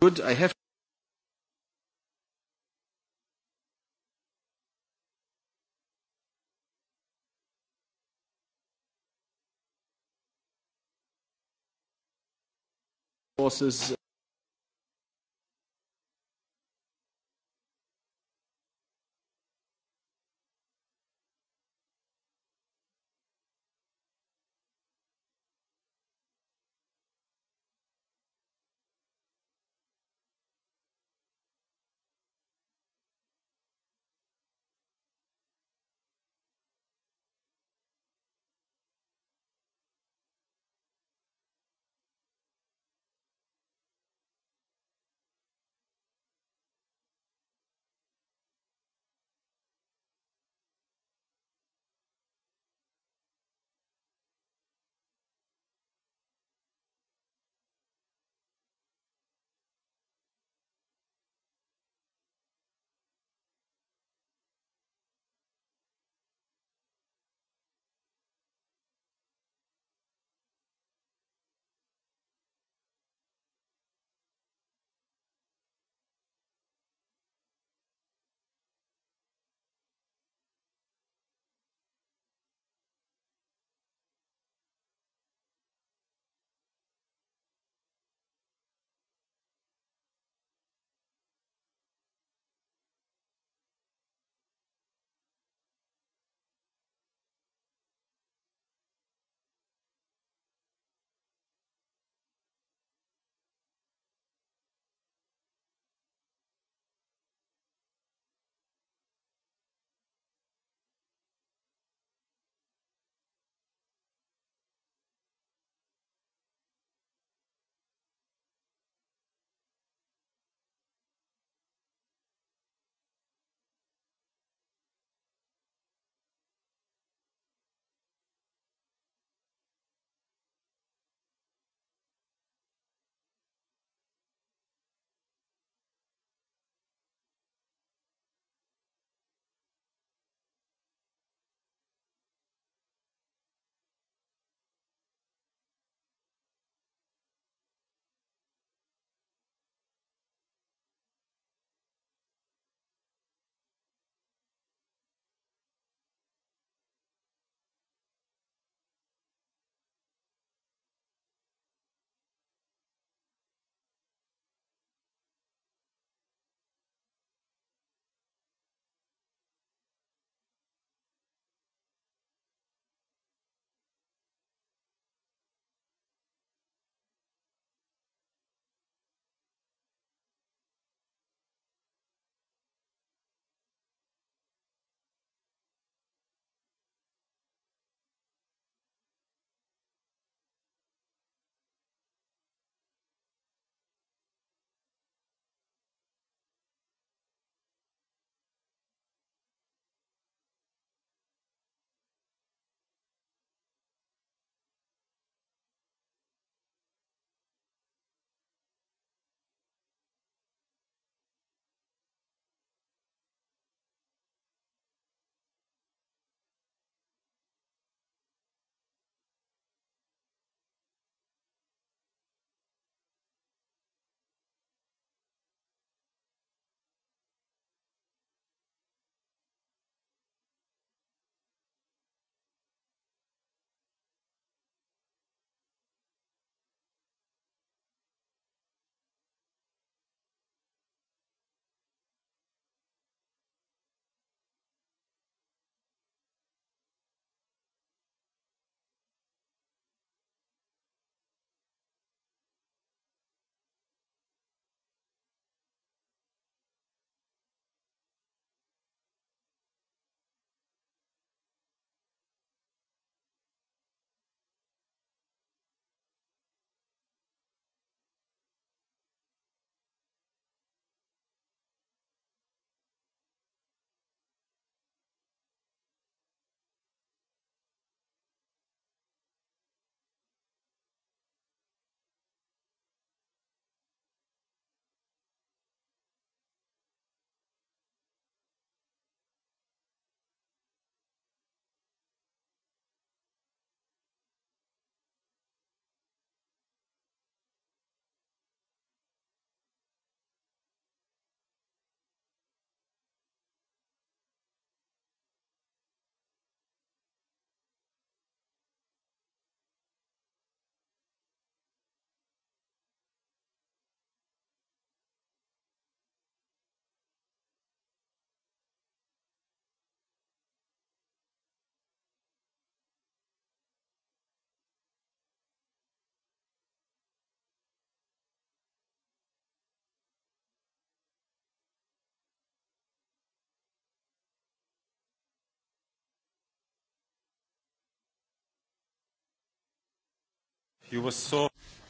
Good, I have forces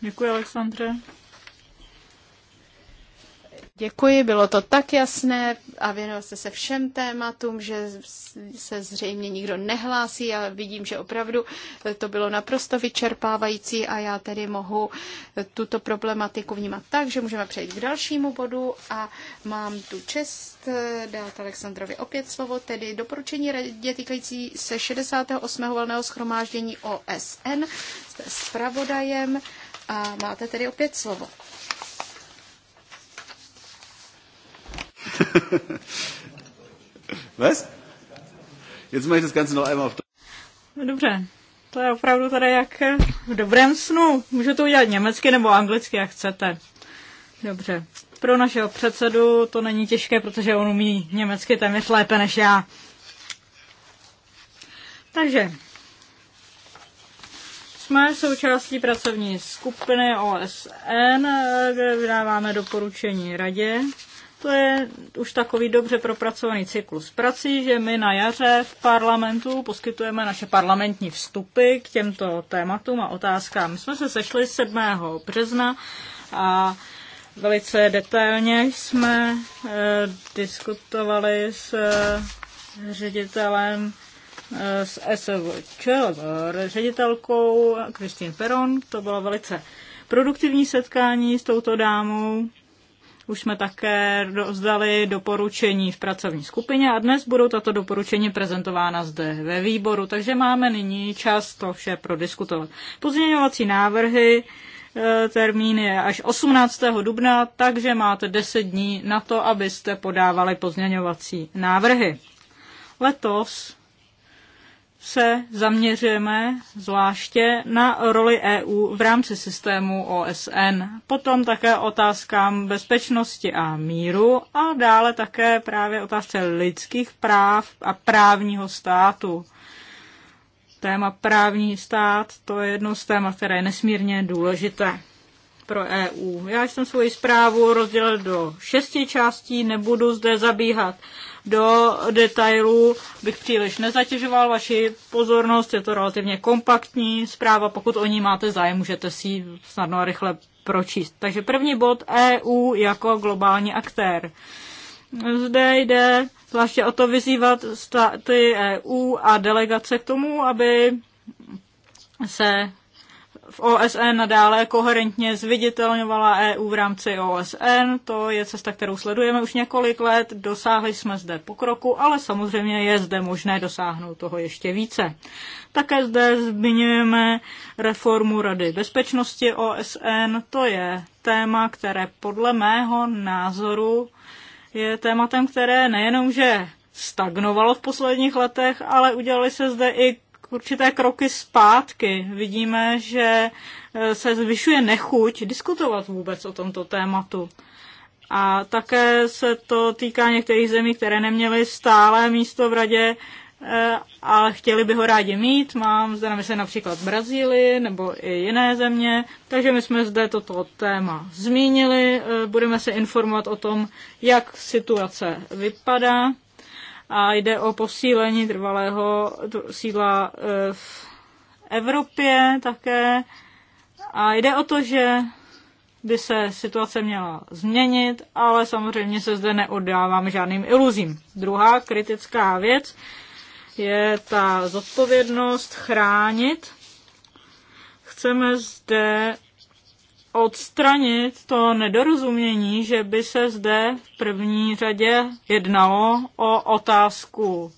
Děkuji, Alexandře. Děkuji, bylo to tak jasné a věnoval jste se všem tématům, že se zřejmě nikdo nehlásí a vidím, že opravdu to bylo naprosto vyčerpávající a já tedy mohu tuto problematiku vnímat tak, že můžeme přejít k dalšímu bodu a mám tu čest dát Alexandrovi opět slovo, tedy doporučení radě týkající se 68. valného schromáždění OSN. s zpravodajem a máte tedy opět slovo. Was? Jetzt mache ich das Ganze noch einmal auf No dobře, to je opravdu tady jak v dobrém snu. Můžu to udělat německy nebo anglicky, jak chcete. Dobře. Pro našeho předsedu to není těžké, protože on umí německy téměř lépe než já. Takže jsme součástí pracovní skupiny OSN, kde vydáváme doporučení radě to je už takový dobře propracovaný cyklus prací, že my na jaře v parlamentu poskytujeme naše parlamentní vstupy k těmto tématům a otázkám. My jsme se sešli 7. března a velice detailně jsme eh, diskutovali s eh, ředitelem eh, z SVČ, ředitelkou Kristín Peron. To bylo velice produktivní setkání s touto dámou už jsme také rozdali doporučení v pracovní skupině a dnes budou tato doporučení prezentována zde ve výboru, takže máme nyní čas to vše prodiskutovat. Pozměňovací návrhy e, termín je až 18. dubna, takže máte 10 dní na to, abyste podávali pozměňovací návrhy. Letos se zaměřujeme zvláště na roli EU v rámci systému OSN, potom také otázkám bezpečnosti a míru a dále také právě otázce lidských práv a právního státu. Téma právní stát to je jedno z témat, které je nesmírně důležité pro EU. Já jsem svoji zprávu rozdělil do šesti částí, nebudu zde zabíhat do detailů bych příliš nezatěžoval vaši pozornost, je to relativně kompaktní zpráva, pokud o ní máte zájem, můžete si ji snadno a rychle pročíst. Takže první bod EU jako globální aktér. Zde jde zvláště o to vyzývat státy EU a delegace k tomu, aby se v OSN nadále koherentně zviditelňovala EU v rámci OSN. To je cesta, kterou sledujeme už několik let. Dosáhli jsme zde pokroku, ale samozřejmě je zde možné dosáhnout toho ještě více. Také zde zmiňujeme reformu Rady bezpečnosti OSN. To je téma, které podle mého názoru je tématem, které nejenom, že stagnovalo v posledních letech, ale udělali se zde i určité kroky zpátky. Vidíme, že e, se zvyšuje nechuť diskutovat vůbec o tomto tématu. A také se to týká některých zemí, které neměly stále místo v radě, e, ale chtěli by ho rádi mít. Mám zde na mysli například Brazílii nebo i jiné země. Takže my jsme zde toto téma zmínili. E, budeme se informovat o tom, jak situace vypadá a jde o posílení trvalého sídla e, v Evropě také. A jde o to, že by se situace měla změnit, ale samozřejmě se zde neoddávám žádným iluzím. Druhá kritická věc je ta zodpovědnost chránit. Chceme zde odstranit to nedorozumění, že by se zde v první řadě jednalo o otázku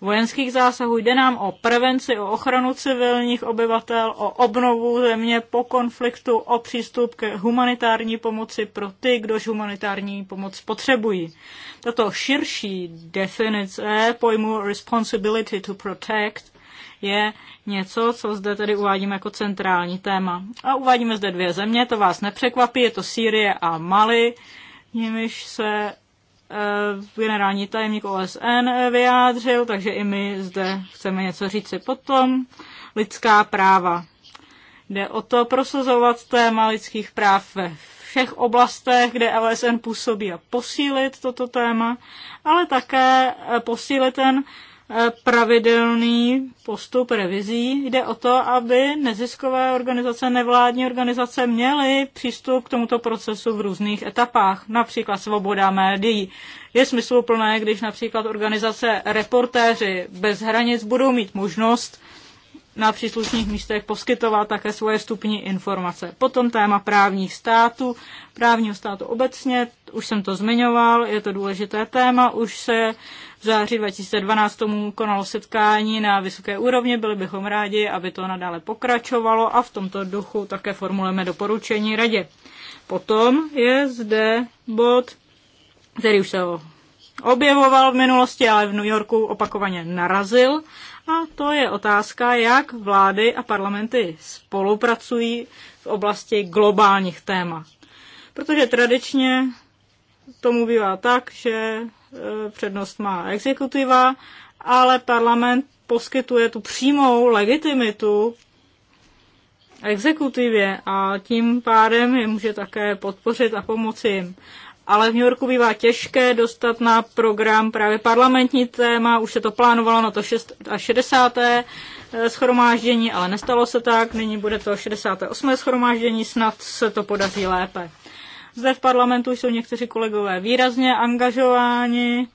vojenských zásahů. Jde nám o prevenci, o ochranu civilních obyvatel, o obnovu země po konfliktu, o přístup k humanitární pomoci pro ty, kdož humanitární pomoc potřebují. Tato širší definice pojmu responsibility to protect je něco, co zde tedy uvádíme jako centrální téma. A uvádíme zde dvě země, to vás nepřekvapí, je to Sýrie a Mali, nimiž se eh, generální tajemník OSN eh, vyjádřil, takže i my zde chceme něco říci potom. Lidská práva. Jde o to prosazovat téma lidských práv ve všech oblastech, kde OSN působí a posílit toto téma, ale také eh, posílit ten pravidelný postup revizí. Jde o to, aby neziskové organizace, nevládní organizace měly přístup k tomuto procesu v různých etapách, například svoboda médií. Je smysluplné, když například organizace reportéři bez hranic budou mít možnost na příslušných místech poskytovat také svoje stupní informace. Potom téma právních států, právního státu obecně, už jsem to zmiňoval, je to důležité téma, už se v září 2012 tomu konalo setkání na vysoké úrovni, byli bychom rádi, aby to nadále pokračovalo a v tomto duchu také formulujeme doporučení radě. Potom je zde bod, který už se objevoval v minulosti, ale v New Yorku opakovaně narazil. A to je otázka, jak vlády a parlamenty spolupracují v oblasti globálních témat. Protože tradičně tomu bývá tak, že Eh, přednost má exekutiva, ale parlament poskytuje tu přímou legitimitu exekutivě a tím pádem je může také podpořit a pomoci jim. Ale v New Yorku bývá těžké dostat na program právě parlamentní téma, už se to plánovalo na to 60. Eh, schromáždění, ale nestalo se tak, nyní bude to 68. schromáždění, snad se to podaří lépe. Zde v parlamentu jsou někteří kolegové výrazně angažováni,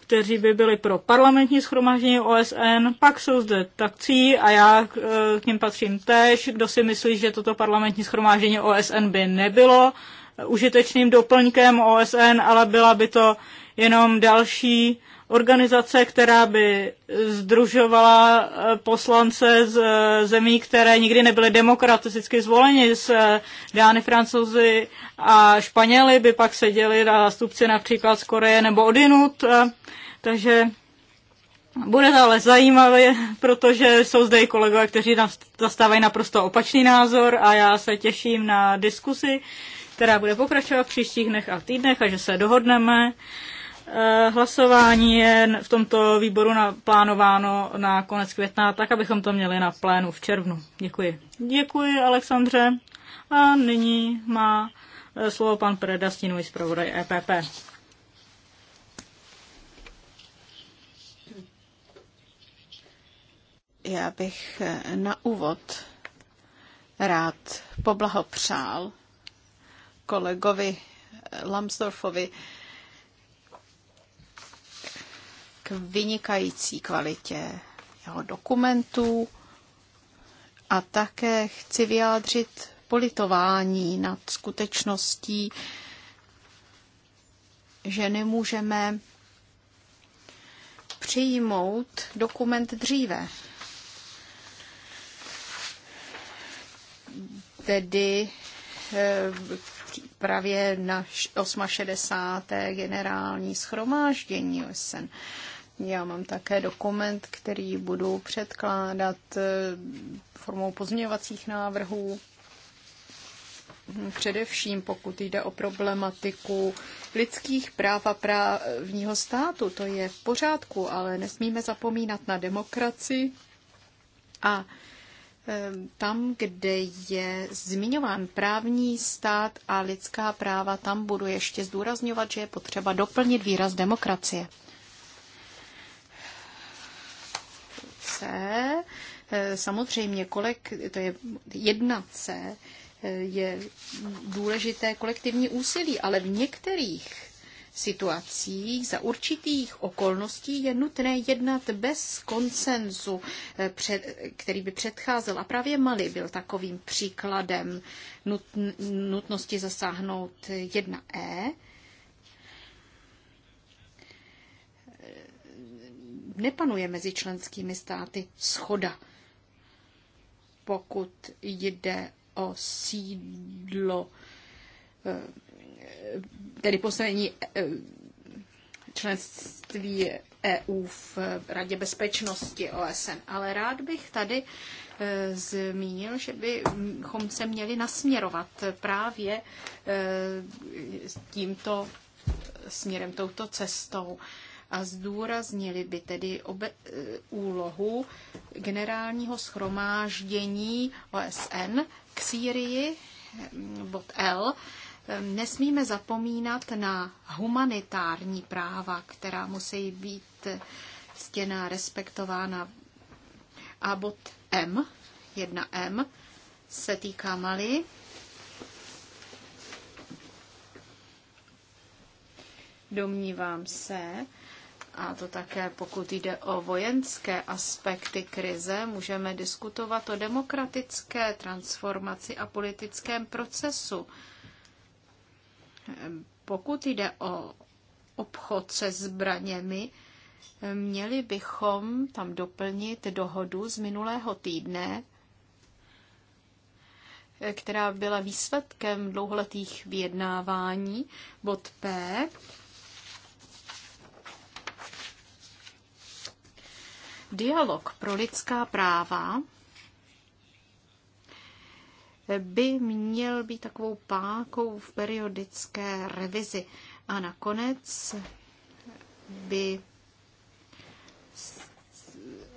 kteří by byli pro parlamentní schromáždění OSN, pak jsou zde takcí a já eh, k ním patřím též, kdo si myslí, že toto parlamentní schromáždění OSN by nebylo eh, užitečným doplňkem OSN, ale byla by to jenom další organizace, která by združovala eh, poslance z eh, zemí, které nikdy nebyly demokraticky zvoleni, z eh, Dány, Francouzi a Španěli by pak seděli na zástupci například z Koreje nebo odinut. Takže bude to ale zajímavé, protože jsou zde i kolegové, kteří zastávají naprosto opačný názor a já se těším na diskusi, která bude pokračovat v příštích dnech a týdnech a že se dohodneme Eh, hlasování je v tomto výboru plánováno na konec května, tak abychom to měli na plénu v červnu. Děkuji. Děkuji, Alexandře. A nyní má eh, slovo pan Preda, stínový zpravodaj EPP. Já bych eh, na úvod rád poblahopřál kolegovi Lambsdorfovi k vynikající kvalitě jeho dokumentů a také chci vyjádřit politování nad skutečností, že nemůžeme přijmout dokument dříve. Tedy eh, právě na 68. generální schromáždění OSN. Já mám také dokument, který budu předkládat eh, formou pozměňovacích návrhů. Především pokud jde o problematiku lidských práv a právního státu, to je v pořádku, ale nesmíme zapomínat na demokracii a eh, tam, kde je zmiňován právní stát a lidská práva, tam budu ještě zdůrazňovat, že je potřeba doplnit výraz demokracie. C, eh, samozřejmě kolek, to je jedna C, eh, je důležité kolektivní úsilí, ale v některých situacích, za určitých okolností je nutné jednat bez konsenzu, eh, který by předcházel. A právě Mali byl takovým příkladem nutnosti zasáhnout 1E nepanuje mezi členskými státy schoda, pokud jde o sídlo, eh, tedy postavení eh, členství EU v Radě bezpečnosti OSN. Ale rád bych tady eh, zmínil, že bychom se měli nasměrovat právě tímto směrem, touto cestou a zdůraznili by tedy obe, eh, úlohu generálního schromáždění OSN k Sýrii, hm, bod L, ehm, nesmíme zapomínat na humanitární práva, která musí být stěná respektována. A bod M, 1M, se týká Mali. Domnívám se, a to také pokud jde o vojenské aspekty krize, můžeme diskutovat o demokratické transformaci a politickém procesu. Pokud jde o obchod se zbraněmi, měli bychom tam doplnit dohodu z minulého týdne, která byla výsledkem dlouholetých vyjednávání, bod P, Dialog pro lidská práva by měl být takovou pákou v periodické revizi. A nakonec by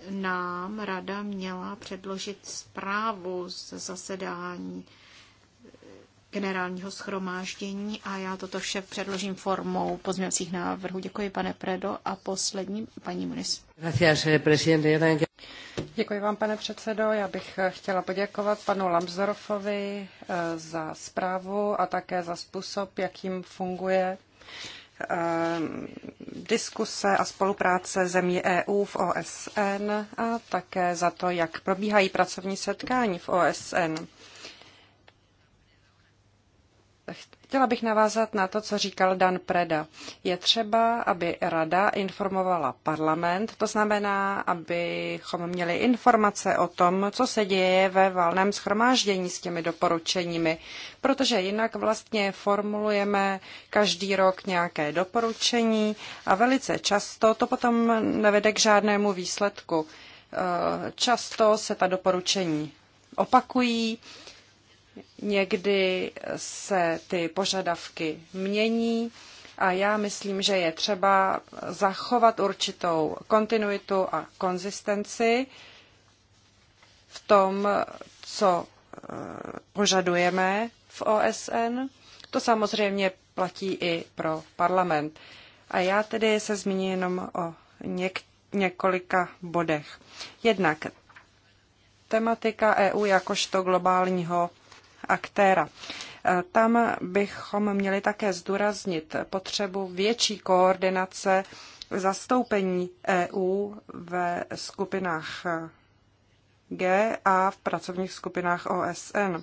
nám rada měla předložit zprávu z zasedání generálního schromáždění a já toto vše předložím formou pozměňovacích návrhů. Děkuji, pane Predo. A poslední, paní Munis. Eh, Děkuji vám, pane předsedo. Já bych eh, chtěla poděkovat panu Lambsdorfovi eh, za zprávu a také za způsob, jakým funguje diskuse a spolupráce zemí EU v OSN a také za to, jak probíhají pracovní setkání v OSN. Chtěla bych navázat na to, co říkal Dan Preda. Je třeba, aby rada informovala parlament, to znamená, abychom měli informace o tom, co se děje ve valném schromáždění s těmi doporučeními, protože jinak vlastně formulujeme každý rok nějaké doporučení a velice často to potom nevede k žádnému výsledku. Často se ta doporučení opakují, Někdy se ty požadavky mění a já myslím, že je třeba zachovat určitou kontinuitu a konzistenci v tom, co eh, požadujeme v OSN. To samozřejmě platí i pro parlament. A já tedy se zmíním jenom o něk- několika bodech. Jednak tematika EU jakožto globálního aktéra. E, tam bychom měli také zdůraznit potřebu větší koordinace zastoupení EU ve skupinách G a v pracovních skupinách OSN.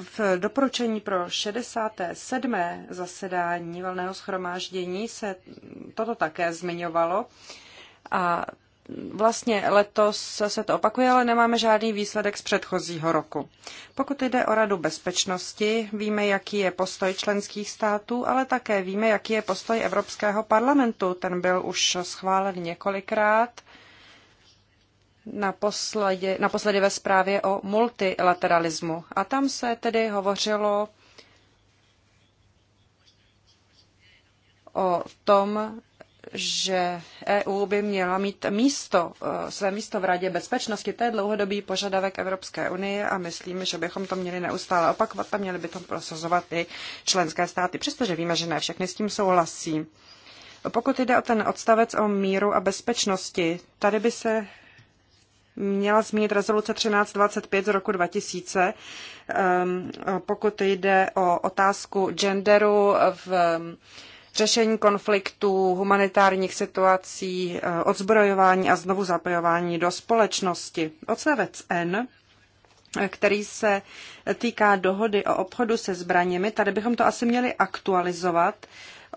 V doporučení pro 67. zasedání valného schromáždění se toto také zmiňovalo a vlastně letos se to opakuje, ale nemáme žádný výsledek z předchozího roku. Pokud jde o Radu bezpečnosti, víme, jaký je postoj členských států, ale také víme, jaký je postoj Evropského parlamentu. Ten byl už schválen několikrát. Naposledy, naposledy ve zprávě o multilateralismu. A tam se tedy hovořilo o tom, že EU by měla mít místo, eh, své místo v Radě bezpečnosti. To je dlouhodobý požadavek Evropské unie a myslím, že bychom to měli neustále opakovat a měli by to prosazovat i členské státy, přestože víme, že ne všechny s tím souhlasí. Pokud jde o ten odstavec o míru a bezpečnosti, tady by se měla zmínit rezoluce 1325 z roku 2000, ehm, pokud jde o otázku genderu v řešení konfliktů, humanitárních situací, eh, odzbrojování a znovu zapojování do společnosti. Odstavec N který se týká dohody o obchodu se zbraněmi. Tady bychom to asi měli aktualizovat,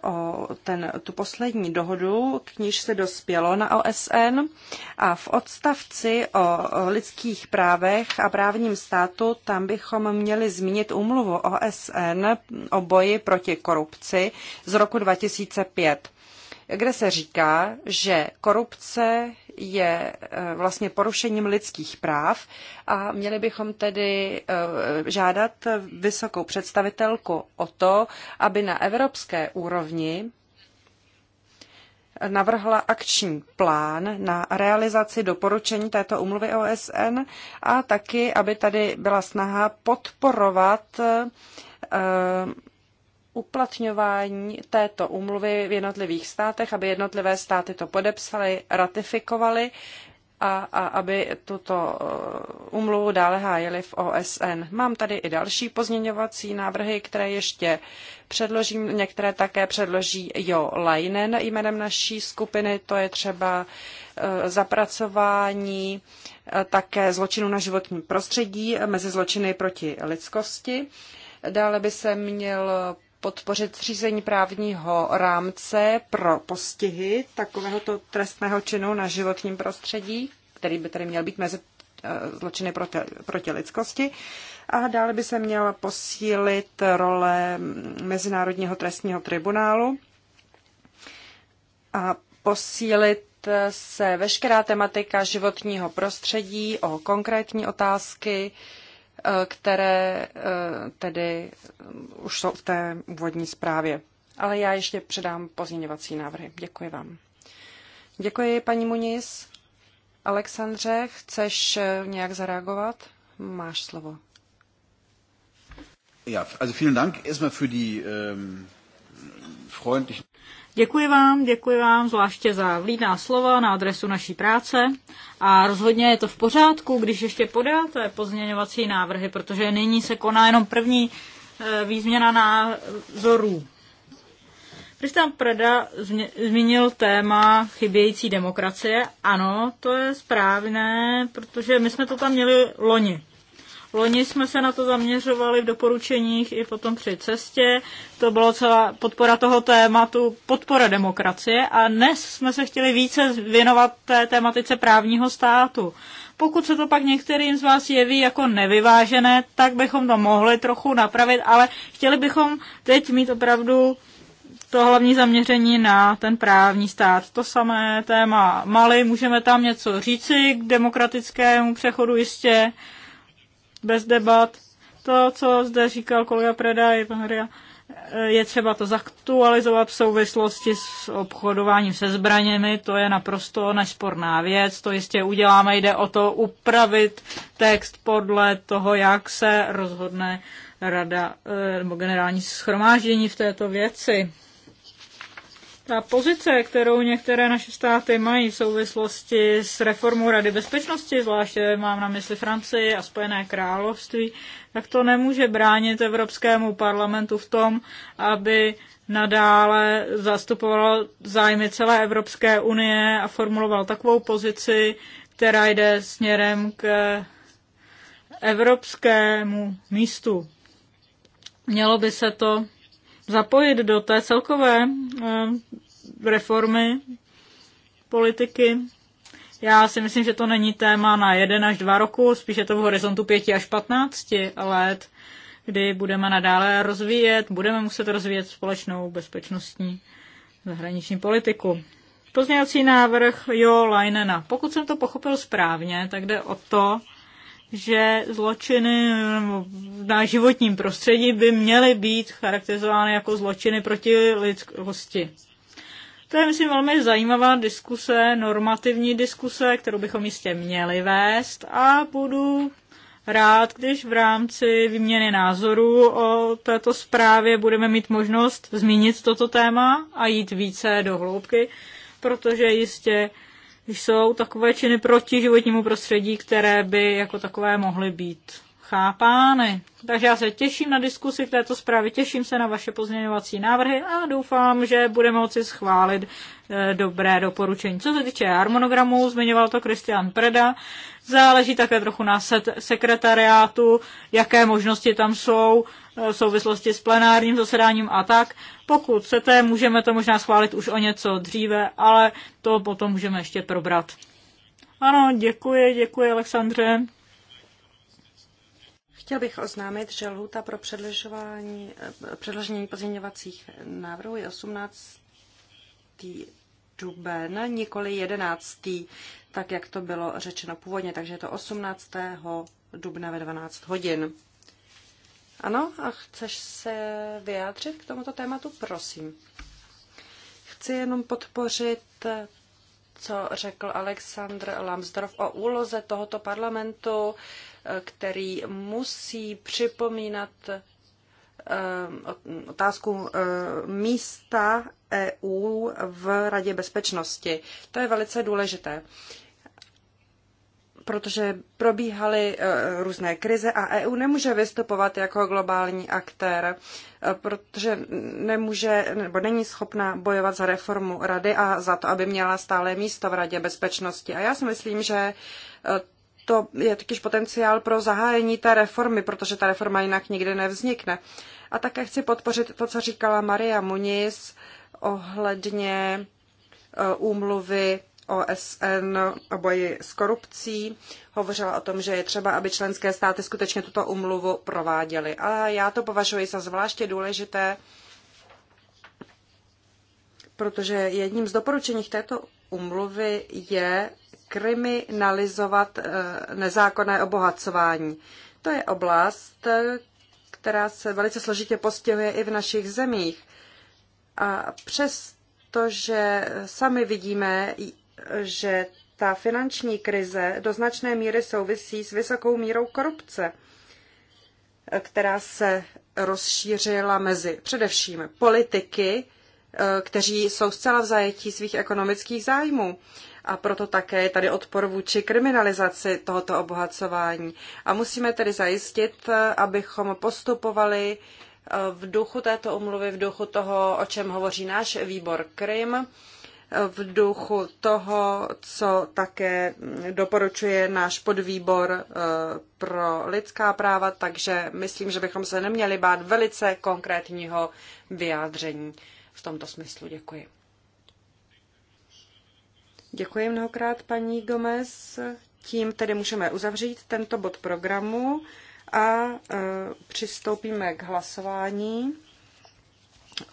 o ten, tu poslední dohodu, k níž se dospělo na OSN a v odstavci o lidských právech a právním státu tam bychom měli zmínit úmluvu OSN o boji proti korupci z roku 2005 kde se říká, že korupce je e, vlastně porušením lidských práv a měli bychom tedy e, žádat vysokou představitelku o to, aby na evropské úrovni navrhla akční plán na realizaci doporučení této umluvy OSN a taky, aby tady byla snaha podporovat e, uplatňování této úmluvy v jednotlivých státech, aby jednotlivé státy to podepsaly, ratifikovaly a, a aby tuto eh, úmluvu dále hájili v OSN. Mám tady i další pozměňovací návrhy, které ještě předložím. Některé také předloží Jo Leinen jménem naší skupiny. To je třeba eh, zapracování eh, také zločinu na životní prostředí mezi zločiny proti lidskosti. Dále by se měl podpořit zřízení právního rámce pro postihy takovéhoto trestného činu na životním prostředí, který by tedy měl být mezi eh, zločiny proti, proti lidskosti. A dále by se měla posílit role Mezinárodního trestního tribunálu a posílit se veškerá tematika životního prostředí o konkrétní otázky, Eh, které eh, tedy eh, už jsou v té úvodní zprávě. Ale já ještě předám pozměňovací návrhy. Děkuji vám. Děkuji, paní Muniz. Alexandře, chceš nějak zareagovat? Máš slovo. Ja, also vielen Dank erstmal für die ähm, freundlichen. Děkuji vám, děkuji vám zvláště za vlídná slova na adresu naší práce a rozhodně je to v pořádku, když ještě podáte pozměňovací návrhy, protože nyní se koná jenom první eh, výzměna názorů. tam Preda zmínil téma chybějící demokracie. Ano, to je správné, protože my jsme to tam měli loni. Loni jsme se na to zaměřovali v doporučeních i potom při cestě. To bylo celá podpora toho tématu, podpora demokracie a dnes jsme se chtěli více věnovat té tematice právního státu. Pokud se to pak některým z vás jeví jako nevyvážené, tak bychom to mohli trochu napravit, ale chtěli bychom teď mít opravdu to hlavní zaměření na ten právní stát. To samé téma Mali, můžeme tam něco říci k demokratickému přechodu jistě, bez debat. To, co zde říkal kolega Preda i pan eh, je třeba to zaktualizovat v souvislosti s obchodováním se zbraněmi, to je naprosto nesporná věc, to jistě uděláme, jde o to upravit text podle toho, jak se rozhodne rada eh, nebo generální schromáždění v této věci ta pozice, kterou některé naše státy mají v souvislosti s reformou Rady bezpečnosti, zvláště mám na mysli Francii a Spojené království, tak to nemůže bránit Evropskému parlamentu v tom, aby nadále zastupoval zájmy celé Evropské unie a formuloval takovou pozici, která jde směrem k evropskému místu. Mělo by se to zapojit do té celkové eh, reformy politiky. Já si myslím, že to není téma na jeden až dva roku, spíše to v horizontu pěti až patnácti let, kdy budeme nadále rozvíjet, budeme muset rozvíjet společnou bezpečnostní zahraniční politiku. Pozměňovací návrh Jo Leinena. Pokud jsem to pochopil správně, tak jde o to, že zločiny na životním prostředí by měly být charakterizovány jako zločiny proti lidskosti. To je, myslím, velmi zajímavá diskuse, normativní diskuse, kterou bychom jistě měli vést a budu rád, když v rámci výměny názorů o této zprávě budeme mít možnost zmínit toto téma a jít více do hloubky, protože jistě jsou takové činy proti životnímu prostředí, které by jako takové mohly být chápány. Takže já se těším na diskusi v této zprávě, těším se na vaše pozměňovací návrhy a doufám, že budeme moci schválit eh, dobré doporučení. Co se týče harmonogramu, zmiňoval to Kristian Preda, záleží také trochu na sekretariátu, jaké možnosti tam jsou v souvislosti s plenárním zasedáním a tak. Pokud chcete, můžeme to možná schválit už o něco dříve, ale to potom můžeme ještě probrat. Ano, děkuji, děkuji Alexandře. Chtěl bych oznámit, že lhůta pro eh, předložení pozměňovacích návrhů je 18. duben, nikoli 11. tak, jak to bylo řečeno původně, takže je to 18. dubna ve 12 hodin. Ano, a chceš se vyjádřit k tomuto tématu? Prosím. Chci jenom podpořit, co řekl Alexandr Lambsdorff o úloze tohoto parlamentu, který musí připomínat eh, otázku eh, místa EU v Radě bezpečnosti. To je velice důležité protože probíhaly eh, různé krize a EU nemůže vystupovat jako globální aktér, eh, protože nemůže nebo není schopna bojovat za reformu rady a za to, aby měla stále místo v Radě bezpečnosti. A já si myslím, že eh, to je totiž potenciál pro zahájení té reformy, protože ta reforma jinak nikdy nevznikne. A také chci podpořit to, co říkala Maria Muniz ohledně úmluvy OSN o boji s korupcí hovořila o tom, že je třeba, aby členské státy skutečně tuto umluvu prováděly. A já to považuji za zvláště důležité, protože jedním z doporučení této umluvy je kriminalizovat eh, nezákonné obohacování. To je oblast, která se velice složitě postihuje i v našich zemích. A přes to, že sami vidíme, že ta finanční krize do značné míry souvisí s vysokou mírou korupce, která se rozšířila mezi především politiky, eh, kteří jsou zcela v zajetí svých ekonomických zájmů. A proto také je tady odpor vůči kriminalizaci tohoto obohacování. A musíme tedy zajistit, abychom postupovali eh, v duchu této umluvy, v duchu toho, o čem hovoří náš výbor Krym, v duchu toho, co také doporučuje náš podvýbor eh, pro lidská práva, takže myslím, že bychom se neměli bát velice konkrétního vyjádření v tomto smyslu. Děkuji. Děkuji mnohokrát, paní Gomez. Tím tedy můžeme uzavřít tento bod programu a eh, přistoupíme k hlasování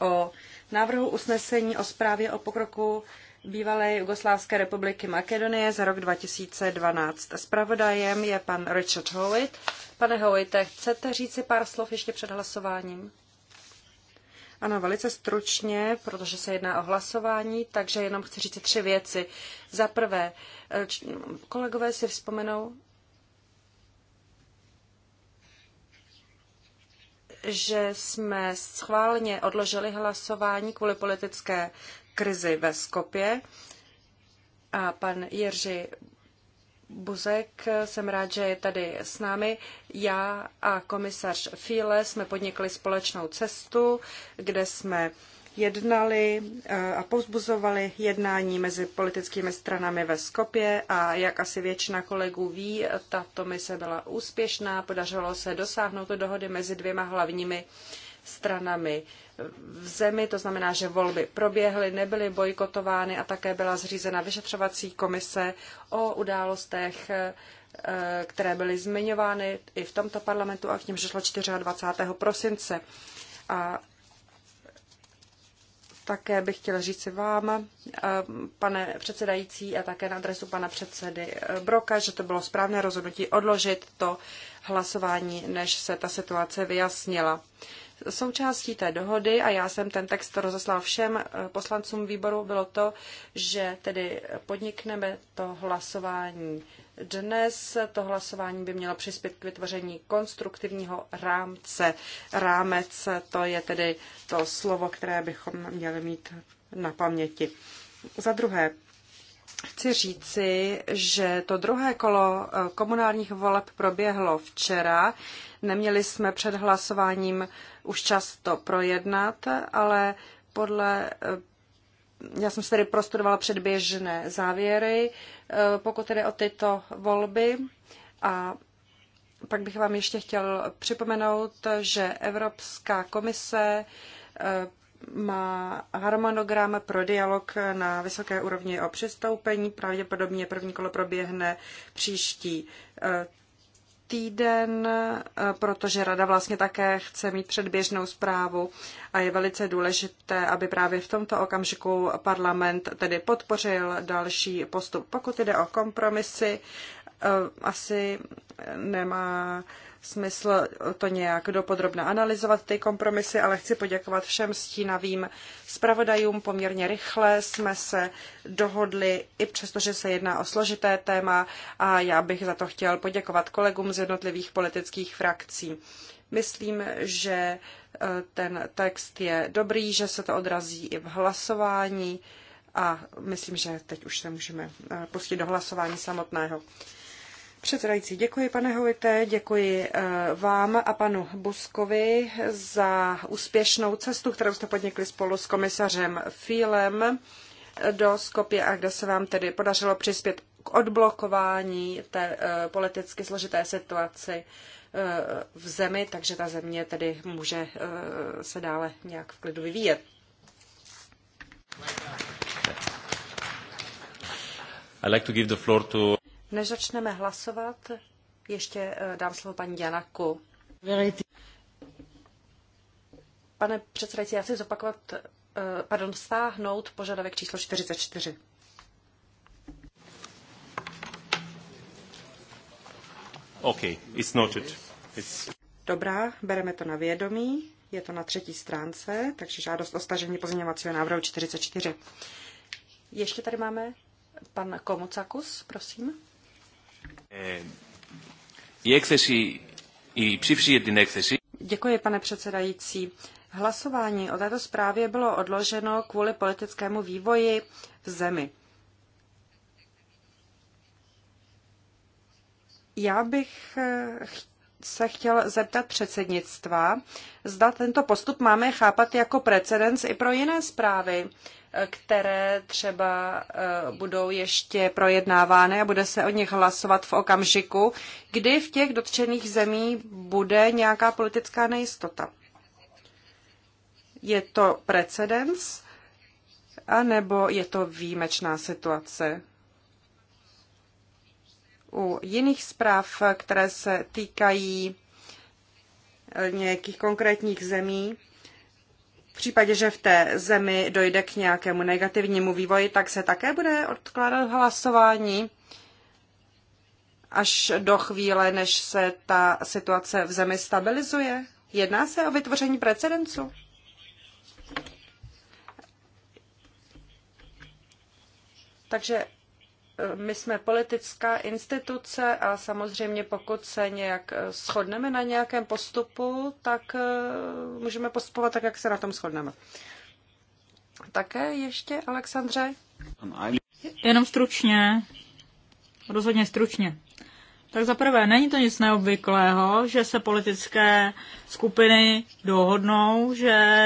o návrhu usnesení o zprávě o pokroku bývalé Jugoslávské republiky Makedonie za rok 2012. Spravodajem je pan Richard Howitt. Pane Howitte, chcete říci pár slov ještě před hlasováním? Ano, velice stručně, protože se jedná o hlasování, takže jenom chci říct tři věci. Za prvé, kolegové si vzpomenou, že jsme schválně odložili hlasování kvůli politické krizi ve Skopě. A pan Jerzy Buzek, jsem rád, že je tady s námi. Já a komisař Fíle jsme podnikli společnou cestu, kde jsme jednali eh, a povzbuzovali jednání mezi politickými stranami ve Skopě a jak asi většina kolegů ví, tato mise byla úspěšná, podařilo se dosáhnout dohody mezi dvěma hlavními stranami v zemi, to znamená, že volby proběhly, nebyly bojkotovány a také byla zřízena vyšetřovací komise o událostech, eh, které byly zmiňovány i v tomto parlamentu a k něm šlo 24. prosince. A také bych chtěla říct vám, eh, pane předsedající, a také na adresu pana předsedy eh, Broka, že to bylo správné rozhodnutí odložit to hlasování, než se ta situace vyjasnila. Součástí té dohody, a já jsem ten text rozeslal všem eh, poslancům výboru, bylo to, že tedy podnikneme to hlasování dnes to hlasování by mělo přispět k vytvoření konstruktivního rámce. Rámec to je tedy to slovo, které bychom měli mít na paměti. Za druhé, chci říci, že to druhé kolo eh, komunálních voleb proběhlo včera. Neměli jsme před hlasováním už často projednat, ale podle eh, já jsem tedy prostudovala předběžné závěry, eh, pokud tedy o tyto volby. A pak bych vám ještě chtěl připomenout, že Evropská komise eh, má harmonogram pro dialog na vysoké úrovni o přistoupení. Pravděpodobně první kolo proběhne příští eh, týden, eh, protože rada vlastně také chce mít předběžnou zprávu a je velice důležité, aby právě v tomto okamžiku parlament tedy podpořil další postup. Pokud jde o kompromisy, eh, asi nemá smysl to nějak dopodrobna analyzovat, ty kompromisy, ale chci poděkovat všem stínavým zpravodajům. Poměrně rychle jsme se dohodli, i přestože se jedná o složité téma a já bych za to chtěl poděkovat kolegům z jednotlivých politických frakcí. Myslím, že e, ten text je dobrý, že se to odrazí i v hlasování a myslím, že teď už se můžeme e, pustit do hlasování samotného. Předsedající, děkuji pane Hovité, děkuji eh, vám a panu Buskovi za úspěšnou cestu, kterou jste podnikli spolu s komisařem Fílem do Skopje a kde se vám tedy podařilo přispět k odblokování té eh, politicky složité situaci eh, v zemi, takže ta země tedy může se dále nějak v klidu vyvíjet. like to give the floor to než začneme hlasovat, ještě eh, dám slovo paní Janaku. Pane předsedající, já chci zopakovat, eh, pardon, stáhnout požadavek číslo 44. Okay, it's noted. It's... Dobrá, bereme to na vědomí. Je to na třetí stránce, takže žádost o stažení pozměňovacího návrhu 44. Ještě tady máme pan Komocakus, prosím. Eh, Děkuji, pane předsedající. Hlasování o této zprávě bylo odloženo kvůli politickému vývoji v zemi. Já bych eh, se chtěl zeptat předsednictva, zda tento postup máme chápat jako precedens i pro jiné zprávy, které třeba eh, budou ještě projednávány a bude se o nich hlasovat v okamžiku, kdy v těch dotčených zemí bude nějaká politická nejistota. Je to precedens, anebo je to výjimečná situace? U jiných zpráv, které se týkají nějakých konkrétních zemí, v případě, že v té zemi dojde k nějakému negativnímu vývoji, tak se také bude odkládat hlasování až do chvíle, než se ta situace v zemi stabilizuje? Jedná se o vytvoření precedencu? Takže my jsme politická instituce a samozřejmě pokud se nějak eh, shodneme na nějakém postupu, tak eh, můžeme postupovat tak, jak se na tom shodneme. Také ještě, Alexandře? Jenom stručně. Rozhodně stručně. Tak za prvé, není to nic neobvyklého, že se politické skupiny dohodnou, že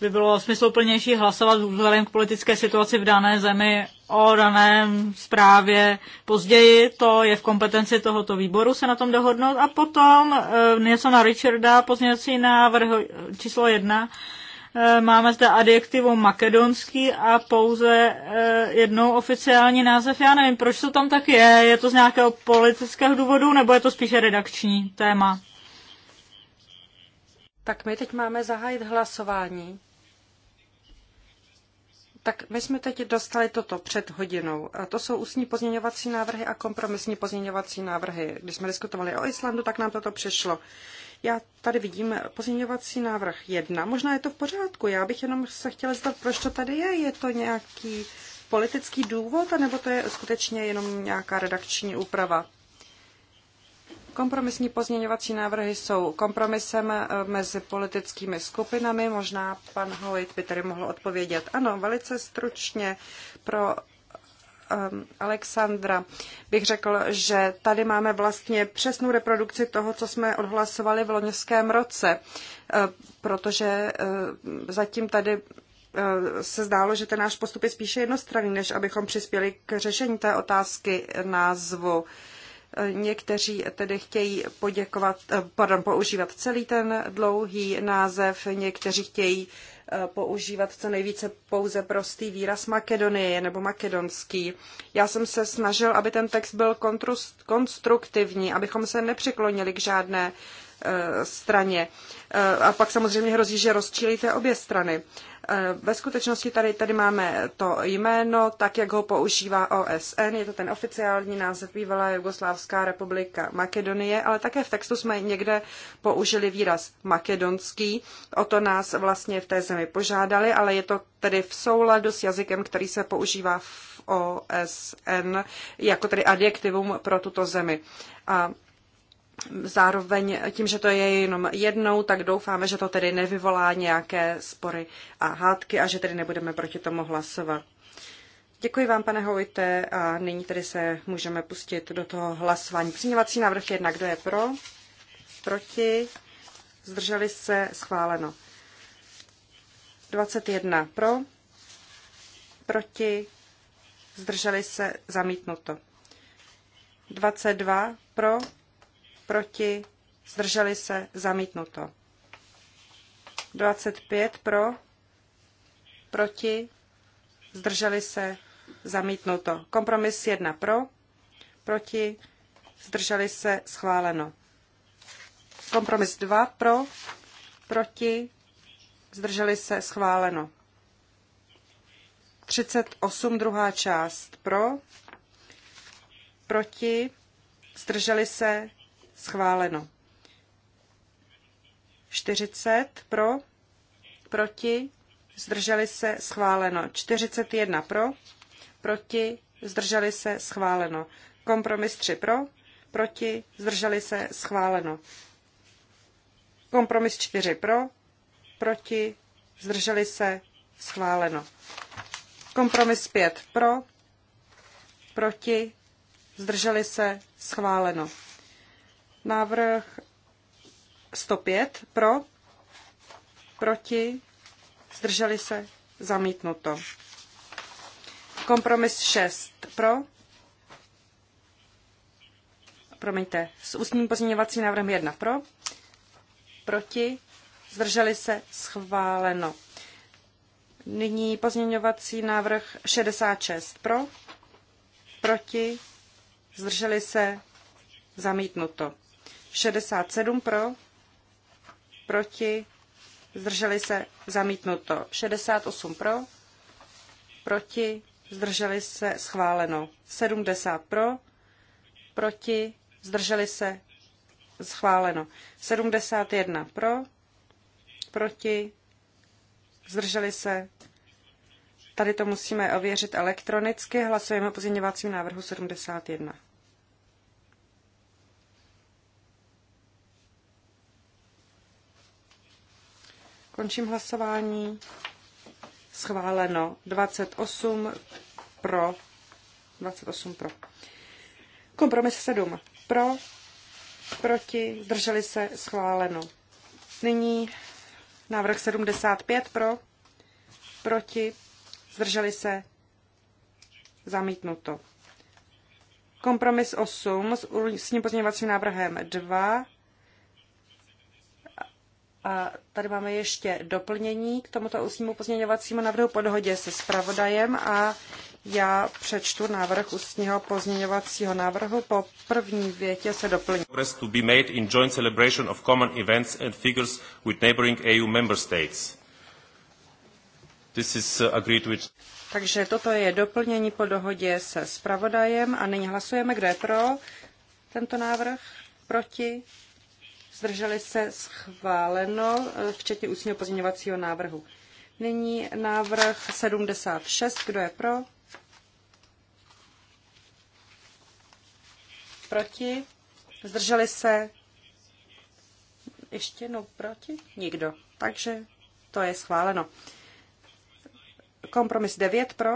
by bylo smysluplnější hlasovat vzhledem k politické situaci v dané zemi o daném zprávě později, to je v kompetenci tohoto výboru se na tom dohodnout a potom eh, něco na Richarda, pozněcí návrh číslo jedna, eh, máme zde adjektivo makedonský a pouze eh, jednou oficiální název. Já nevím, proč to tam tak je. Je to z nějakého politického důvodu nebo je to spíše redakční téma? Tak my teď máme zahájit hlasování. Tak my jsme teď dostali toto před hodinou. To jsou ústní pozměňovací návrhy a kompromisní pozměňovací návrhy. Když jsme diskutovali o Islandu, tak nám toto přišlo. Já tady vidím pozměňovací návrh jedna. Možná je to v pořádku. Já bych jenom se chtěla zeptat, proč to tady je. Je to nějaký politický důvod, anebo to je skutečně jenom nějaká redakční úprava? Kompromisní pozměňovací návrhy jsou kompromisem e, mezi politickými skupinami. Možná pan Hojt by tady mohl odpovědět. Ano, velice stručně pro ehm, Alexandra bych řekl, že tady máme vlastně přesnou reprodukci toho, co jsme odhlasovali v loňském roce, e, protože e, zatím tady se zdálo, že ten náš postup je spíše jednostranný, než abychom přispěli k řešení té otázky názvu. Někteří tedy chtějí poděkovat, eh, pardon, používat celý ten dlouhý název, někteří chtějí eh, používat co nejvíce pouze prostý výraz Makedonie nebo makedonský. Já jsem se snažil, aby ten text byl kontrust, konstruktivní, abychom se nepřiklonili k žádné Eh, straně. Eh, a pak samozřejmě hrozí, že rozčílíte obě strany. Eh, ve skutečnosti tady, tady máme to jméno, tak jak ho používá OSN, je to ten oficiální název bývalá Jugoslávská republika Makedonie, ale také v textu jsme někde použili výraz makedonský, o to nás vlastně v té zemi požádali, ale je to tedy v souladu s jazykem, který se používá v OSN jako tedy adjektivum pro tuto zemi. A Zároveň tím, že to je jenom jednou, tak doufáme, že to tedy nevyvolá nějaké spory a hádky a že tedy nebudeme proti tomu hlasovat. Děkuji vám, pane Hovite, a nyní tedy se můžeme pustit do toho hlasování. Přiňovací návrh jednak kdo je pro, proti, zdrželi se, schváleno. 21 pro, proti, zdrželi se, zamítnuto. 22 pro, proti, zdrželi se, zamítnuto. 25 pro, proti, zdrželi se, zamítnuto. Kompromis 1 pro, proti, zdrželi se, schváleno. Kompromis 2 pro, proti, zdrželi se, schváleno. 38 druhá část pro, proti, zdrželi se, Schváleno. 40 pro, proti, zdrželi se, schváleno. 41 pro, proti, zdrželi se, schváleno. Kompromis 3 pro, proti, zdrželi se, schváleno. Kompromis 4 pro, proti, zdrželi se, schváleno. Kompromis 5 pro, proti, zdrželi se, schváleno. Návrh 105 pro, proti, zdrželi se, zamítnuto. Kompromis 6 pro, promiňte, s ústním pozměňovacím návrhem 1 pro, proti, zdrželi se, schváleno. Nyní pozměňovací návrh 66 pro, proti, zdrželi se, zamítnuto. 67 pro, proti, zdrželi se, zamítnuto. 68 pro, proti, zdrželi se, schváleno. 70 pro, proti, zdrželi se, schváleno. 71 pro, proti, zdrželi se. Tady to musíme ověřit elektronicky. Hlasujeme o pozměňovacím návrhu 71. Končím hlasování. Schváleno 28 pro. 28 pro. Kompromis 7 pro, proti, zdrželi se, schváleno. Nyní návrh 75 pro, proti, zdrželi se, zamítnuto. Kompromis 8 s ním pozměňovacím návrhem 2 a tady máme ještě doplnění k tomuto ústnímu pozměňovacímu návrhu po dohodě se zpravodajem a já přečtu návrh ústního pozměňovacího návrhu. Po první větě se doplní. to be made in joint celebration of common events and figures with neighboring EU member states. This is uh, agreed with... Takže toto je doplnění po dohodě se zpravodajem a nyní hlasujeme, kdo je pro tento návrh, proti, zdrželi se schváleno, eh, včetně ústního pozměňovacího návrhu. Nyní návrh 76, kdo je pro? Proti? Zdrželi se? Ještě jednou proti? Nikdo. Takže to je schváleno. Kompromis 9 pro?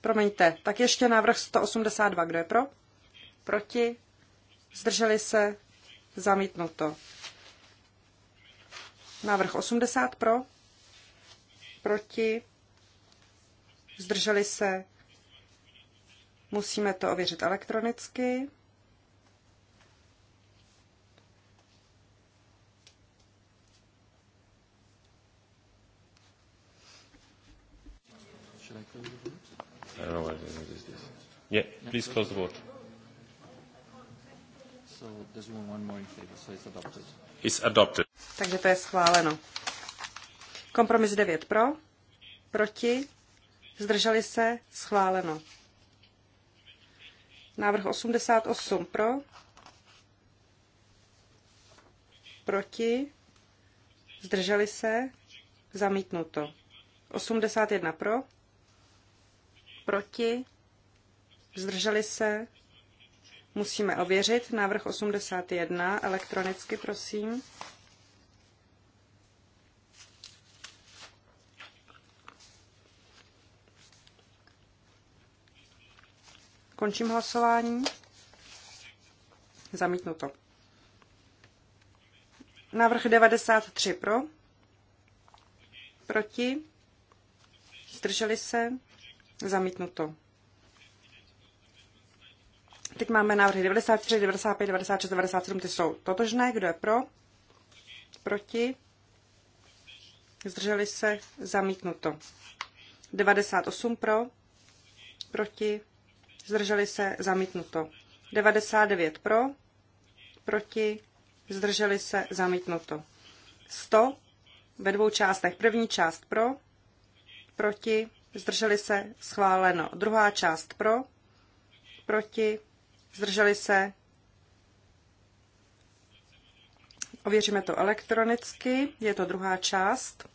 Promiňte, tak ještě návrh 182, kdo je pro? Proti? zdrželi se, zamítnuto. Návrh 80 pro, proti, zdrželi se, musíme to ověřit elektronicky. Yeah, please close the vote. So adopted. Takže to je schváleno. Kompromis 9 pro, proti, zdrželi se, schváleno. Návrh 88 pro, proti, zdrželi se, zamítnuto. 81 pro, proti, zdrželi se, musíme ověřit. Návrh 81 elektronicky, prosím. Končím hlasování. Zamítnuto. Návrh 93 pro. Proti. Zdrželi se. Zamítnuto. Teď máme návrhy 93, 95, 96, 97, ty jsou totožné. Kdo je pro? Proti? Zdrželi se? Zamítnuto. 98 pro? Proti? Zdrželi se? Zamítnuto. 99 pro? Proti? Zdrželi se? Zamítnuto. 100 ve dvou částech. První část pro? Proti? Zdrželi se? Schváleno. Druhá část pro? Proti? Zdrželi se? Ověříme to elektronicky. Je to druhá část.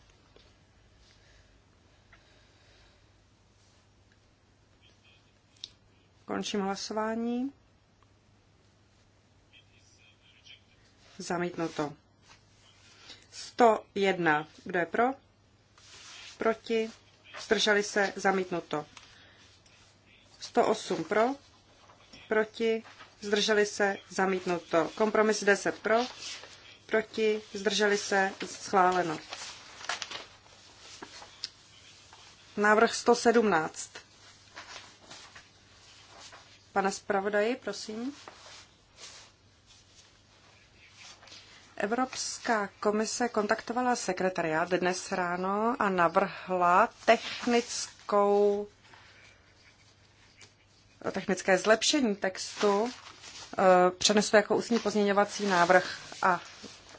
Končím hlasování. Zamítnuto. 101. Kdo je pro? Proti? Zdrželi se? Zamítnuto. 108 pro? proti, zdrželi se, zamítnuto. Kompromis 10 pro, proti, zdrželi se, schváleno. Návrh 117. Pane zpravodaji, prosím. Evropská komise kontaktovala sekretariát dnes ráno a navrhla technickou technické zlepšení textu eh, přenesu jako ústní pozměňovací návrh a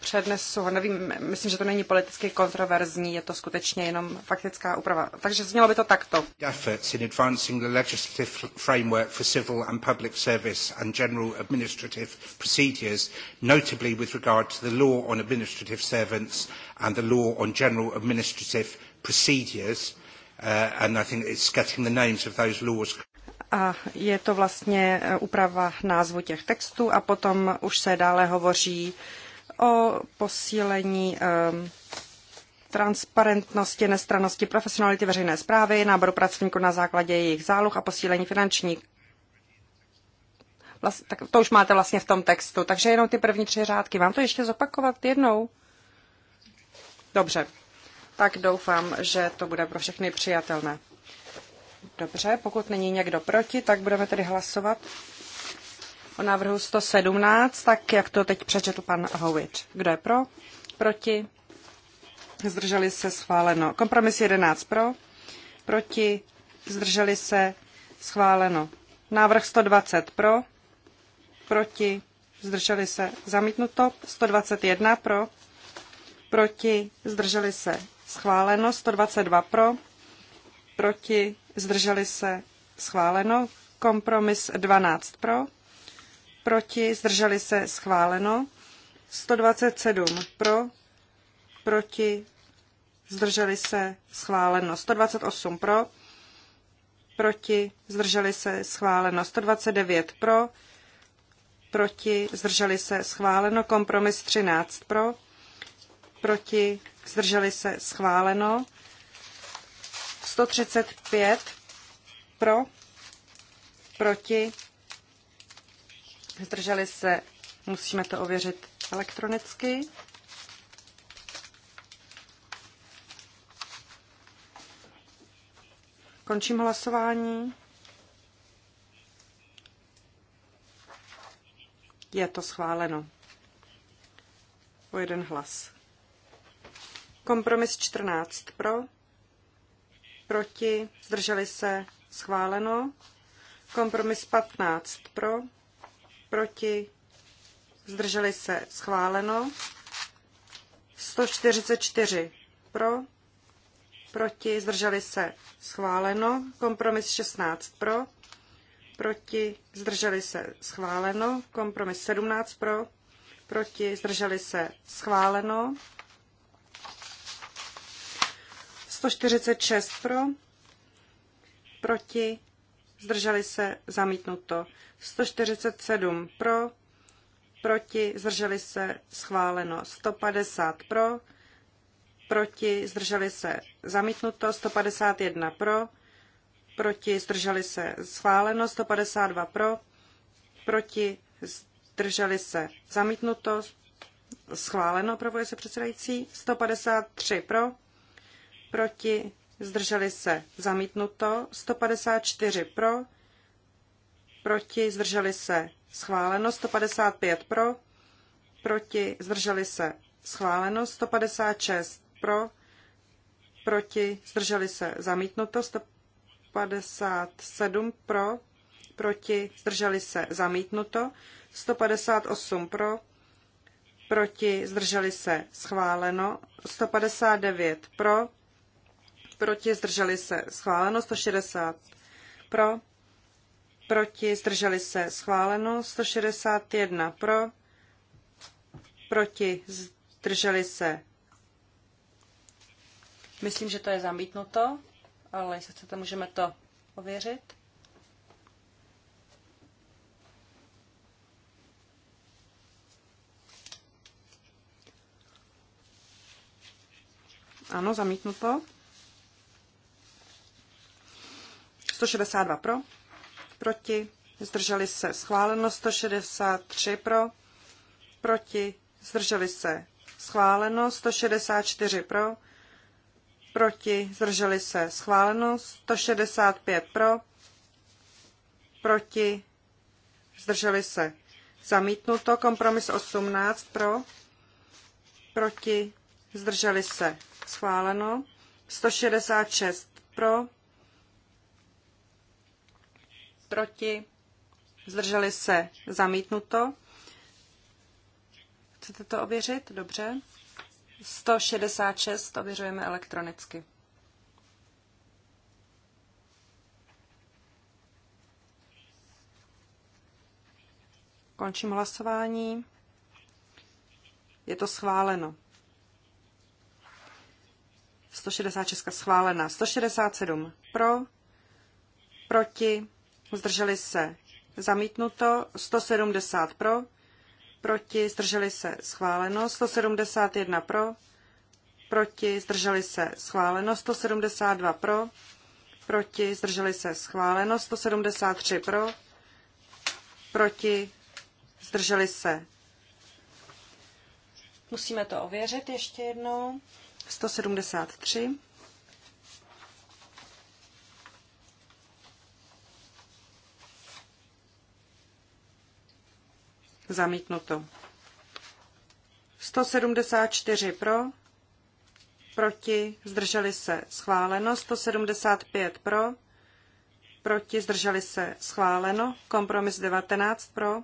přednesu ho. Nevím, myslím, že to není politicky kontroverzní, je to skutečně jenom faktická úprava. Takže znělo by to takto. efforts in advancing the legislative framework for civil and public service and general administrative procedures, notably with regard to the law on administrative servants and the law on general administrative procedures, uh, and I think it's getting the names of those laws a je to vlastně e, úprava názvu těch textů a potom už se dále hovoří o posílení ehm, transparentnosti, nestranosti, profesionality veřejné zprávy, náboru pracovníků na základě jejich záloh a posílení finanční. Vlast, tak to už máte vlastně v tom textu, takže jenom ty první tři řádky. Mám to ještě zopakovat jednou? Dobře, tak doufám, že to bude pro všechny přijatelné. Dobře, pokud není někdo proti, tak budeme tedy hlasovat o návrhu 117, tak jak to teď přečetl pan Howitt. Kdo je pro? Proti? Zdrželi se schváleno. Kompromis 11 pro? Proti? Zdrželi se schváleno. Návrh 120 pro? Proti? Zdrželi se zamítnuto. 121 pro? Proti? Zdrželi se schváleno. 122 pro? proti, zdrželi se, schváleno. Kompromis 12 pro, proti, zdrželi se, schváleno. 127 pro, proti, zdrželi se, schváleno. 128 pro, proti, zdrželi se, schváleno. 129 pro, proti, zdrželi se, schváleno. Kompromis 13 pro, proti, zdrželi se, schváleno. 135 pro, proti, zdrželi se, musíme to ověřit elektronicky. Končím hlasování. Je to schváleno. O jeden hlas. Kompromis 14 pro, proti, zdrželi se, schváleno. Kompromis 15 pro, proti, zdrželi se, schváleno. 144 pro, proti, zdrželi se, schváleno. Kompromis 16 pro, proti, zdrželi se, schváleno. Kompromis 17 pro, proti, zdrželi se, schváleno. 146 pro, proti, zdrželi se, zamítnuto. 147 pro, proti, zdrželi se, schváleno. 150 pro, proti, zdrželi se, zamítnuto. 151 pro, proti, zdrželi se, schváleno. 152 pro, proti, zdrželi se, zamítnuto. Schváleno, opravuje se předsedající. 153 pro, proti, zdrželi se, zamítnuto, 154 pro, proti, zdrželi se, schváleno, 155 pro, proti, zdrželi se, schváleno, 156 pro, proti, zdrželi se, zamítnuto, 157 pro, proti, zdrželi se, zamítnuto, 158 pro, proti, zdrželi se, schváleno, 159 pro, proti, zdrželi se, schváleno 160 pro, proti, zdrželi se, schváleno 161 pro, proti, zdrželi se. Myslím, že to je zamítnuto, ale jestli chcete, můžeme to ověřit. Ano, zamítnuto. 162 pro, proti, zdrželi se schváleno, 163 pro, proti, zdrželi se schváleno, 164 pro, proti, zdrželi se schváleno, 165 pro, proti, zdrželi se zamítnuto, kompromis 18 pro, proti, zdrželi se schváleno, 166 pro, proti, zdrželi se, zamítnuto. Chcete to ověřit? Dobře. 166 ověřujeme elektronicky. Končím hlasování. Je to schváleno. 166 schválena. 167 pro, proti, zdrželi se zamítnuto, 170 pro, proti, zdrželi se schváleno, 171 pro, proti, zdrželi se schváleno, 172 pro, proti, zdrželi se schváleno, 173 pro, proti, zdrželi se. Musíme to ověřit ještě jednou. 173. Zamítnuto. 174 pro, proti, zdrželi se, schváleno. 175 pro, proti, zdrželi se, schváleno. Kompromis 19 pro,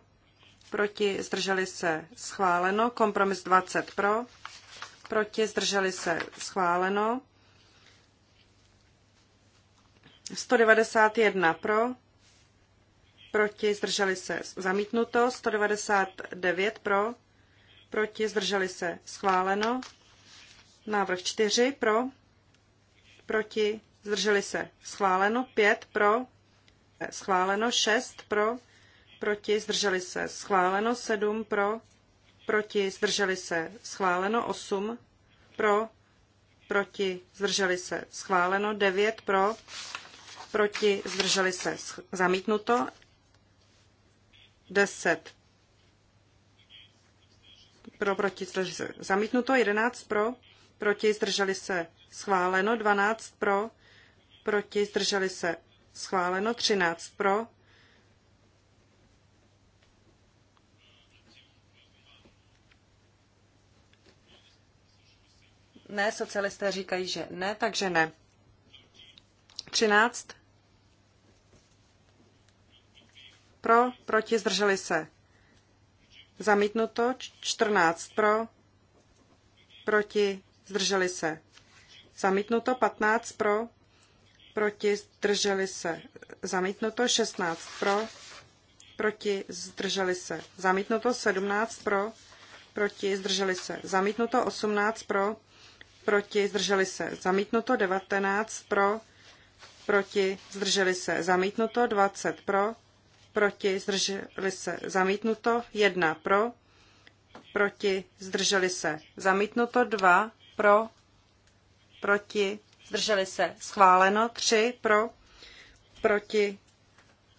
proti, zdrželi se, schváleno. Kompromis 20 pro, proti, zdrželi se, schváleno. 191 pro, proti, zdrželi se, zamítnuto, 199 pro, proti, zdrželi se, schváleno, návrh 4 pro, proti, zdrželi se, schváleno, 5 pro, eh, schváleno, 6 pro, proti, zdrželi se, schváleno, 7 pro, proti, zdrželi se, schváleno, 8 pro, proti, zdrželi se, schváleno, 9 pro, proti, zdrželi se, zamítnuto, 10 pro, proti, zdrželi Zamítnuto 11 pro, proti, zdrželi se. Schváleno 12 pro, proti, zdrželi se. Schváleno 13 pro, Ne, socialisté říkají, že ne, takže ne. 13 pro, proti, zdrželi se. Zamítnuto 14 pro, proti, zdrželi se. Zamítnuto 15 pro, proti, zdrželi se. Zamítnuto 16 pro, proti, zdrželi se. Zamítnuto 17 pro, proti, zdrželi se. Zamítnuto 18 pro, proti, zdrželi se. Zamítnuto 19 pro, proti, zdrželi se. Zamítnuto 20 pro, proti, zdrželi se, zamítnuto, jedna pro, proti, zdrželi se, zamítnuto, dva pro, proti, zdrželi se, schváleno, tři pro, proti,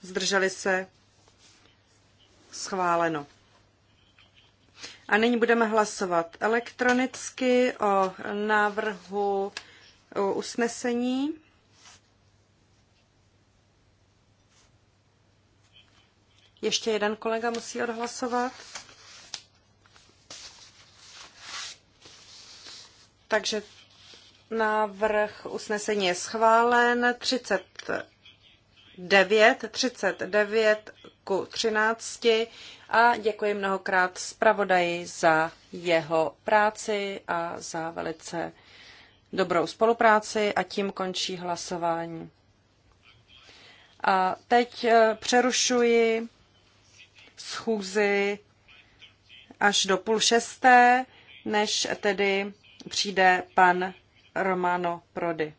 zdrželi se, schváleno. A nyní budeme hlasovat elektronicky o návrhu usnesení. Ještě jeden kolega musí odhlasovat. Takže návrh usnesení je schválen 39, 39 ku 13 a děkuji mnohokrát zpravodaji za jeho práci a za velice dobrou spolupráci a tím končí hlasování. A teď eh, přerušuji schůzi až do půl šesté, než tedy přijde pan Romano Prody.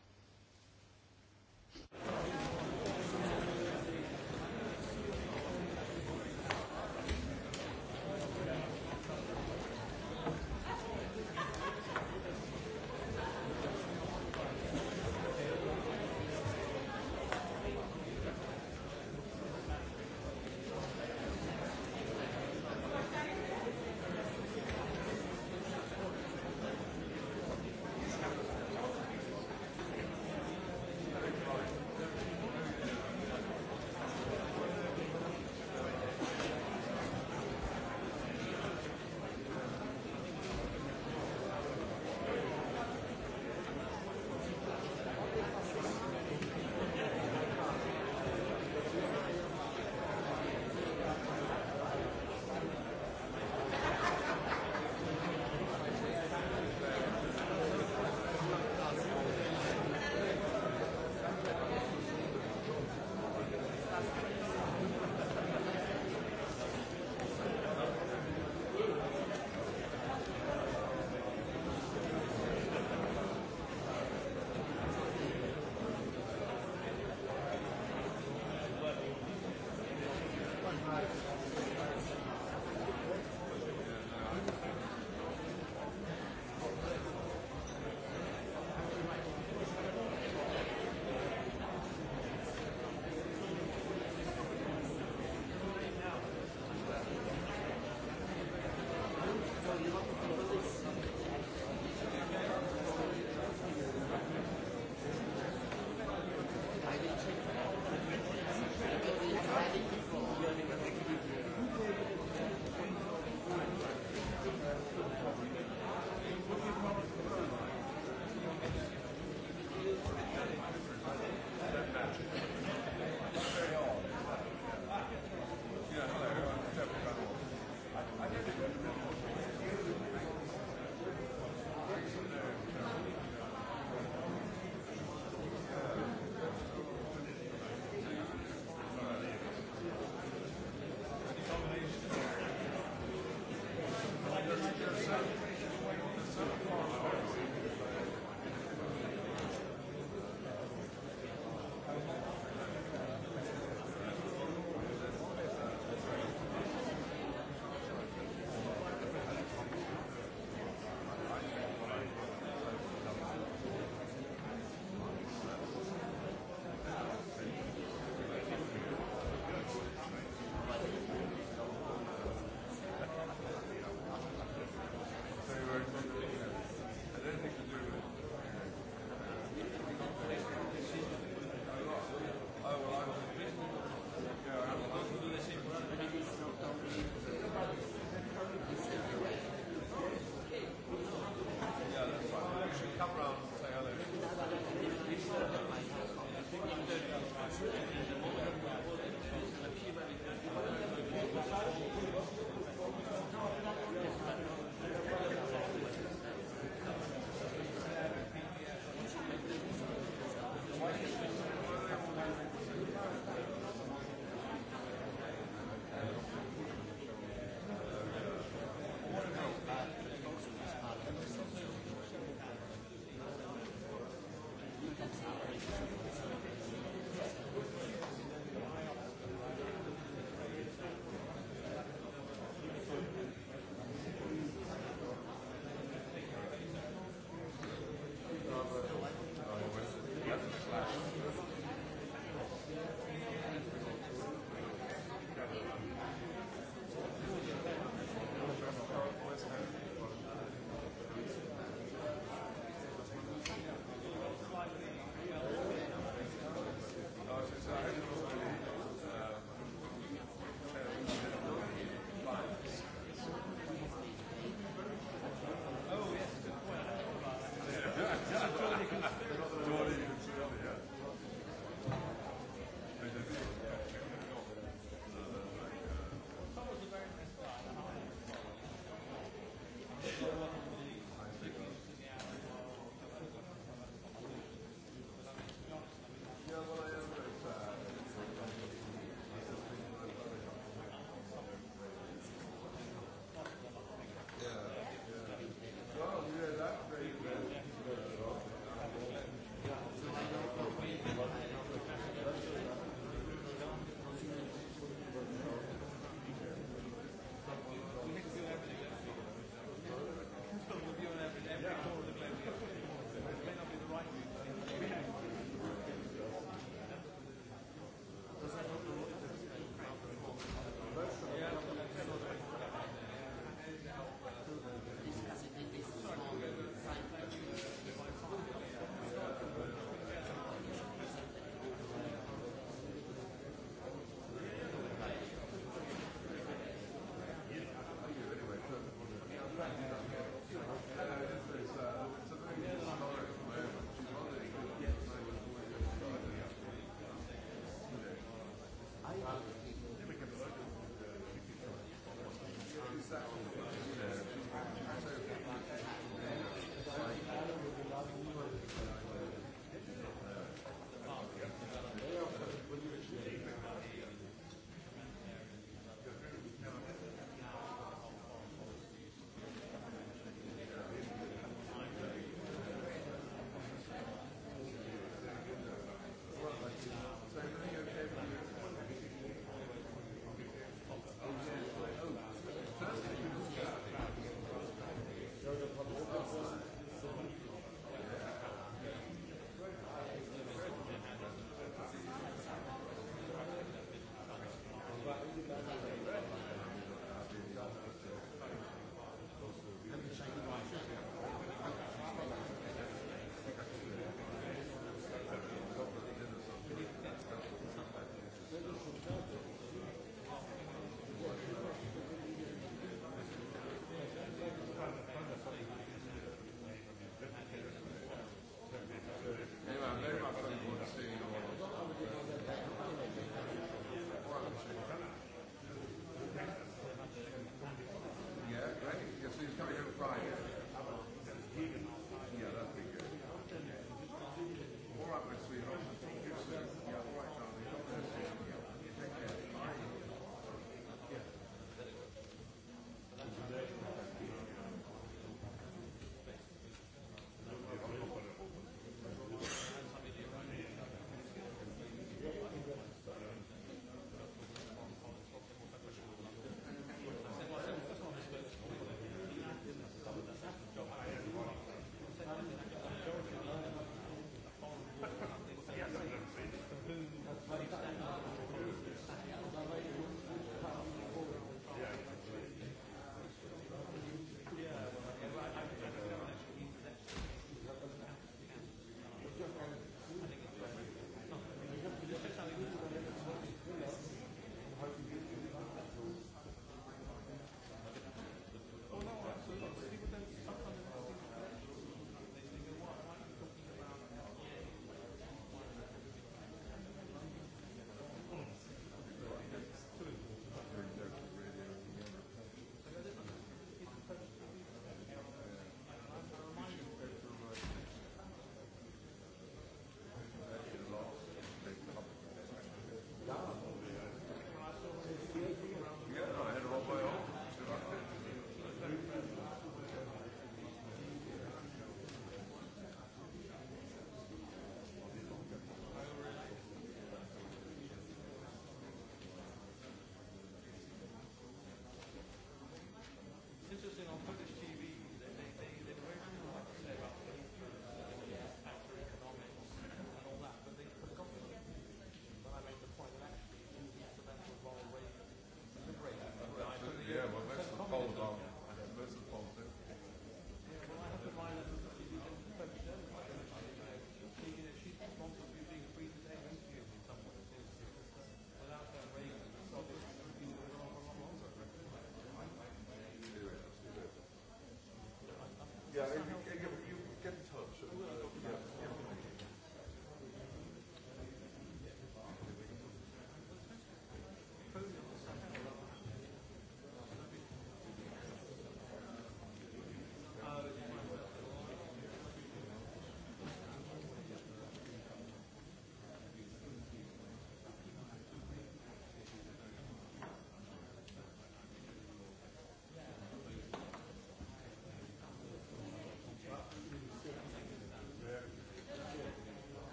Já vím,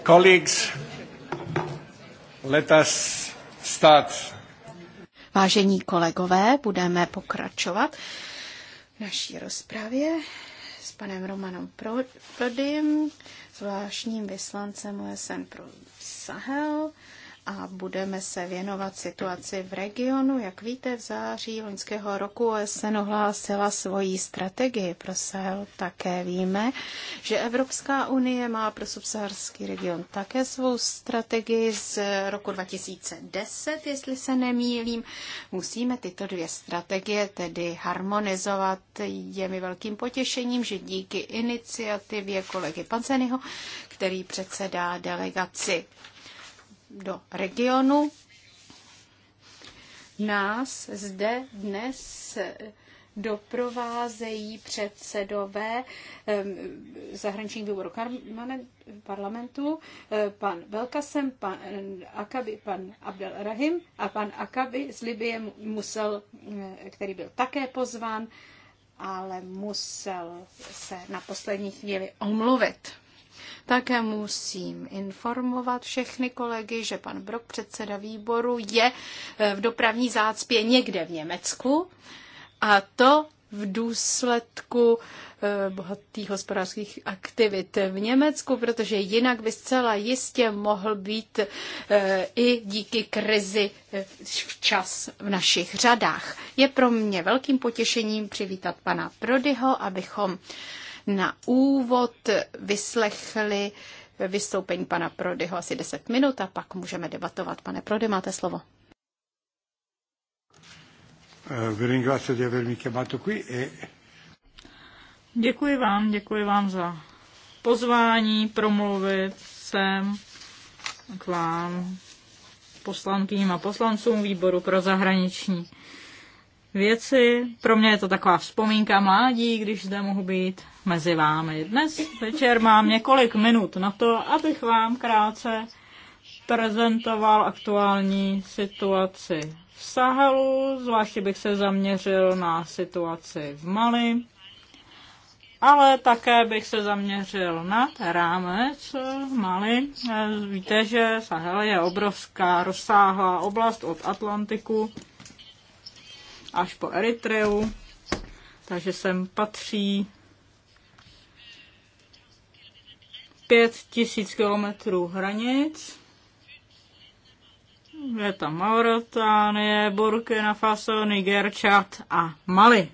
Colleagues, let us start. Vážení kolegové, budeme pokračovat v naší rozpravě s panem Romanem Prodym, zvláštním vyslancem OSN pro Sahel a budeme se věnovat situaci v regionu. Jak víte, v září loňského roku OSN ohlásila svoji strategii pro Sahel. Také víme, že Evropská unie má pro subsaharský region také svou strategii z roku 2010, jestli se nemýlím. Musíme tyto dvě strategie tedy harmonizovat. Je mi velkým potěšením, že díky iniciativě kolegy Panceniho, který předsedá delegaci do regionu. Nás zde dnes doprovázejí předsedové zahraničních výboru parlamentu, eh, pan Velkasem, pan Akabi, pan Abdel Rahim a pan Akabi z Libie musel, eh, který byl také pozván, ale musel se na poslední chvíli omluvit. Také musím informovat všechny kolegy, že pan Brok, předseda výboru, je eh, v dopravní zácpě někde v Německu a to v důsledku eh, bohatých hospodářských aktivit v Německu, protože jinak by zcela jistě mohl být eh, i díky krizi včas v našich řadách. Je pro mě velkým potěšením přivítat pana Prodyho, abychom na úvod vyslechli vystoupení pana Prodyho asi 10 minut a pak můžeme debatovat. Pane Prody, máte slovo. Eh, eh. Děkuji vám, děkuji vám za pozvání promluvit sem k vám poslankyním a poslancům výboru pro zahraniční věci. Pro mě je to taková vzpomínka mládí, když zde mohu být mezi vámi. Dnes večer mám několik minut na to, abych vám krátce prezentoval aktuální situaci v Sahelu, zvláště bych se zaměřil na situaci v Mali, ale také bych se zaměřil na rámec Mali. Víte, že Sahel je obrovská, rozsáhlá oblast od Atlantiku až po Eritreu, takže sem patří Pět tisíc kilometrů hranic. Je tam Mauritánie, Burkina Faso, Niger, Čad a Mali.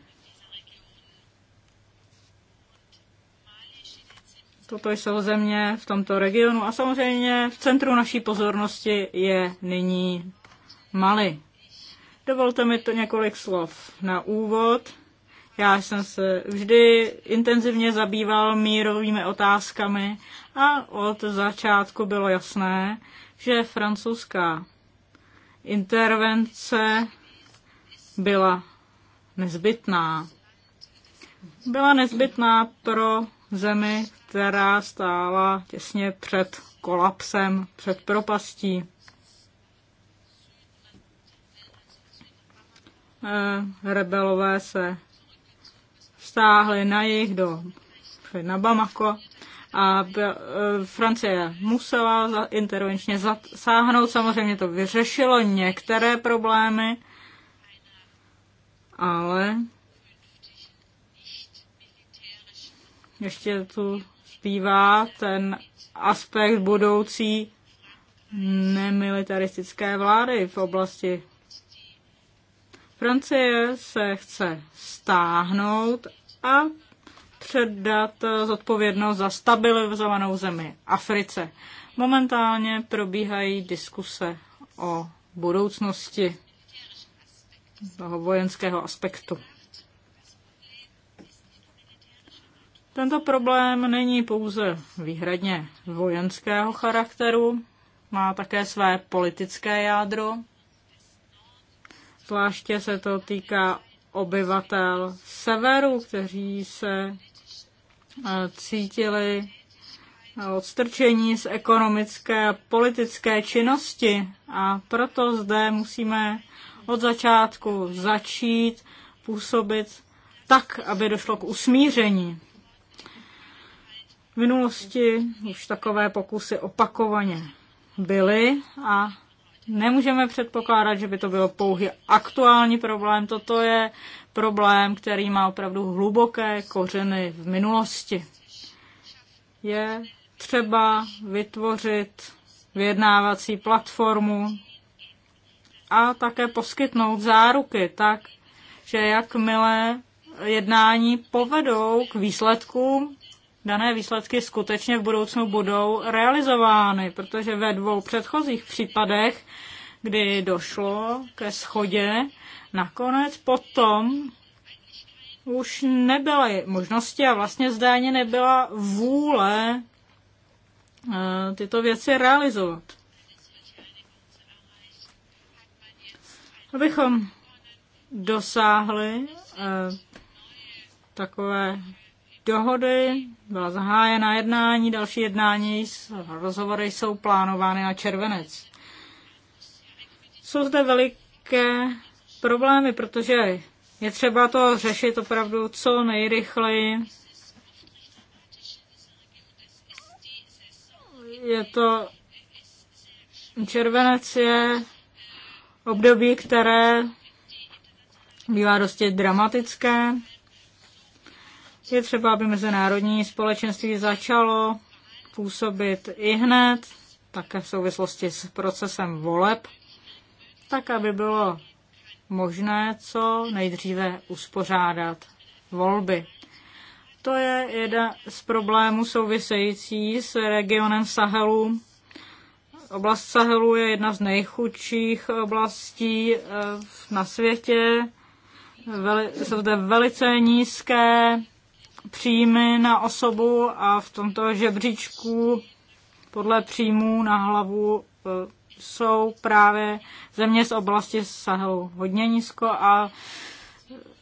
Toto jsou země v tomto regionu a samozřejmě v centru naší pozornosti je nyní Mali. Dovolte mi to několik slov na úvod. Já jsem se vždy intenzivně zabýval mírovými otázkami a od začátku bylo jasné, že francouzská intervence byla nezbytná. Byla nezbytná pro zemi, která stála těsně před kolapsem, před propastí. E, rebelové se stáhli na jich do na Bamako a eh, Francie musela intervenčně zasáhnout. Samozřejmě to vyřešilo některé problémy, ale ještě tu zbývá ten aspekt budoucí nemilitaristické vlády v oblasti. Francie se chce stáhnout a předat zodpovědnost za stabilizovanou zemi Africe. Momentálně probíhají diskuse o budoucnosti toho vojenského aspektu. Tento problém není pouze výhradně vojenského charakteru, má také své politické jádro. Zvláště se to týká obyvatel severu, kteří se Eh, cítili odstrčení z ekonomické a politické činnosti a proto zde musíme od začátku začít působit tak, aby došlo k usmíření. V minulosti už takové pokusy opakovaně byly a nemůžeme předpokládat, že by to bylo pouhý aktuální problém. Toto je problém, který má opravdu hluboké kořeny v minulosti. Je třeba vytvořit vyjednávací platformu a také poskytnout záruky tak, že jakmile jednání povedou k výsledkům, dané výsledky skutečně v budoucnu budou realizovány, protože ve dvou předchozích případech, kdy došlo ke schodě, Nakonec potom už nebyly možnosti a vlastně zdáně nebyla vůle eh, tyto věci realizovat. Abychom dosáhli eh, takové dohody, byla zahájena jednání, další jednání, rozhovory jsou plánovány na červenec. Jsou zde veliké problémy, protože je třeba to řešit opravdu co nejrychleji. Je to červenec je období, které bývá dosti dramatické. Je třeba, aby mezinárodní společenství začalo působit i hned, také v souvislosti s procesem voleb, tak aby bylo možné co nejdříve uspořádat volby. To je jeden z problémů související s regionem Sahelu. Oblast Sahelu je jedna z nejchudších oblastí eh, na světě. jsou zde velice nízké příjmy na osobu a v tomto žebříčku podle příjmů na hlavu eh, jsou právě země z oblasti sahou hodně nízko a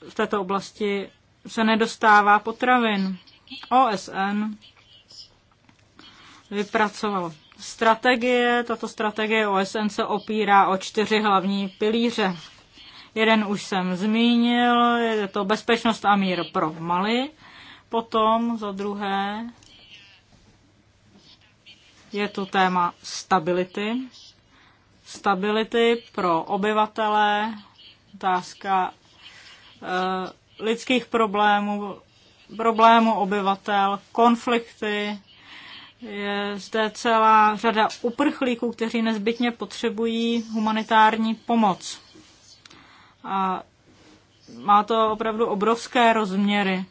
v této oblasti se nedostává potravin. OSN vypracoval strategie. Tato strategie OSN se opírá o čtyři hlavní pilíře. Jeden už jsem zmínil, je to bezpečnost a mír pro Mali. Potom za druhé je to téma stability stability pro obyvatele, otázka eh, lidských problémů, problémů obyvatel, konflikty. Je zde celá řada uprchlíků, kteří nezbytně potřebují humanitární pomoc. A má to opravdu obrovské rozměry.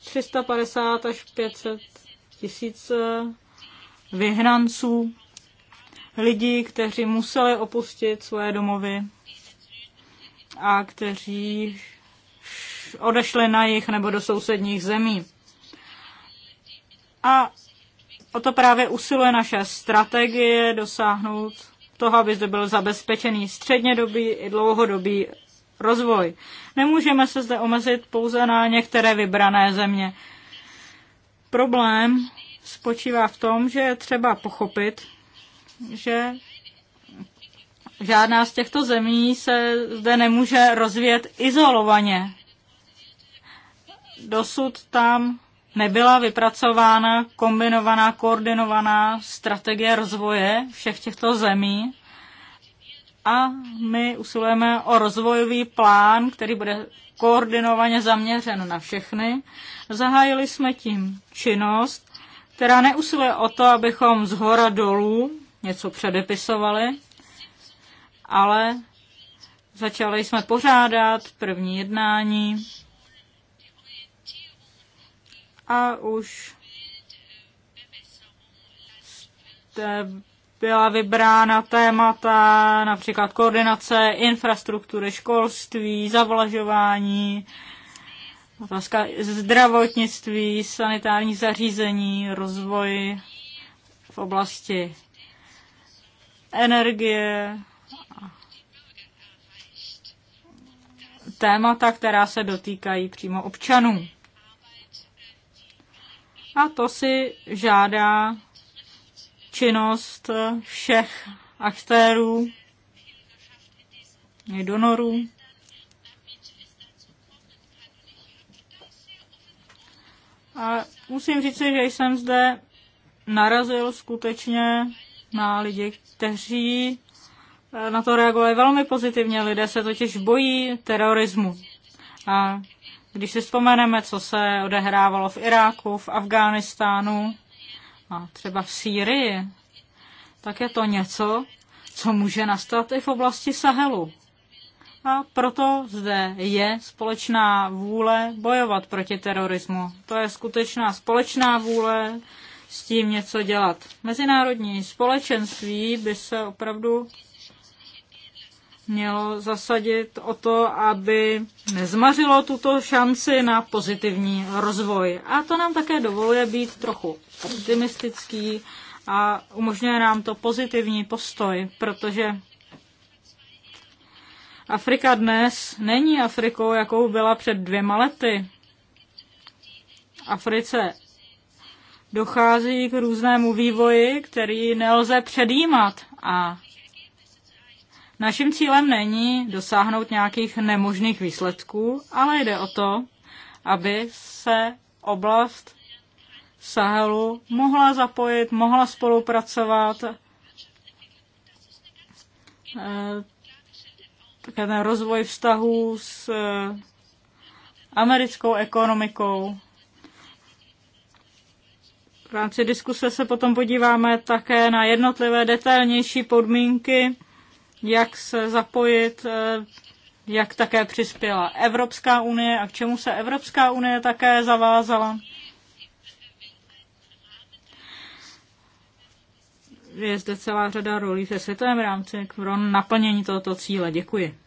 350 až 500 tisíc eh, vyhnanců lidí, kteří museli opustit svoje domovy a kteří odešli na jich nebo do sousedních zemí. A o to právě usiluje naše strategie dosáhnout toho, aby zde byl zabezpečený střednědobý i dlouhodobý rozvoj. Nemůžeme se zde omezit pouze na některé vybrané země. Problém spočívá v tom, že je třeba pochopit, že žádná z těchto zemí se zde nemůže rozvíjet izolovaně. Dosud tam nebyla vypracována kombinovaná, koordinovaná strategie rozvoje všech těchto zemí a my usilujeme o rozvojový plán, který bude koordinovaně zaměřen na všechny. Zahájili jsme tím činnost, která neusiluje o to, abychom z hora dolů něco předepisovali, ale začali jsme pořádat první jednání a už byla vybrána témata, například koordinace infrastruktury, školství, zavlažování, otázka zdravotnictví, sanitární zařízení, rozvoj v oblasti energie, témata, která se dotýkají přímo občanů. A to si žádá činnost všech aktérů, i donorů. A musím říct, že jsem zde narazil skutečně na lidi, kteří eh, na to reagovali velmi pozitivně. Lidé se totiž bojí terorismu. A když si vzpomeneme, co se odehrávalo v Iráku, v Afghánistánu a třeba v Sýrii, tak je to něco, co může nastat i v oblasti Sahelu. A proto zde je společná vůle bojovat proti terorismu. To je skutečná společná vůle s tím něco dělat. Mezinárodní společenství by se opravdu mělo zasadit o to, aby nezmařilo tuto šanci na pozitivní rozvoj. A to nám také dovoluje být trochu optimistický a umožňuje nám to pozitivní postoj, protože Afrika dnes není Afrikou, jakou byla před dvěma lety. Africe dochází k různému vývoji, který nelze předjímat a naším cílem není dosáhnout nějakých nemožných výsledků, ale jde o to, aby se oblast Sahelu mohla zapojit, mohla spolupracovat. Eh, také ten rozvoj vztahů s eh, americkou ekonomikou v rámci diskuse se potom podíváme také na jednotlivé detailnější podmínky, jak se zapojit, eh, jak také přispěla Evropská unie a k čemu se Evropská unie také zavázala. Je zde celá řada rolí ve světovém rámci pro naplnění tohoto cíle. Děkuji.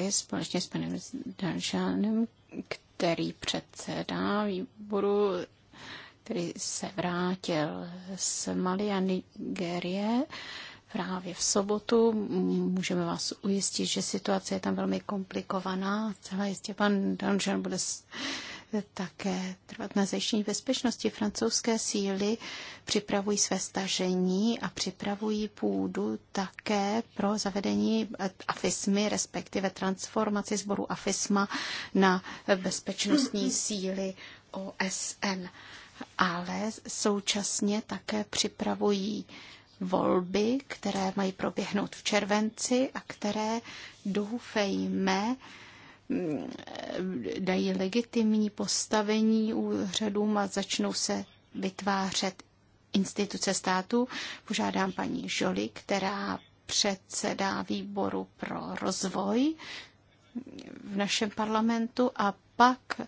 děkuji společně s panem Danžánem, který předsedá výboru, který se vrátil z Mali a Nigerie právě v sobotu. Můžeme vás ujistit, že situace je tam velmi komplikovaná. Celá jistě pan Danžan bude také trvat na zajištění bezpečnosti. Francouzské síly připravují své stažení a připravují půdu také pro zavedení AFISMy, respektive transformaci sboru AFISMA na bezpečnostní síly OSN. Ale současně také připravují volby, které mají proběhnout v červenci a které doufejme, Eh, dají legitimní postavení úřadům a začnou se vytvářet instituce státu. Požádám paní Žoli, která předsedá výboru pro rozvoj v našem parlamentu a pak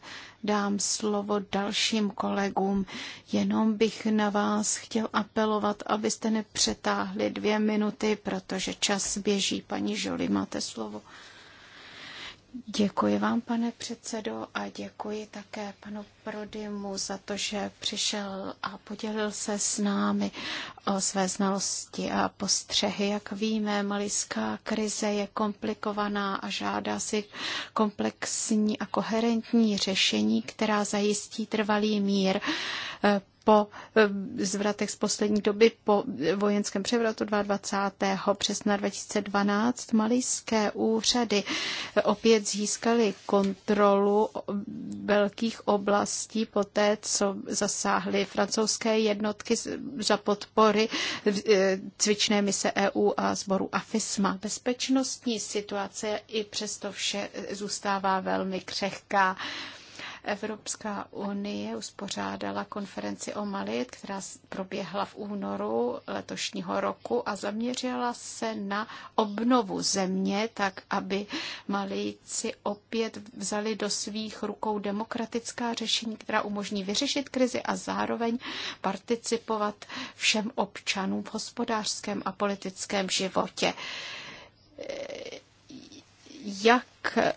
dám slovo dalším kolegům. Jenom bych na vás chtěl apelovat, abyste nepřetáhli dvě minuty, protože čas běží. Paní Žoli, máte slovo. Děkuji vám, pane předsedo, a děkuji také panu Prodymu za to, že přišel a podělil se s námi o své znalosti a postřehy. Jak víme, malická krize je komplikovaná a žádá si komplexní a koherentní řešení, která zajistí trvalý mír po eh, zvratech z poslední doby, po vojenském převratu 22. března 2012, malijské úřady eh, opět získaly kontrolu velkých oblastí po té, co zasáhly francouzské jednotky za podpory eh, cvičné mise EU a sboru AFISMA. Bezpečnostní situace i přesto vše zůstává velmi křehká. Evropská unie uspořádala konferenci o Mali, která proběhla v únoru letošního roku a zaměřila se na obnovu země, tak aby Malijci opět vzali do svých rukou demokratická řešení, která umožní vyřešit krizi a zároveň participovat všem občanům v hospodářském a politickém životě. Jak Eh,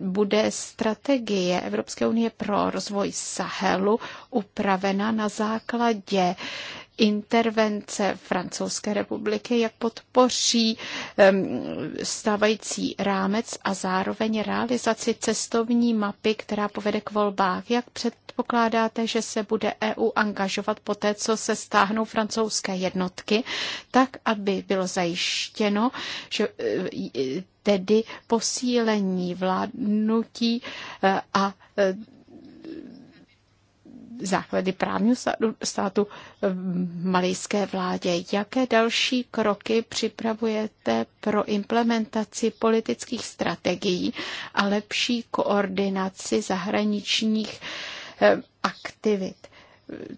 bude strategie Evropské unie pro rozvoj Sahelu upravena na základě intervence Francouzské republiky, jak podpoří stávající rámec a zároveň realizaci cestovní mapy, která povede k volbách. Jak předpokládáte, že se bude EU angažovat po té, co se stáhnou francouzské jednotky, tak, aby bylo zajištěno, že e, tedy posílení vládnutí e, a e, základy právního státu v malijské vládě. Jaké další kroky připravujete pro implementaci politických strategií a lepší koordinaci zahraničních eh, aktivit?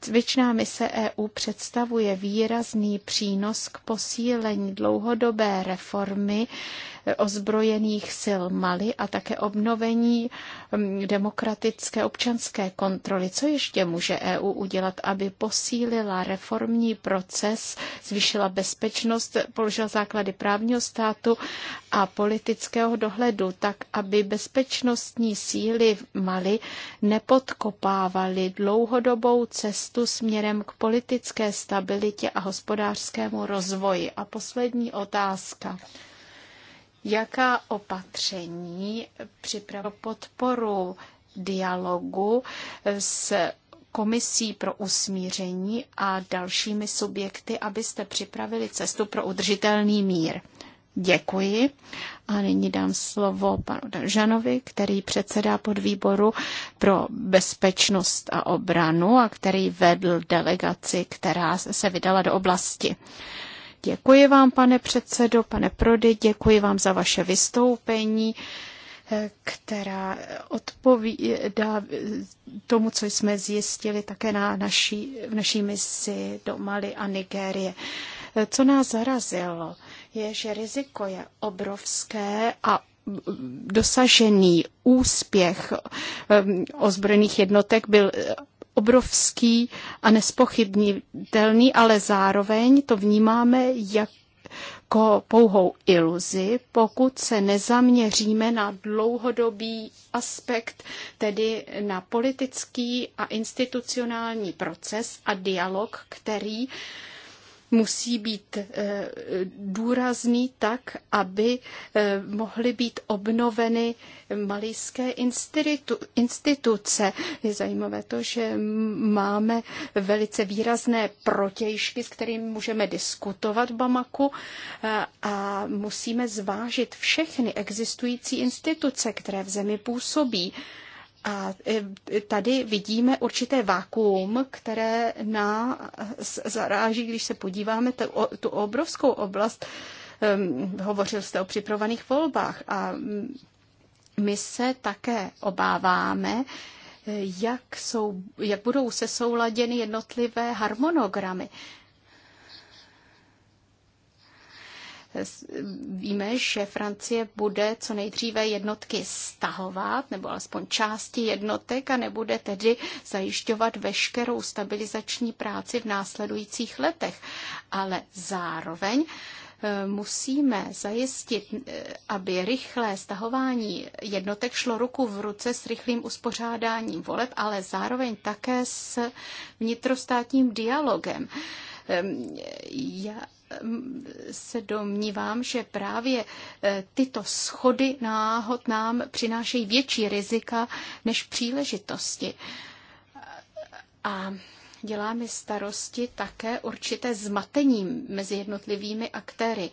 Cvičná mise EU představuje výrazný přínos k posílení dlouhodobé reformy ozbrojených sil Mali a také obnovení mm, demokratické občanské kontroly. Co ještě může EU udělat, aby posílila reformní proces, zvýšila bezpečnost, položila základy právního státu a politického dohledu, tak aby bezpečnostní síly v Mali nepodkopávaly dlouhodobou cestu směrem k politické stabilitě a hospodářskému rozvoji. A poslední otázka jaká opatření připravil podporu dialogu s komisí pro usmíření a dalšími subjekty, abyste připravili cestu pro udržitelný mír. Děkuji. A nyní dám slovo panu Dalžanovi, který předsedá podvýboru pro bezpečnost a obranu a který vedl delegaci, která se vydala do oblasti. Děkuji vám, pane předsedo, pane Prody, děkuji vám za vaše vystoupení eh, která odpovídá tomu, co jsme zjistili také na naší, v naší misi do Mali a Nigérie. Eh, co nás zarazilo, je, že riziko je obrovské a dosažený úspěch eh, ozbrojených jednotek byl obrovský a nespochybnitelný, ale zároveň to vnímáme jako pouhou iluzi, pokud se nezaměříme na dlouhodobý aspekt, tedy na politický a institucionální proces a dialog, který musí být eh, důrazný tak, aby eh, mohly být obnoveny malijské institu, instituce. Je zajímavé to, že máme velice výrazné protějšky, s kterými můžeme diskutovat v Bamaku eh, a musíme zvážit všechny existující instituce, které v zemi působí. A e, e, tady vidíme určité vákuum, které nás zaráží, když se podíváme tu obrovskou oblast. Hovořil jste o připravených volbách a mm, my se také obáváme, e, jak, jsou, jak budou se souladěny jednotlivé harmonogramy. Víme, že Francie bude co nejdříve jednotky stahovat, nebo alespoň části jednotek a nebude tedy zajišťovat veškerou stabilizační práci v následujících letech. Ale zároveň e, musíme zajistit, e, aby rychlé stahování jednotek šlo ruku v ruce s rychlým uspořádáním voleb, ale zároveň také s vnitrostátním dialogem. Já se domnívám, že právě eh, tyto schody náhod nám přinášejí větší rizika než příležitosti. A děláme starosti také určité zmatení mezi jednotlivými aktéry.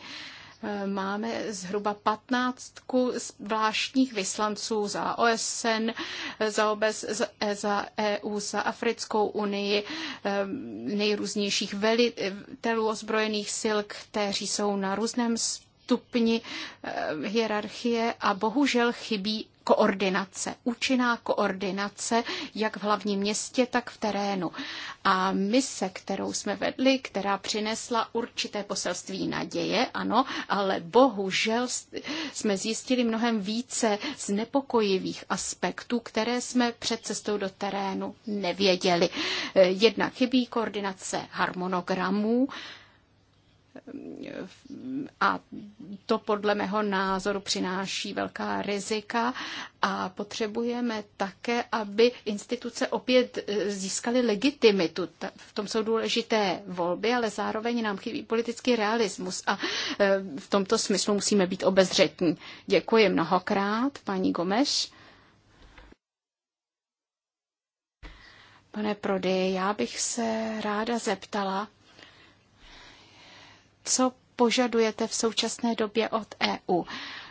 Máme zhruba patnáctku zvláštních vyslanců za OSN, za OBS, za EU, za Africkou unii, nejrůznějších velitelů ozbrojených sil, kteří jsou na různém stupni eh, hierarchie a bohužel chybí koordinace, účinná koordinace, jak v hlavním městě, tak v terénu. A mise, kterou jsme vedli, která přinesla určité poselství naděje, ano, ale bohužel jsme zjistili mnohem více znepokojivých aspektů, které jsme před cestou do terénu nevěděli. Eh, jedna chybí koordinace harmonogramů, a to podle mého názoru přináší velká rizika a potřebujeme také, aby instituce opět eh, získaly legitimitu. V tom jsou důležité volby, ale zároveň nám chybí politický realismus a eh, v tomto smyslu musíme být obezřetní. Děkuji mnohokrát, paní Gomeš. Pane Prody, já bych se ráda zeptala, co požadujete v současné době od EU.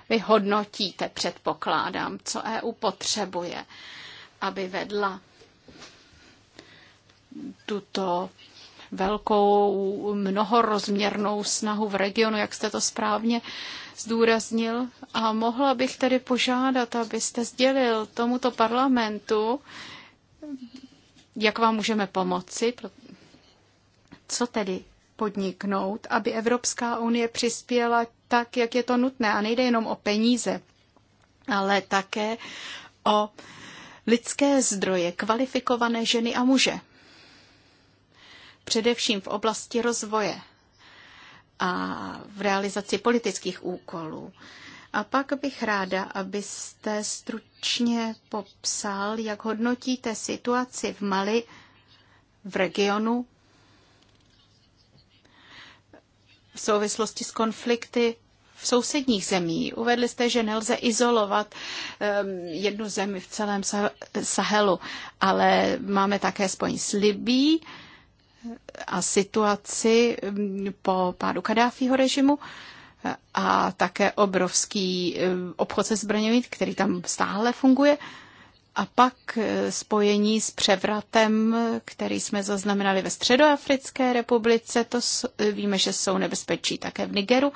Vy hodnotíte, předpokládám, co EU potřebuje, aby vedla tuto velkou mnohorozměrnou snahu v regionu, jak jste to správně zdůraznil. A mohla bych tedy požádat, abyste sdělil tomuto parlamentu, jak vám můžeme pomoci, co tedy podniknout, aby Evropská unie přispěla tak, jak je to nutné. A nejde jenom o peníze, ale také o lidské zdroje, kvalifikované ženy a muže. Především v oblasti rozvoje a v realizaci politických úkolů. A pak bych ráda, abyste stručně popsal, jak hodnotíte situaci v Mali, v regionu v souvislosti s konflikty v sousedních zemí. Uvedli jste, že nelze izolovat um, jednu zemi v celém Sahelu, ale máme také spojení s Libí a situaci ehm, po pádu Kadáfího režimu a také obrovský ehm, obchod se zbraněmi, který tam stále funguje. Um, a pak e, spojení s převratem, který jsme zaznamenali ve Středoafrické republice, to e, víme, že jsou nebezpečí také v Nigeru,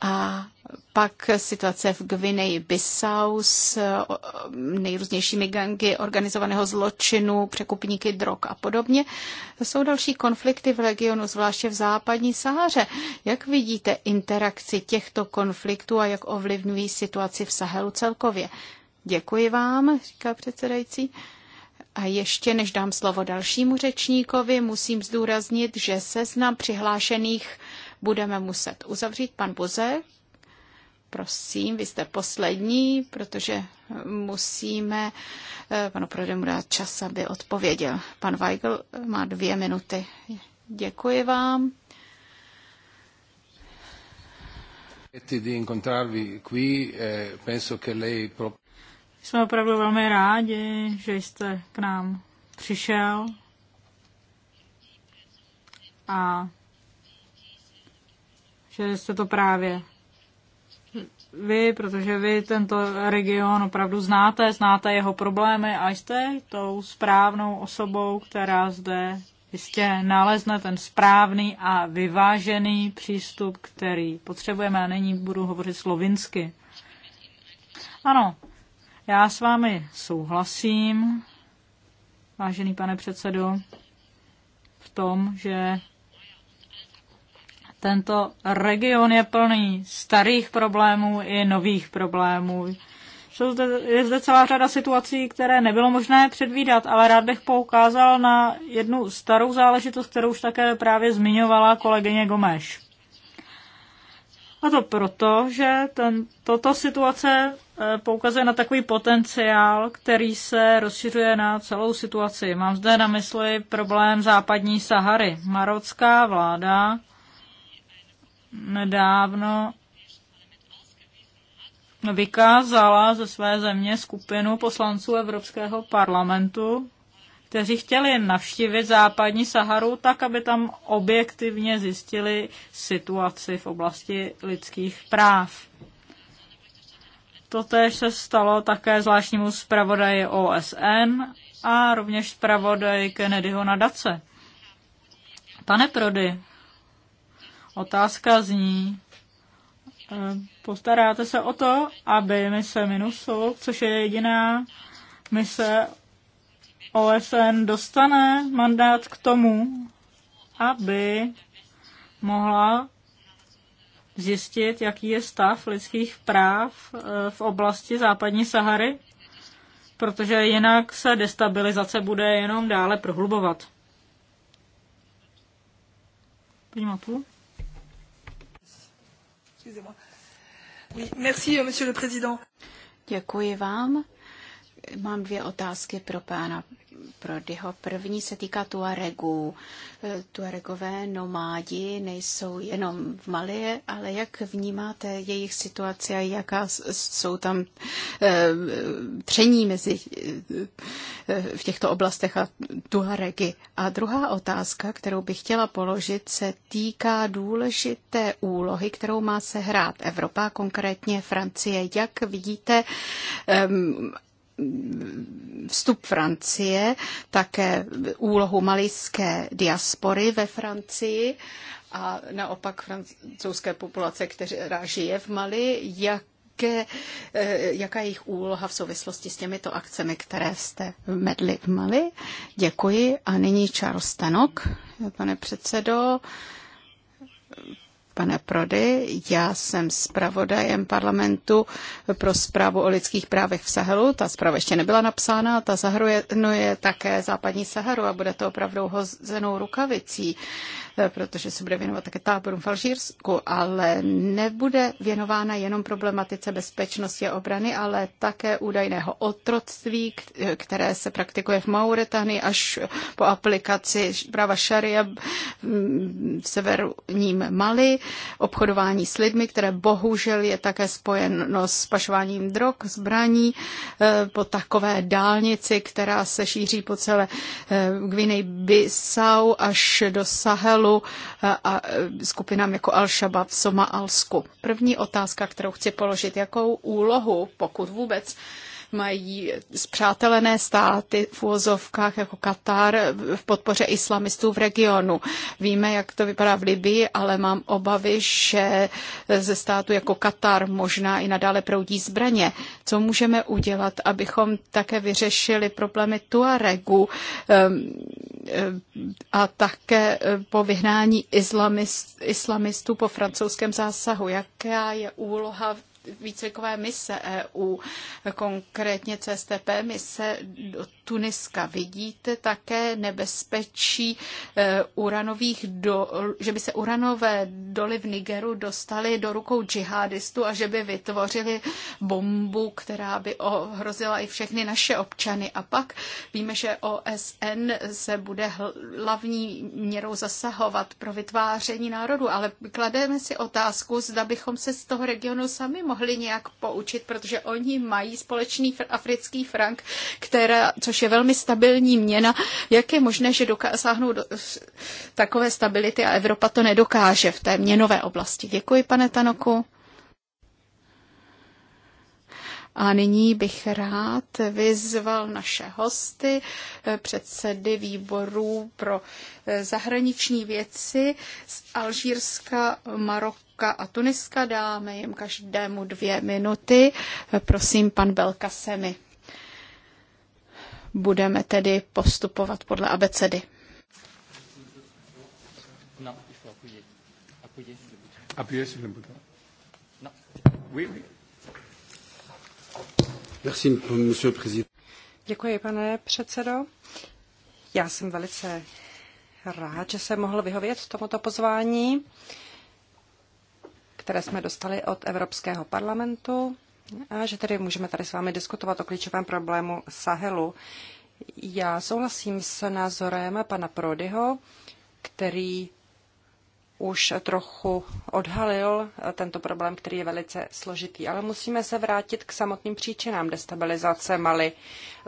a pak situace v Gvineji Bissau s e, nejrůznějšími gangy organizovaného zločinu, překupníky drog a podobně. To jsou další konflikty v regionu, zvláště v západní Saháře. Jak vidíte interakci těchto konfliktů a jak ovlivňují situaci v Sahelu celkově? Děkuji vám, říká předsedající. A ještě než dám slovo dalšímu řečníkovi, musím zdůraznit, že seznam přihlášených budeme muset uzavřít. Pan Buzek, prosím, vy jste poslední, protože musíme eh, panu Prodemu dát čas, aby odpověděl. Pan Weigl má dvě minuty. Děkuji vám. di incontrarvi qui, eh, penso che lei... Jsme opravdu velmi rádi, že jste k nám přišel a že jste to právě vy, protože vy tento region opravdu znáte, znáte jeho problémy a jste tou správnou osobou, která zde jistě nalezne ten správný a vyvážený přístup, který potřebujeme. A nyní budu hovořit slovinsky. Ano, já s vámi souhlasím, vážený pane předsedo, v tom, že tento region je plný starých problémů i nových problémů. Jsou zde, je zde celá řada situací, které nebylo možné předvídat, ale rád bych poukázal na jednu starou záležitost, kterou už také právě zmiňovala kolegyně Gomeš. A to proto, že ten, toto situace eh, poukazuje na takový potenciál, který se rozšiřuje na celou situaci. Mám zde na mysli problém západní Sahary. Marocká vláda nedávno vykázala ze své země skupinu poslanců Evropského parlamentu, kteří chtěli navštívit západní Saharu, tak aby tam objektivně zjistili situaci v oblasti lidských práv. Totéž se stalo také zvláštnímu zpravodaji OSN a rovněž zpravodaji Kennedyho nadace. Pane Prody, otázka zní, eh, postaráte se o to, aby mise Minusu, což je jediná mise OSN dostane mandát k tomu, aby mohla zjistit, jaký je stav lidských práv e, v oblasti západní Sahary, protože jinak se destabilizace bude jenom dále prohlubovat. Euh, Děkuji vám. Mám dvě otázky pro pána Prodyho. První se týká Tuaregů. Eh, Tuaregové nomádi nejsou jenom v Mali, ale jak vnímáte jejich situaci a jaká jsou tam eh, tření mezi eh, v těchto oblastech a Tuaregy? A druhá otázka, kterou bych chtěla položit, se týká důležité úlohy, kterou má se hrát Evropa, konkrétně Francie. Jak vidíte vstup Francie, také úlohu malijské diaspory ve Francii a naopak francouzské populace, která žije v Mali, jak jaké, eh, jaká je jejich úloha v souvislosti s těmito akcemi, které jste medli v Mali. Děkuji. A nyní Charles Stanok, pane předsedo pane Prody. Já jsem zpravodajem parlamentu pro zprávu o lidských právech v Sahelu. Ta zpráva ještě nebyla napsána, ta zahrnuje také západní Saharu a bude to opravdu hozenou rukavicí protože se bude věnovat také táborům v Alžírsku, ale nebude věnována jenom problematice bezpečnosti a obrany, ale také údajného otroctví, které se praktikuje v Mauretanii až po aplikaci práva šaria v severním Mali, obchodování s lidmi, které bohužel je také spojeno s pašováním drog, zbraní, eh, po takové dálnici, která se šíří po celé eh, Gvinej Bissau až do Sahelu ISILu a skupinám jako Al-Shabaab v Somálsku. První otázka, kterou chci položit, jakou úlohu, pokud vůbec, mají zpřátelené státy v úzovkách jako Katar v podpoře islamistů v regionu. Víme, jak to vypadá v Libii, ale mám obavy, že ze státu jako Katar možná i nadále proudí zbraně. Co můžeme udělat, abychom také vyřešili problémy Tuaregu um, um, a také um, po vyhnání islamist, islamistů po francouzském zásahu? Jaká je úloha výcvikové mise EU, konkrétně CSTP mise do Tuniska. Vidíte také nebezpečí eh, uranových do, že by se uranové doly v Nigeru dostaly do rukou džihadistů a že by vytvořili bombu, která by ohrozila i všechny naše občany. A pak víme, že OSN se bude hlavní měrou zasahovat pro vytváření národu, ale klademe si otázku, zda bychom se z toho regionu sami mohli nějak poučit, protože oni mají společný africký frank, která, což což je velmi stabilní měna. Jak je možné, že dosáhnou do takové stability a Evropa to nedokáže v té měnové oblasti? Děkuji, pane Tanoku. A nyní bych rád vyzval naše hosty, eh, předsedy výborů pro eh, zahraniční věci z Alžírska, Maroka a Tuniska. Dáme jim každému dvě minuty. Eh, prosím, pan Semi. Budeme tedy postupovat podle abecedy. Děkuji, pane předsedo. Já jsem velice rád, že jsem mohl vyhovět tomuto pozvání, které jsme dostali od Evropského parlamentu a že tedy můžeme tady s vámi diskutovat o klíčovém problému Sahelu. Já souhlasím s názorem pana Prodyho, který už trochu odhalil tento problém, který je velice složitý. Ale musíme se vrátit k samotným příčinám destabilizace Mali.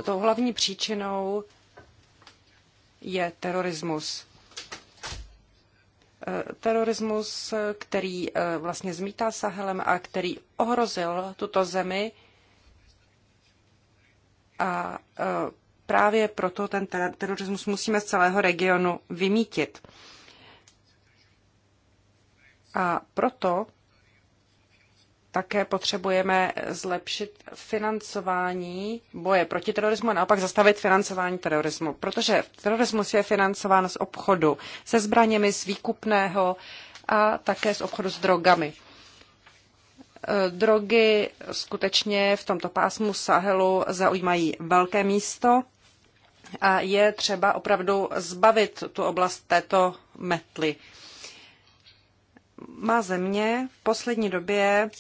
Tou hlavní příčinou je terorismus terorismus, který eh, vlastně zmítá Sahelem a který ohrozil tuto zemi. A eh, právě proto ten terorismus musíme z celého regionu vymítit. A proto také potřebujeme zlepšit financování boje proti terorismu a naopak zastavit financování terorismu, protože terorismus je financován z obchodu se zbraněmi, z výkupného a také z obchodu s drogami. E, drogy skutečně v tomto pásmu Sahelu zaujímají velké místo a je třeba opravdu zbavit tu oblast této metly. Má země v poslední době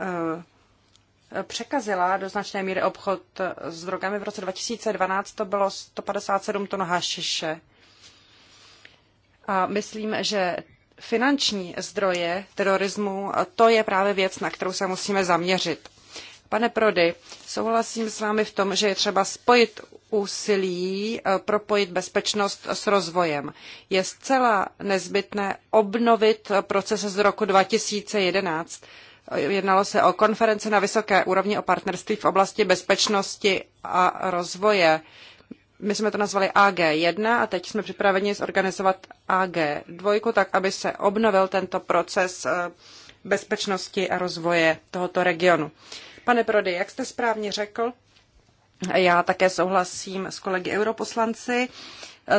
Eh, překazila do značné míry obchod s drogami. V roce 2012 to bylo 157 tun hašiše. A myslím, že finanční zdroje terorismu, to je právě věc, na kterou se musíme zaměřit. Pane Prody, souhlasím s vámi v tom, že je třeba spojit úsilí, eh, propojit bezpečnost s rozvojem. Je zcela nezbytné obnovit procese z roku 2011 Jednalo se o konferenci na vysoké úrovni o partnerství v oblasti bezpečnosti a rozvoje. My jsme to nazvali AG1 a teď jsme připraveni zorganizovat AG2, tak aby se obnovil tento proces eh, bezpečnosti a rozvoje tohoto regionu. Pane Prody, jak jste správně řekl, já také souhlasím s kolegy europoslanci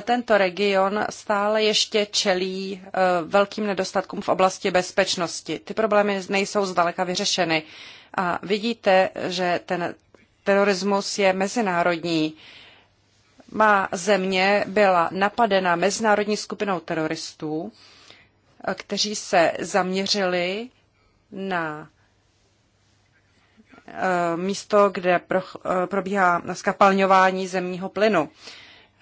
tento region stále ještě čelí eh, velkým nedostatkům v oblasti bezpečnosti. Ty problémy nejsou zdaleka vyřešeny. A vidíte, že ten terorismus je mezinárodní. Má země byla napadena mezinárodní skupinou teroristů, eh, kteří se zaměřili na eh, místo, kde probíhá skapalňování zemního plynu.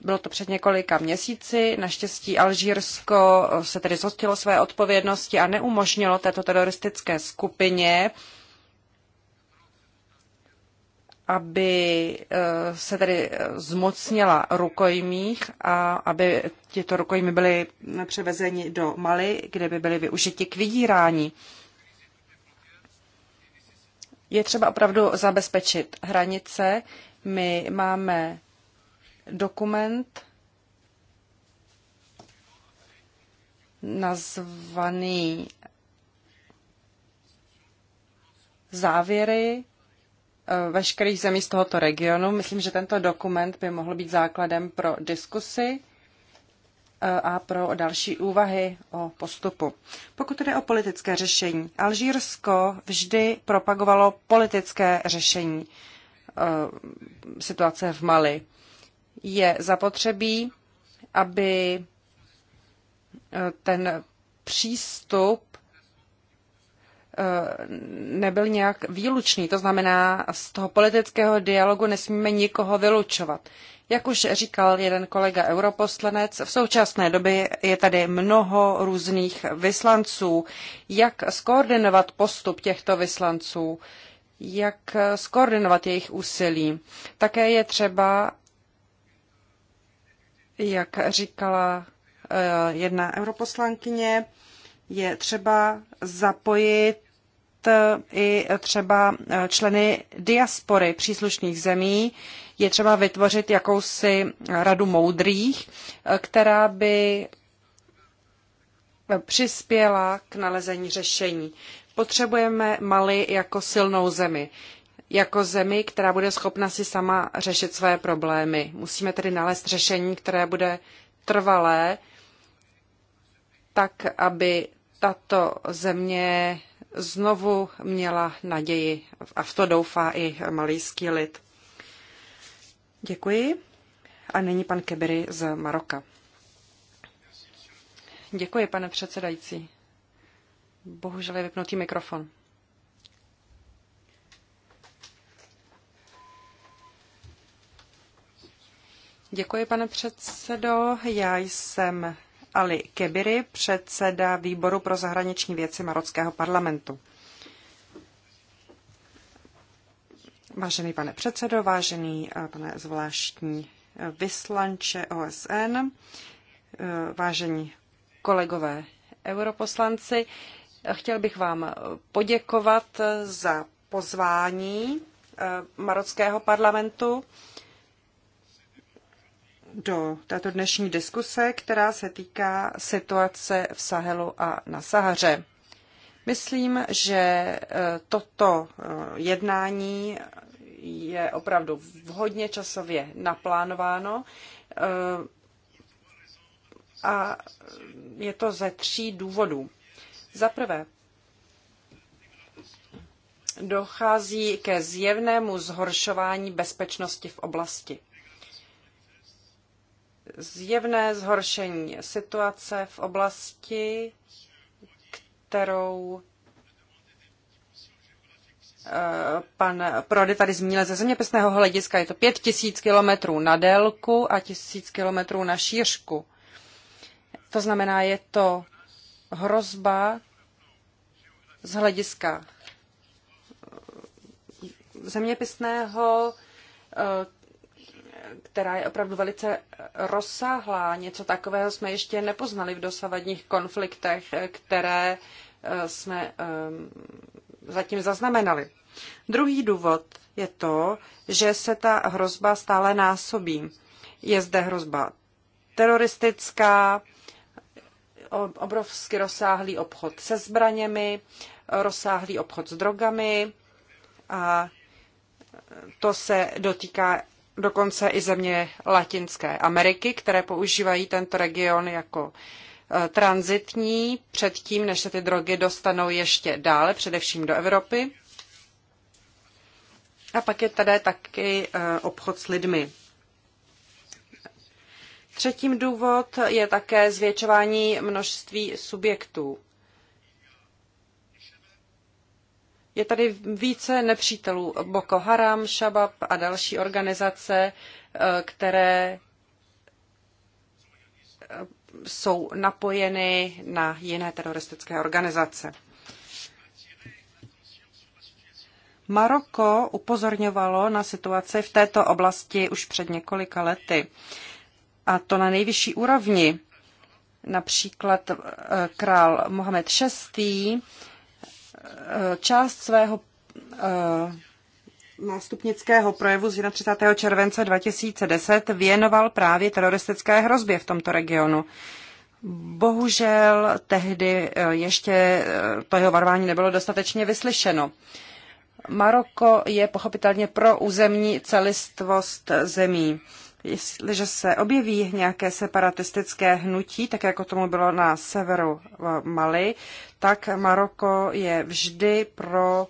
Bylo to před několika měsíci. Naštěstí Alžírsko se tedy zhostilo své odpovědnosti a neumožnilo této teroristické skupině, aby eh, se tedy eh, zmocnila rukojmích a aby tyto rukojmí byly převezeni do Mali, kde by byly využiti k vydírání. Je třeba opravdu zabezpečit hranice. My máme dokument nazvaný závěry eh, veškerých zemí z tohoto regionu. Myslím, že tento dokument by mohl být základem pro diskusy eh, a pro další úvahy o postupu. Pokud jde o politické řešení, Alžírsko vždy propagovalo politické řešení eh, situace v Mali je zapotřebí, aby eh, ten přístup eh, nebyl nějak výlučný. To znamená, z toho politického dialogu nesmíme nikoho vylučovat. Jak už říkal jeden kolega europoslanec, v současné době je tady mnoho různých vyslanců. Jak skoordinovat postup těchto vyslanců? Jak skoordinovat jejich úsilí? Také je třeba, jak říkala eh, jedna europoslankyně, je třeba zapojit eh, i třeba eh, členy diaspory příslušných zemí. Je třeba vytvořit jakousi radu moudrých, která by přispěla k nalezení řešení. Potřebujeme Mali jako silnou zemi jako zemi, která bude schopna si sama řešit své problémy. Musíme tedy nalézt řešení, které bude trvalé, tak, aby tato země znovu měla naději a v to doufá i malijský lid. Děkuji. A nyní pan Kebery z Maroka. Děkuji, pane předsedající. Bohužel je vypnutý mikrofon. Děkuji, pane předsedo. Já jsem Ali Kebiri, předseda výboru pro zahraniční věci Marockého parlamentu. Vážený pane předsedo, vážený eh, pane zvláštní eh, vyslanče OSN, eh, vážení kolegové europoslanci, chtěl bych vám poděkovat za pozvání marockého parlamentu do této dnešní diskuse, která se týká situace v Sahelu a na Sahaře. Myslím, že e, toto e, jednání je opravdu vhodně časově naplánováno e, a je to ze tří důvodů. Za prvé, dochází ke zjevnému zhoršování bezpečnosti v oblasti zjevné zhoršení situace v oblasti, kterou eh, pan Prody tady zmínil ze zeměpisného hlediska, je to pět tisíc kilometrů na délku a tisíc kilometrů na šířku. To znamená, je to hrozba z hlediska eh, zeměpisného, eh, která je opravdu velice rozsáhlá. Něco takového jsme ještě nepoznali v dosavadních konfliktech, které eh, jsme eh, zatím zaznamenali. Druhý důvod je to, že se ta hrozba stále násobí. Je zde hrozba teroristická, obrovsky rozsáhlý obchod se zbraněmi, rozsáhlý obchod s drogami a to se dotýká dokonce i země Latinské Ameriky, které používají tento region jako eh, transitní předtím, než se ty drogy dostanou ještě dále, především do Evropy. A pak je tady taky eh, obchod s lidmi. Třetím důvod je také zvětšování množství subjektů. Je tady více nepřítelů Boko Haram, Shabab a další organizace, eh, které eh, jsou napojeny na jiné teroristické organizace. Maroko upozorňovalo na situaci v této oblasti už před několika lety. A to na nejvyšší úrovni. Například eh, král Mohamed VI Eh, část svého eh, nástupnického projevu z 31. července 2010 věnoval právě teroristické hrozbě v tomto regionu. Bohužel tehdy eh, ještě to jeho varování nebylo dostatečně vyslyšeno. Maroko je pochopitelně pro územní celistvost zemí. Jestliže se objeví nějaké separatistické hnutí, tak jako tomu bylo na severu Mali, tak Maroko je vždy pro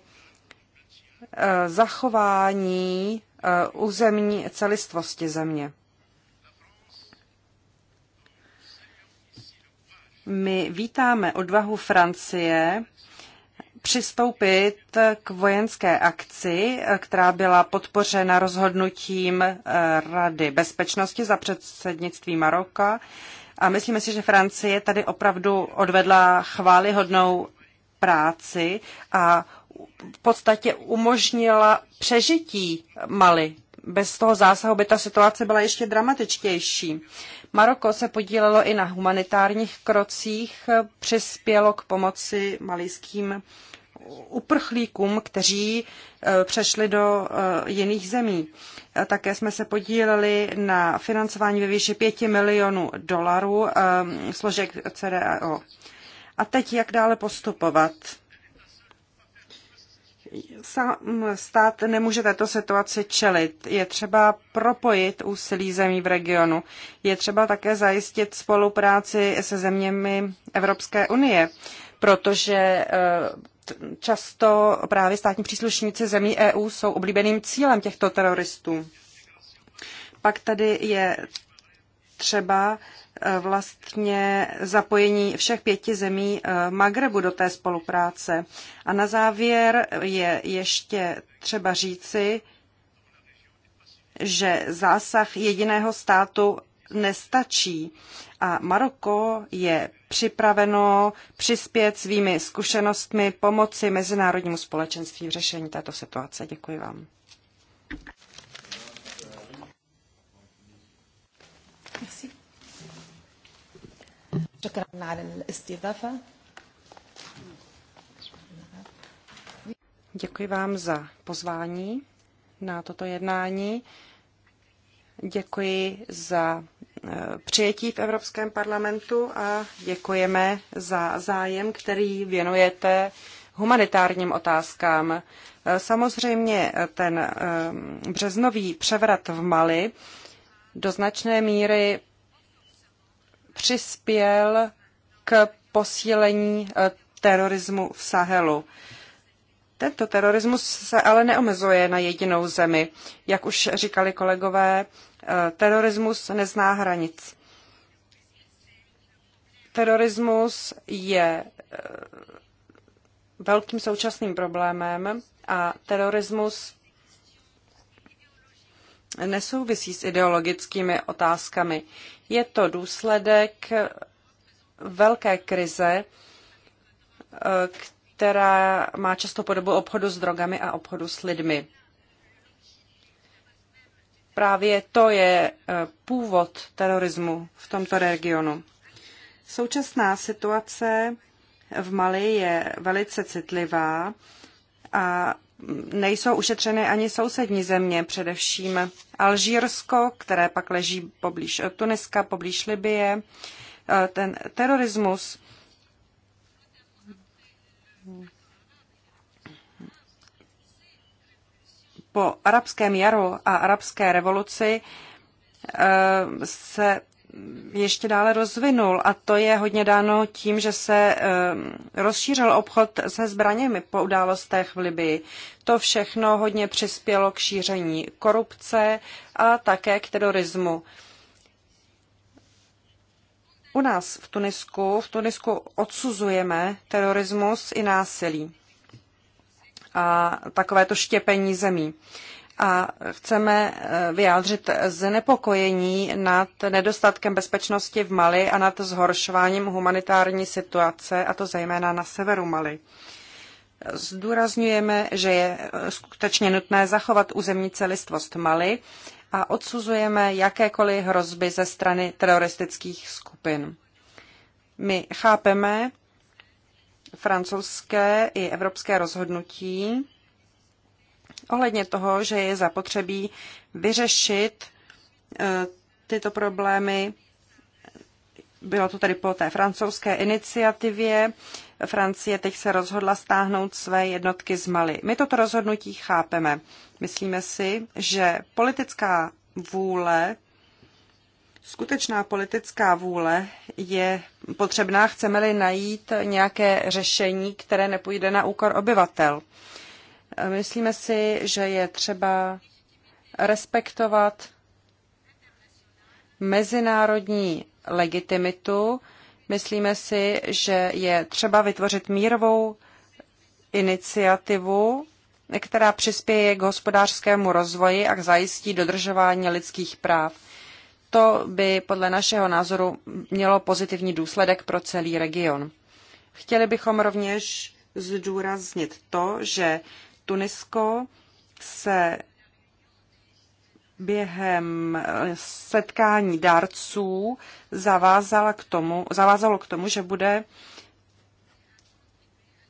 eh, zachování eh, územní celistvosti země. My vítáme odvahu Francie přistoupit k vojenské akci, eh, která byla podpořena rozhodnutím Rady bezpečnosti za předsednictví Maroka a myslíme si, že Francie tady opravdu odvedla chválihodnou práci a v podstatě umožnila přežití Mali. Bez toho zásahu by ta situace byla ještě dramatičtější. Maroko se podílelo i na humanitárních krocích, přispělo k pomoci malijským uprchlíkům, kteří eh, přešli do eh, jiných zemí. Eh, také jsme se podíleli na financování ve výši 5 milionů dolarů složek CDAO. E A teď jak dále postupovat? Sám stát nemůže této situaci čelit. Je třeba propojit úsilí zemí v regionu. Je třeba také zajistit spolupráci se zeměmi Evropské unie, protože často právě státní příslušníci zemí EU jsou oblíbeným cílem těchto teroristů. Pak tady je třeba eh, vlastně zapojení všech pěti zemí eh, Magrebu do té spolupráce. A na závěr je ještě třeba říci, že zásah jediného státu nestačí. A Maroko je připraveno přispět svými zkušenostmi pomoci mezinárodnímu společenství v řešení této situace. Děkuji vám. Děkuji vám za pozvání na toto jednání. Děkuji za přijetí v Evropském parlamentu a děkujeme za zájem, který věnujete humanitárním otázkám. Samozřejmě ten eh, březnový převrat v Mali do značné míry přispěl k posílení eh, terorismu v Sahelu. Tento terorismus se ale neomezuje na jedinou zemi. Jak už říkali kolegové, eh, terorismus nezná hranic. Terorismus je eh, velkým současným problémem a terorismus nesouvisí s ideologickými otázkami. Je to důsledek velké krize, eh, která má často podobu obchodu s drogami a obchodu s lidmi. Právě to je e, původ terorismu v tomto regionu. Současná situace v Mali je velice citlivá a nejsou ušetřeny ani sousední země, především Alžírsko, které pak leží poblíž Tuniska, poblíž Libie. E, ten terorismus po arabském jaru a arabské revoluci eh, se ještě dále rozvinul a to je hodně dáno tím, že se eh, rozšířil obchod se zbraněmi po událostech v Libii. To všechno hodně přispělo k šíření korupce a také k terorismu. U nás v Tunisku, v Tunisku odsuzujeme terorismus i násilí a takovéto štěpení zemí. A chceme eh, vyjádřit znepokojení nad nedostatkem bezpečnosti v Mali a nad zhoršováním humanitární situace, a to zejména na severu Mali. Zdůrazňujeme, že je eh, skutečně nutné zachovat územní celistvost Mali a odsuzujeme jakékoliv hrozby ze strany teroristických skupin. My chápeme francouzské i evropské rozhodnutí ohledně toho, že je zapotřebí vyřešit eh, tyto problémy bylo to tedy po té francouzské iniciativě. Francie teď se rozhodla stáhnout své jednotky z Mali. My toto rozhodnutí chápeme. Myslíme si, že politická vůle, skutečná politická vůle je potřebná, chceme-li najít nějaké řešení, které nepůjde na úkor obyvatel. Myslíme si, že je třeba respektovat mezinárodní legitimitu. Myslíme si, že je třeba vytvořit mírovou iniciativu, která přispěje k hospodářskému rozvoji a k zajistí dodržování lidských práv. To by podle našeho názoru mělo pozitivní důsledek pro celý region. Chtěli bychom rovněž zdůraznit to, že Tunisko se během eh, setkání dárců zavázala k tomu, zavázalo k tomu, že bude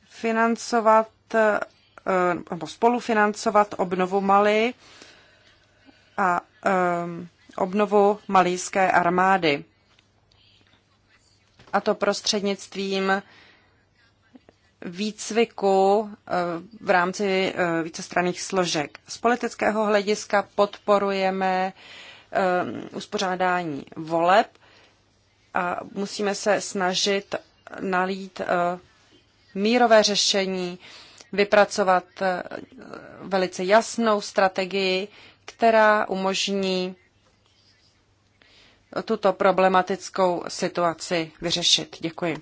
financovat eh, nebo spolufinancovat obnovu Mali a eh, obnovu malijské armády. A to prostřednictvím výcviku eh, v rámci eh, vícestranných složek. Z politického hlediska podporujeme eh, uspořádání voleb a musíme se snažit nalít mírové řešení, vypracovat velice jasnou strategii, která umožní tuto problematickou situaci vyřešit. Děkuji.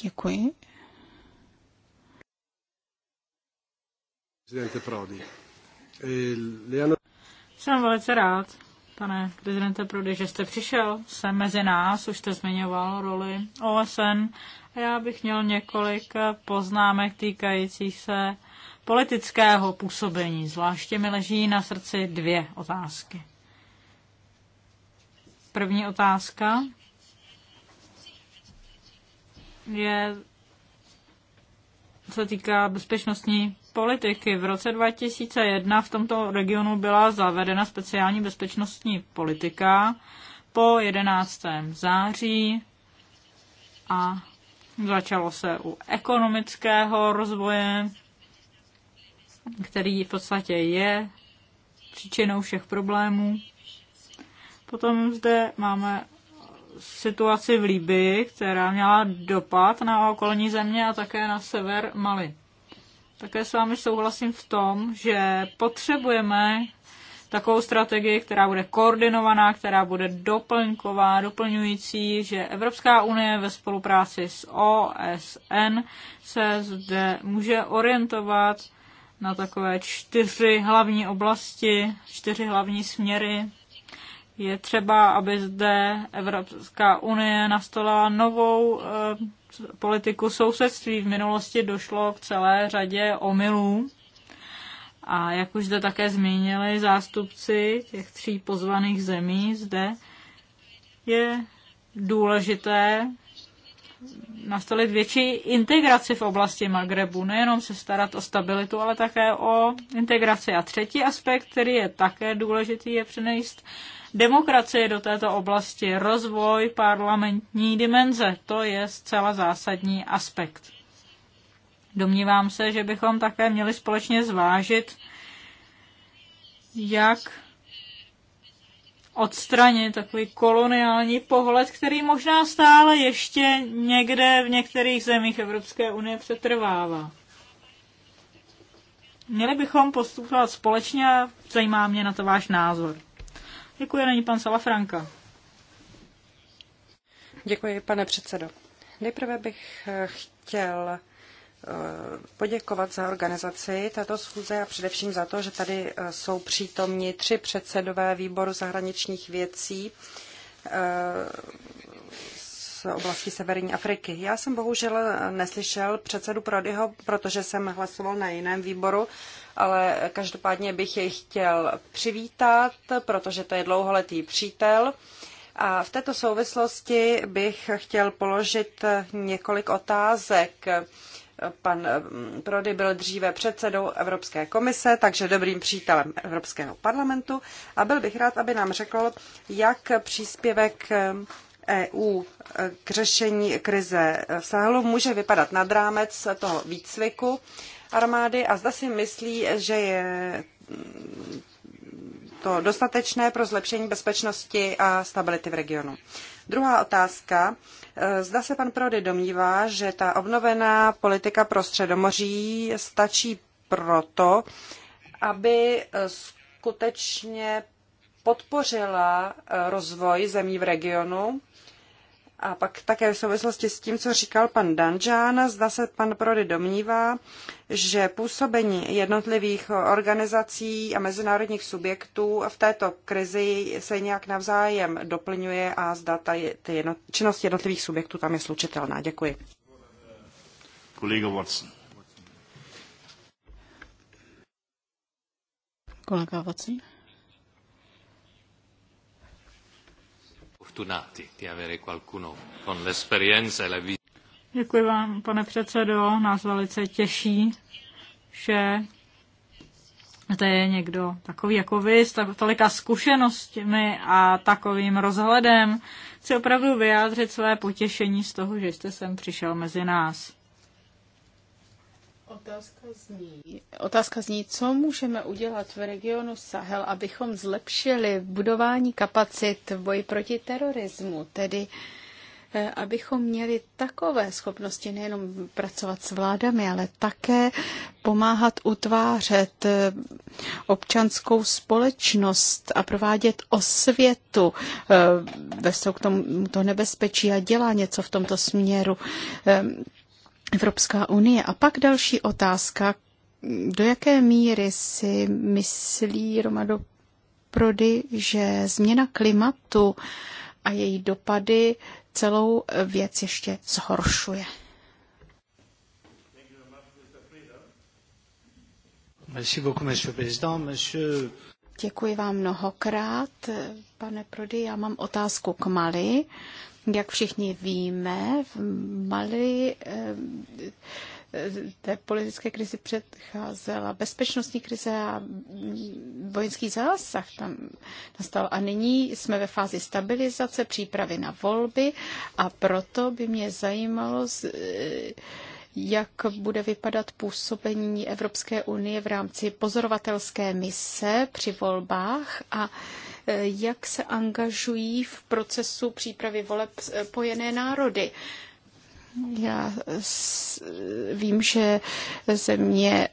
Děkuji. Prezidente Prodi. E, Jsem velice rád, pane prezidente Prodi, že jste přišel sem mezi nás, už jste zmiňoval roli OSN. A já bych měl několik poznámek týkajících se politického působení. Zvláště mi leží na srdci dvě otázky. První otázka je, se týká bezpečnostní politiky. V roce 2001 v tomto regionu byla zavedena speciální bezpečnostní politika po 11. září a začalo se u ekonomického rozvoje, který v podstatě je příčinou všech problémů. Potom zde máme situaci v Líbii, která měla dopad na okolní země a také na sever Mali. Také s vámi souhlasím v tom, že potřebujeme takovou strategii, která bude koordinovaná, která bude doplňková, doplňující, že Evropská unie ve spolupráci s OSN se zde může orientovat na takové čtyři hlavní oblasti, čtyři hlavní směry, je třeba, aby zde Evropská unie nastolila novou eh, politiku sousedství. V minulosti došlo k celé řadě omylů. A jak už zde také zmínili zástupci těch tří pozvaných zemí, zde je důležité nastolit větší integraci v oblasti Magrebu, nejenom se starat o stabilitu, ale také o integraci. A třetí aspekt, který je také důležitý, je přinést demokracie do této oblasti, rozvoj parlamentní dimenze. To je zcela zásadní aspekt. Domnívám se, že bychom také měli společně zvážit, jak odstranit takový koloniální pohled, který možná stále ještě někde v některých zemích Evropské unie přetrvává. Měli bychom postupovat společně a zajímá mě na to váš názor. Děkuji, není pan Salafranka. Děkuji, pane předsedo. Nejprve bych eh, chtěl eh, poděkovat za organizaci této schůze a především za to, že tady eh, jsou přítomni tři předsedové výboru zahraničních věcí z oblasti Severní Afriky. Já jsem bohužel neslyšel předsedu Prodyho, protože jsem hlasoval na jiném výboru, ale každopádně bych jej chtěl přivítat, protože to je dlouholetý přítel. A v této souvislosti bych chtěl položit několik otázek. Pan Prody byl dříve předsedou Evropské komise, takže dobrým přítelem Evropského parlamentu. A byl bych rád, aby nám řekl, jak příspěvek EU k řešení krize v Sahelu může vypadat nad rámec toho výcviku armády a zda si myslí, že je to dostatečné pro zlepšení bezpečnosti a stability v regionu. Druhá otázka. Zda se pan Prody domnívá, že ta obnovená politika pro středomoří stačí proto, aby skutečně podpořila rozvoj zemí v regionu a pak také v souvislosti s tím, co říkal pan Danžán, zda se pan Prody domnívá, že působení jednotlivých organizací a mezinárodních subjektů v této krizi se nějak navzájem doplňuje a zda ta ty jedno, činnost jednotlivých subjektů tam je slučitelná. Děkuji. Kolega Watson. Kolega Watson. fortunati di avere qualcuno con l'esperienza e la visione. Děkuji vám, pane předsedo. Nás velice těší, že to je někdo takový jako vy, s tolika zkušenostmi a takovým rozhledem. Chci opravdu vyjádřit své potěšení z toho, že jste sem přišel mezi nás. Otázka zní, otázka zní, co můžeme udělat v regionu Sahel, abychom zlepšili budování kapacit v boji proti terorismu, tedy eh, abychom měli takové schopnosti nejenom pracovat s vládami, ale také pomáhat utvářet eh, občanskou společnost a provádět osvětu eh, ve k tomuto nebezpečí a dělá něco v tomto směru. Ehm, Evropská unie. A pak další otázka, do jaké míry si myslí Romado Prody, že změna klimatu a její dopady celou věc ještě zhoršuje? Děkuji vám mnohokrát, pane Prody. Já mám otázku k Mali. Jak všichni víme, v Mali eh, eh, té politické krizi předcházela bezpečnostní krize a vojenský zásah tam nastal. A nyní jsme ve fázi stabilizace, přípravy na volby a proto by mě zajímalo, eh, jak bude vypadat působení Evropské unie v rámci pozorovatelské mise při volbách a Eh, jak se angažují v procesu přípravy voleb spojené eh, národy. Já eh, vím, že země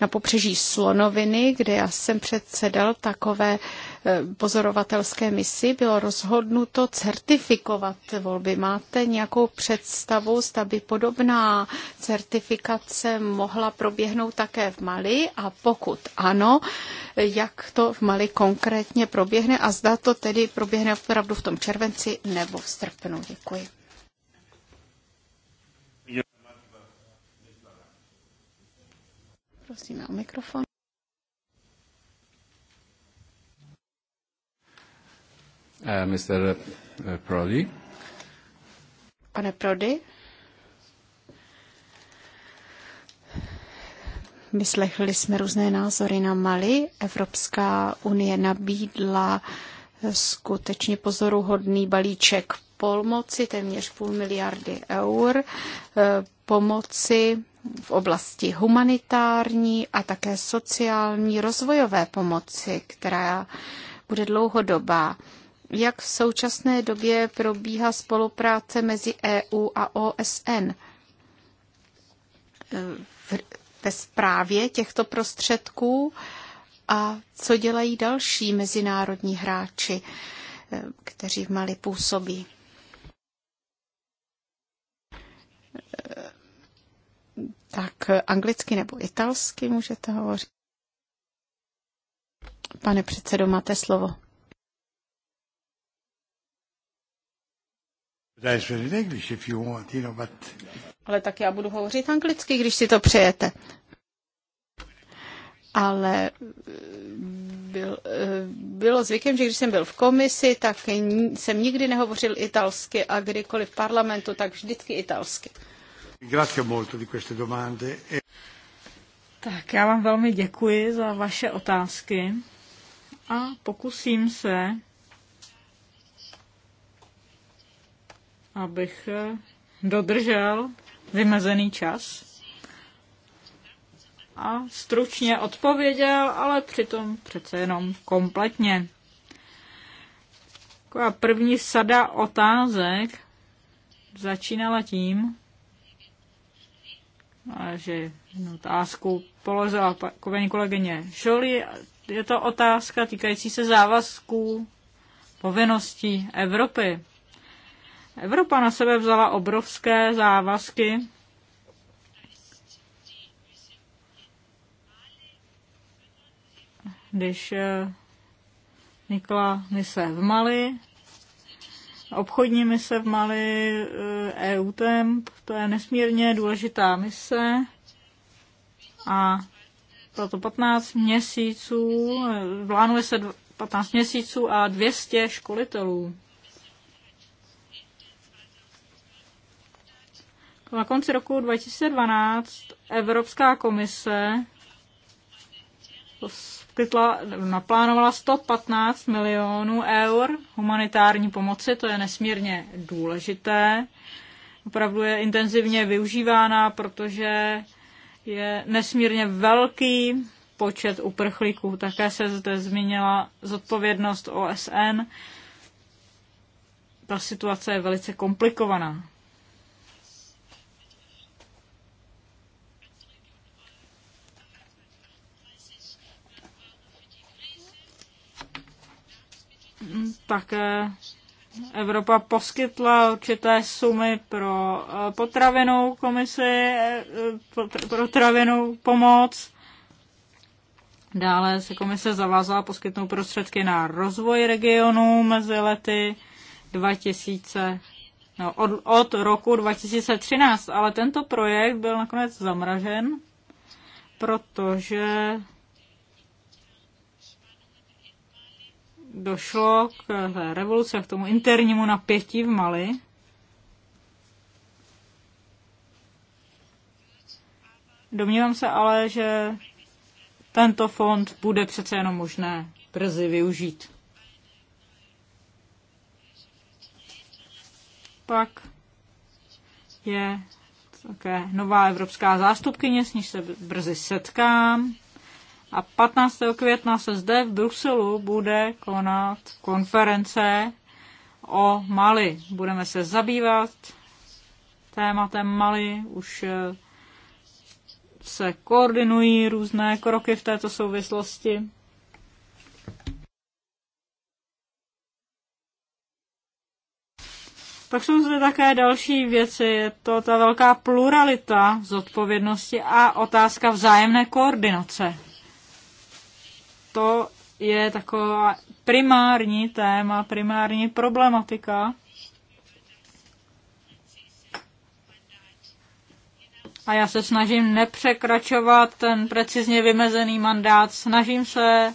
na popřeží Slonoviny, kde já jsem předsedal takové Eh, pozorovatelské misi bylo rozhodnuto certifikovat volby. Máte nějakou představu, zda by podobná certifikace mohla proběhnout také v Mali a pokud ano, jak to v Mali konkrétně proběhne a zda to tedy proběhne opravdu v tom červenci nebo v srpnu. Děkuji. Prosíme o mikrofon. Eh, Mr. Eh, Prodi. Pane Prody, vyslechli jsme různé názory na Mali. Evropská unie nabídla eh, skutečně pozoruhodný balíček pomoci, téměř půl miliardy eur, pomoci v oblasti humanitární a také sociální rozvojové pomoci, která bude dlouhodobá. Jak v současné době probíhá spolupráce mezi EU a OSN? E, ve správě těchto prostředků a co dělají další mezinárodní hráči, e, kteří v Mali působí? E, tak anglicky nebo italsky můžete hovořit. Pane předsedo, máte slovo. Ale tak já budu hovořit anglicky, když si to přejete. Ale eh, byl, eh, bylo zvykem, že když jsem byl v komisi, tak jsem nikdy nehovořil italsky a kdykoliv v parlamentu, tak vždycky italsky. Grazie molto di queste domande. E- tak já vám velmi děkuji za vaše otázky a pokusím se abych eh, dodržel vymezený čas a stručně odpověděl, ale přitom přece jenom kompletně. Taková první sada otázek začínala tím, že otázku položila paní kolegyně Žoli. Je to otázka týkající se závazků povinností Evropy. Evropa na sebe vzala obrovské závazky. Když eh, vznikla mise v Mali, obchodní mise v Mali, EU eh, e Temp, to je nesmírně důležitá mise a proto 15 měsíců, eh, vlánuje se 15 měsíců a 200 školitelů. Na konci roku 2012 Evropská komise skytla, naplánovala 115 milionů eur humanitární pomoci, to je nesmírně důležité. Opravdu je intenzivně využívána, protože je nesmírně velký počet uprchlíků. Také se zde zmínila zodpovědnost OSN. Ta situace je velice komplikovaná. také Evropa poskytla určité sumy pro eh, potravinou komisi, eh, pro potravinou pomoc. Dále se komise zavázala poskytnout prostředky na rozvoj regionu mezi lety 2000, no, od, od roku 2013, ale tento projekt byl nakonec zamražen, protože došlo k revoluci a k tomu internímu napětí v Mali. Domnívám se ale, že tento fond bude přece jenom možné brzy využít. Pak je také nová evropská zástupkyně, s níž se brzy setkám. A 15. května se zde v Bruselu bude konat konference o Mali. Budeme se zabývat tématem Mali. Už eh, se koordinují různé kroky v této souvislosti. Pak jsou zde také další věci. Je to ta velká pluralita zodpovědnosti a otázka vzájemné koordinace to je taková primární téma, primární problematika. A já se snažím nepřekračovat ten precizně vymezený mandát, snažím se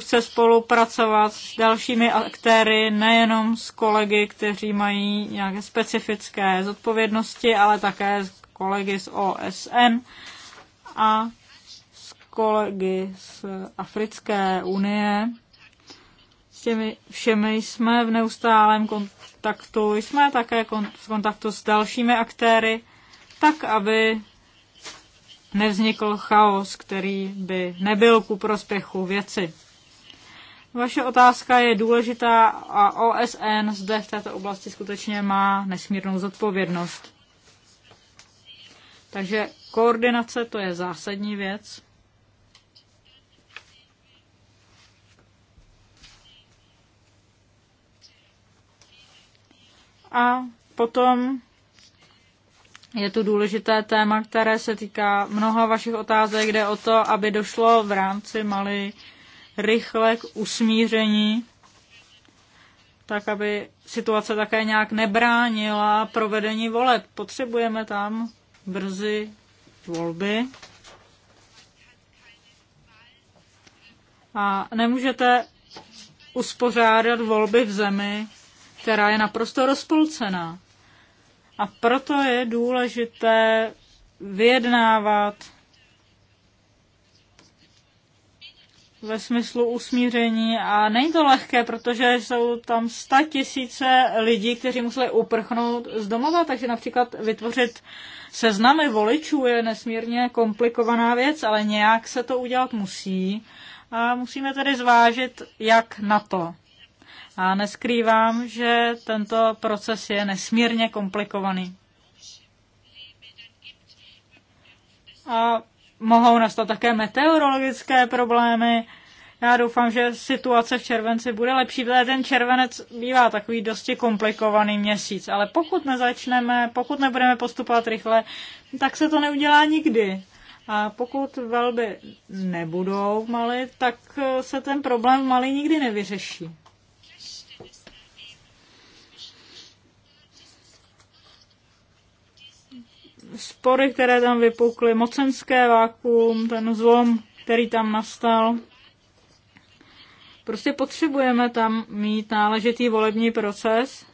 se spolupracovat s dalšími aktéry, nejenom s kolegy, kteří mají nějaké specifické zodpovědnosti, ale také s kolegy z OSN. A kolegy z Africké unie. S těmi všemi jsme v neustálém kontaktu, jsme také v kontaktu s dalšími aktéry, tak aby nevznikl chaos, který by nebyl ku prospěchu věci. Vaše otázka je důležitá a OSN zde v této oblasti skutečně má nesmírnou zodpovědnost. Takže koordinace to je zásadní věc. A potom je tu důležité téma, které se týká mnoha vašich otázek, kde o to, aby došlo v rámci Mali rychle k usmíření, tak aby situace také nějak nebránila provedení voleb. Potřebujeme tam brzy volby. A nemůžete uspořádat volby v zemi, která je naprosto rozpolcená. A proto je důležité vyjednávat ve smyslu usmíření a není to lehké, protože jsou tam sta tisíce lidí, kteří museli uprchnout z domova, takže například vytvořit seznamy voličů je nesmírně komplikovaná věc, ale nějak se to udělat musí a musíme tedy zvážit, jak na to. A neskrývám, že tento proces je nesmírně komplikovaný. A mohou nastat také meteorologické problémy. Já doufám, že situace v červenci bude lepší, protože ten červenec bývá takový dosti komplikovaný měsíc, ale pokud nezačneme, pokud nebudeme postupovat rychle, tak se to neudělá nikdy. A pokud velby nebudou v Mali, tak se ten problém v Mali nikdy nevyřeší. spory, které tam vypukly, mocenské vákuum, ten zlom, který tam nastal. Prostě potřebujeme tam mít náležitý volební proces,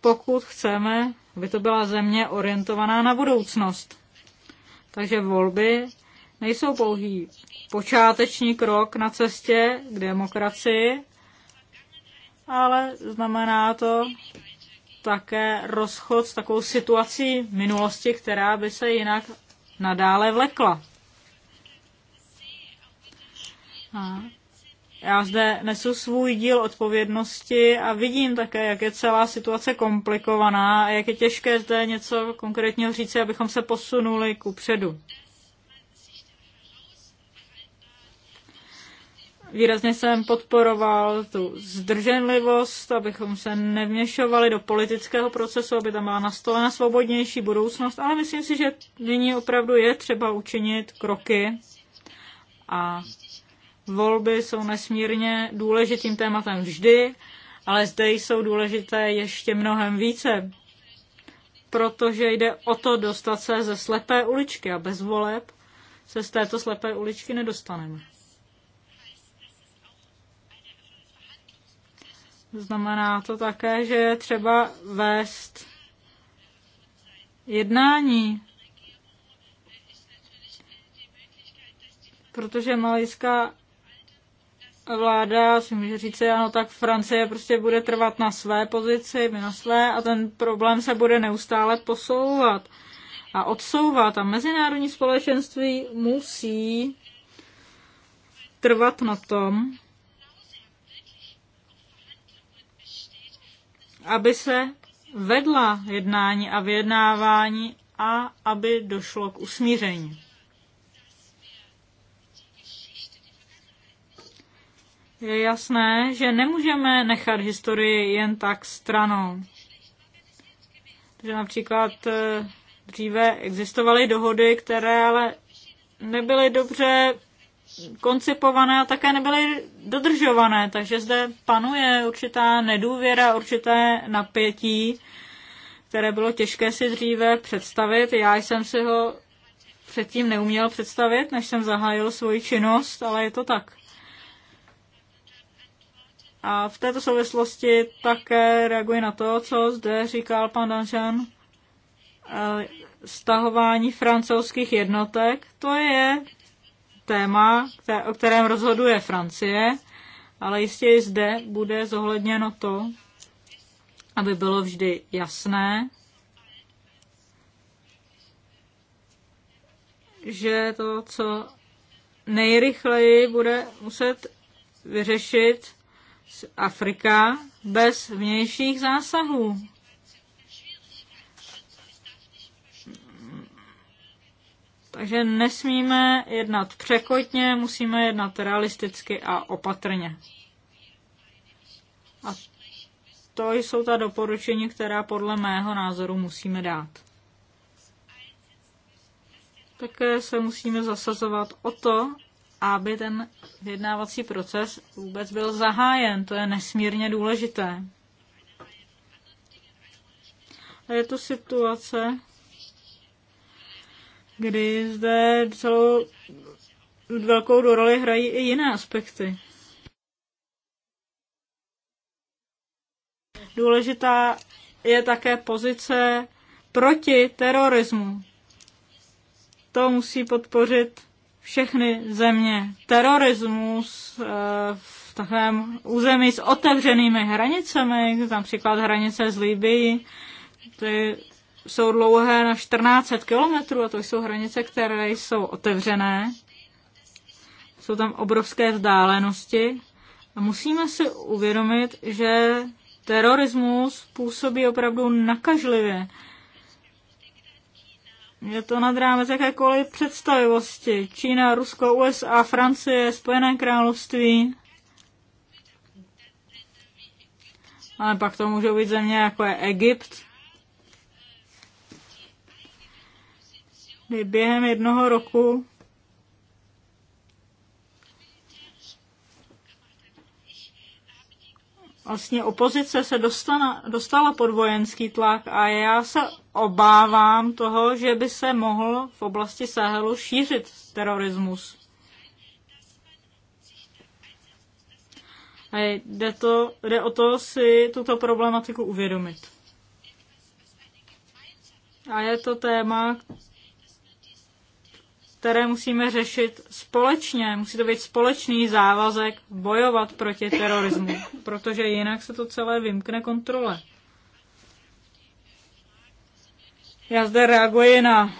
pokud chceme, aby to byla země orientovaná na budoucnost. Takže volby nejsou pouhý počáteční krok na cestě k demokracii, ale znamená to také rozchod s takovou situací minulosti, která by se jinak nadále vlekla. A já zde nesu svůj díl odpovědnosti a vidím také, jak je celá situace komplikovaná a jak je těžké zde něco konkrétního říci, abychom se posunuli ku předu. výrazně jsem podporoval tu zdrženlivost, abychom se nevměšovali do politického procesu, aby tam byla nastolena svobodnější budoucnost, ale myslím si, že nyní opravdu je třeba učinit kroky a volby jsou nesmírně důležitým tématem vždy, ale zde jsou důležité ještě mnohem více, protože jde o to dostat se ze slepé uličky a bez voleb se z této slepé uličky nedostaneme. Znamená to také, že je třeba vést jednání, protože malijská vláda si může říct, ano, tak Francie prostě bude trvat na své pozici, my na své a ten problém se bude neustále posouvat a odsouvat a mezinárodní společenství musí trvat na tom, aby se vedla jednání a vyjednávání a aby došlo k usmíření. Je jasné, že nemůžeme nechat historii jen tak stranou. Že například eh, dříve existovaly dohody, které ale nebyly dobře koncipované a také nebyly dodržované, takže zde panuje určitá nedůvěra, určité napětí, které bylo těžké si dříve představit. Já jsem si ho předtím neuměl představit, než jsem zahájil svoji činnost, ale je to tak. A v této souvislosti také reaguji na to, co zde říkal pan Danžan. Eh, stahování francouzských jednotek, to je téma, o kterém rozhoduje Francie, ale jistě i zde bude zohledněno to, aby bylo vždy jasné, že to, co nejrychleji bude muset vyřešit Afrika bez vnějších zásahů. Takže nesmíme jednat překotně, musíme jednat realisticky a opatrně. A to jsou ta doporučení, která podle mého názoru musíme dát. Také se musíme zasazovat o to, aby ten vyjednávací proces vůbec byl zahájen. To je nesmírně důležité. A je to situace, kdy zde celou velkou roli hrají i jiné aspekty. Důležitá je také pozice proti terorismu. To musí podpořit všechny země. Terorismus eh, v takovém území s otevřenými hranicemi, například hranice s Libií, ty jsou dlouhé na 14 kilometrů a to jsou hranice, které jsou otevřené. Jsou tam obrovské vzdálenosti. A musíme si uvědomit, že terorismus působí opravdu nakažlivě. Je to nad rámec jakékoliv představivosti. Čína, Rusko, USA, Francie, Spojené království. Ale pak to můžou být země jako je Egypt, kdy během jednoho roku vlastně opozice se dostala, dostala pod vojenský tlak a já se obávám toho, že by se mohl v oblasti Sahelu šířit terorismus. A jde, to, jde o to si tuto problematiku uvědomit. A je to téma, které musíme řešit společně. Musí to být společný závazek bojovat proti terorismu, protože jinak se to celé vymkne kontrole. Já zde reaguji na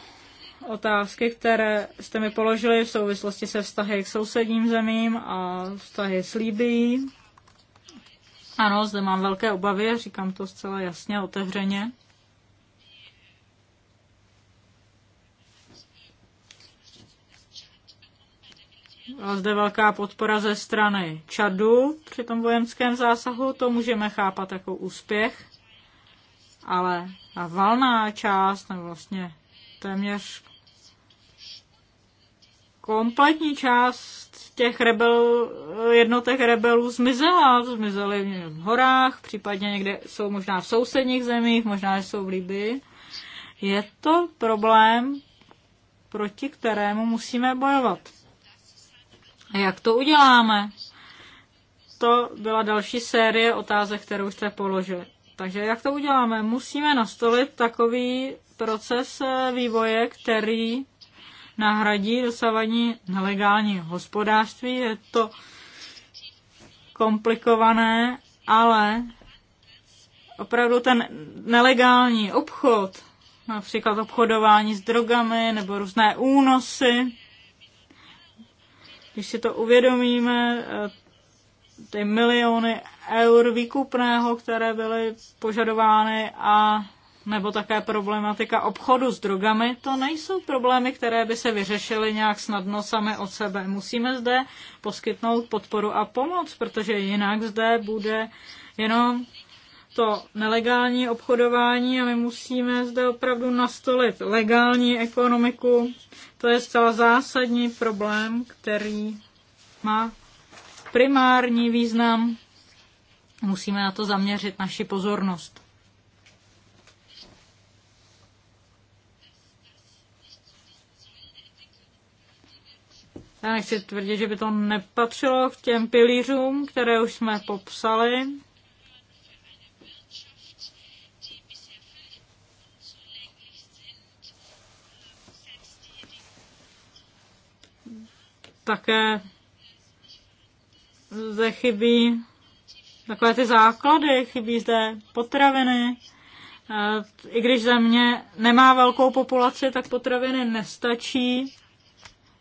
otázky, které jste mi položili v souvislosti se vztahy k sousedním zemím a vztahy s Líbií. Ano, zde mám velké obavy, říkám to zcela jasně, otevřeně. Byla zde velká podpora ze strany Čadu při tom vojenském zásahu, to můžeme chápat jako úspěch, ale ta valná část, nebo vlastně téměř kompletní část těch rebel, jednotek rebelů zmizela. Zmizely v horách, případně někde jsou možná v sousedních zemích, možná jsou v Libii. Je to problém, proti kterému musíme bojovat. A jak to uděláme? To byla další série otázek, kterou jste položili. Takže jak to uděláme? Musíme nastolit takový proces eh, vývoje, který nahradí dosavadní nelegální hospodářství. Je to komplikované, ale opravdu ten nelegální obchod, například obchodování s drogami nebo různé únosy, když si to uvědomíme, eh, ty miliony eur výkupného, které byly požadovány a nebo také problematika obchodu s drogami, to nejsou problémy, které by se vyřešily nějak snadno sami od sebe. Musíme zde poskytnout podporu a pomoc, protože jinak zde bude jenom to nelegální obchodování a my musíme zde opravdu nastolit legální ekonomiku, to je zcela zásadní problém, který má primární význam. Musíme na to zaměřit naši pozornost. Já nechci tvrdit, že by to nepatřilo k těm pilířům, které už jsme popsali, také zde chybí takové ty základy, chybí zde potraviny. I když země nemá velkou populaci, tak potraviny nestačí,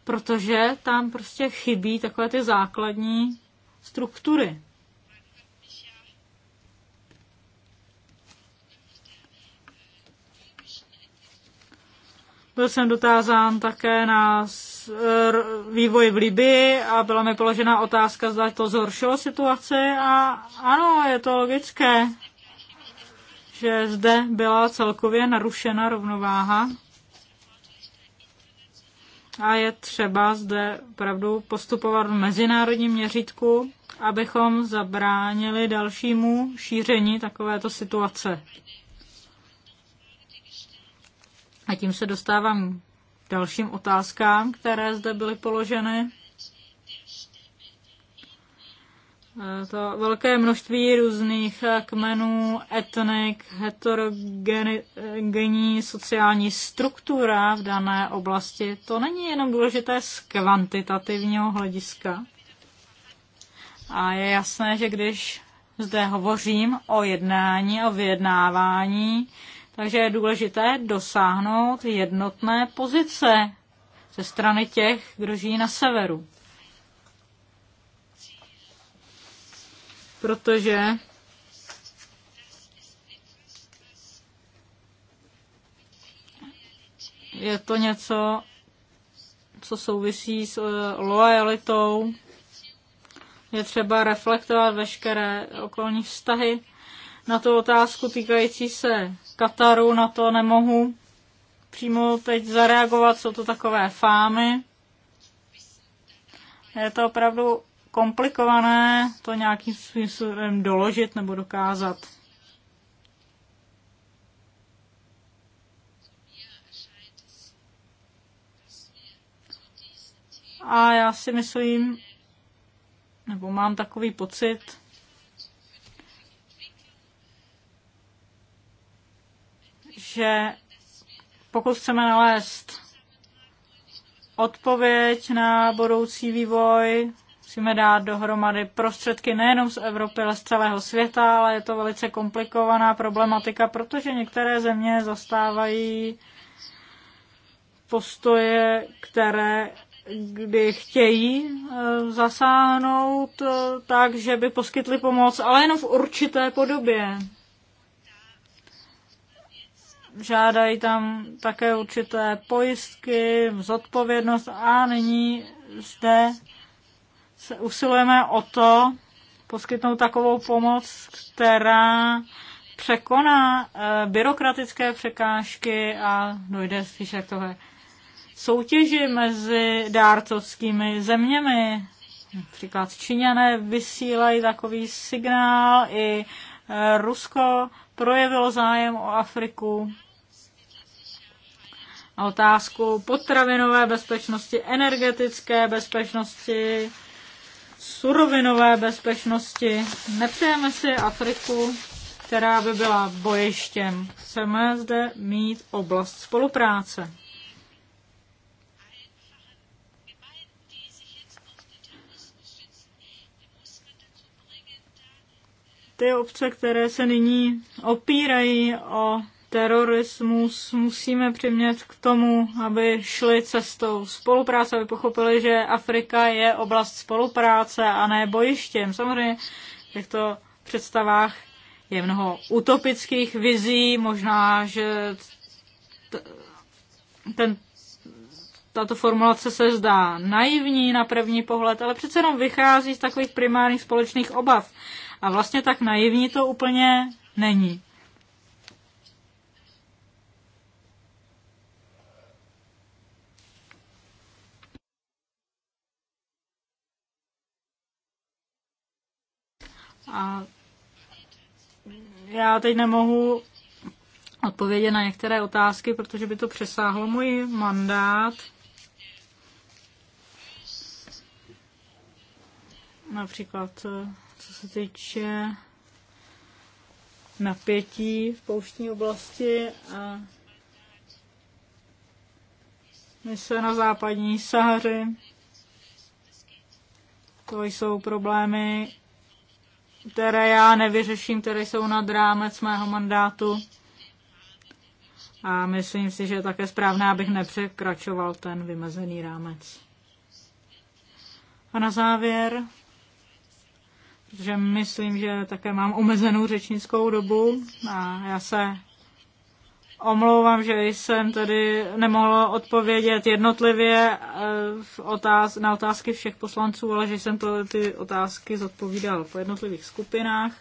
protože tam prostě chybí takové ty základní struktury. Byl jsem dotázán také na vývoj v Libii a byla mi položena otázka, zda to zhoršilo situaci a ano, je to logické, že zde byla celkově narušena rovnováha a je třeba zde opravdu postupovat v mezinárodním měřítku, abychom zabránili dalšímu šíření takovéto situace. A tím se dostávám k dalším otázkám, které zde byly položeny. E, to velké množství různých kmenů, etnik, heterogenní sociální struktura v dané oblasti, to není jenom důležité z kvantitativního hlediska. A je jasné, že když zde hovořím o jednání, o vyjednávání takže je důležité dosáhnout jednotné pozice ze strany těch, kdo žijí na severu. Protože je to něco, co souvisí s eh, loajalitou. Je třeba reflektovat veškeré okolní vztahy na tu otázku týkající se Kataru, na to nemohu přímo teď zareagovat, jsou to takové fámy. Je to opravdu komplikované to nějakým způsobem doložit nebo dokázat. A já si myslím, nebo mám takový pocit, že pokud chceme nalézt odpověď na budoucí vývoj, musíme dát dohromady prostředky nejenom z Evropy, ale z celého světa, ale je to velice komplikovaná problematika, protože některé země zastávají postoje, které kdy chtějí eh, zasáhnout eh, tak, že by poskytli pomoc, ale jenom v určité podobě žádají tam také určité pojistky, zodpovědnost a nyní zde se usilujeme o to poskytnout takovou pomoc, která překoná eh, byrokratické překážky a dojde spíše k tohle soutěži mezi dárcovskými zeměmi. Například Číňané vysílají takový signál i Rusko projevilo zájem o Afriku a otázku potravinové bezpečnosti, energetické bezpečnosti, surovinové bezpečnosti. Nepřejeme si Afriku, která by byla bojištěm. Chceme zde mít oblast spolupráce. ty obce, které se nyní opírají o terorismus, musíme přimět k tomu, aby šli cestou spolupráce, aby pochopili, že Afrika je oblast spolupráce a ne bojištěm. Samozřejmě v těchto představách je mnoho utopických vizí, možná, že ten, tato formulace se zdá naivní na první pohled, ale přece jenom vychází z takových primárních společných obav. A vlastně tak naivní to úplně není. A já teď nemohu odpovědět na některé otázky, protože by to přesáhlo můj mandát. Například eh, co se týče napětí v pouštní oblasti a mise na západní Sahary. To jsou problémy, které já nevyřeším, které jsou nad rámec mého mandátu. A myslím si, že je také správné, abych nepřekračoval ten vymezený rámec. A na závěr protože myslím, že také mám omezenou řečnickou dobu a já se omlouvám, že jsem tady nemohla odpovědět jednotlivě eh, v otáz- na otázky všech poslanců, ale že jsem to, ty otázky zodpovídal po jednotlivých skupinách.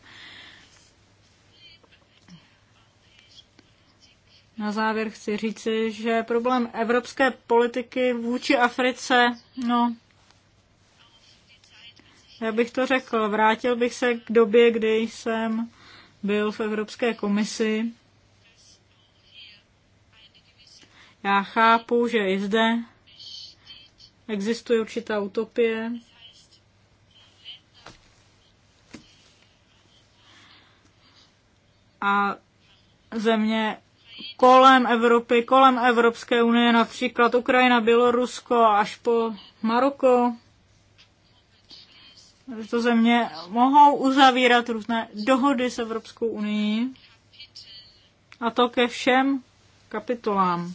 Na závěr chci říci, že problém evropské politiky vůči Africe, no, já bych to řekl, vrátil bych se k době, kdy jsem byl v Evropské komisi. Já chápu, že i zde existuje určitá utopie. A země kolem Evropy, kolem Evropské unie, například Ukrajina, Bělorusko až po Maroko, to země mohou uzavírat různé dohody s Evropskou unii a to ke všem kapitolám.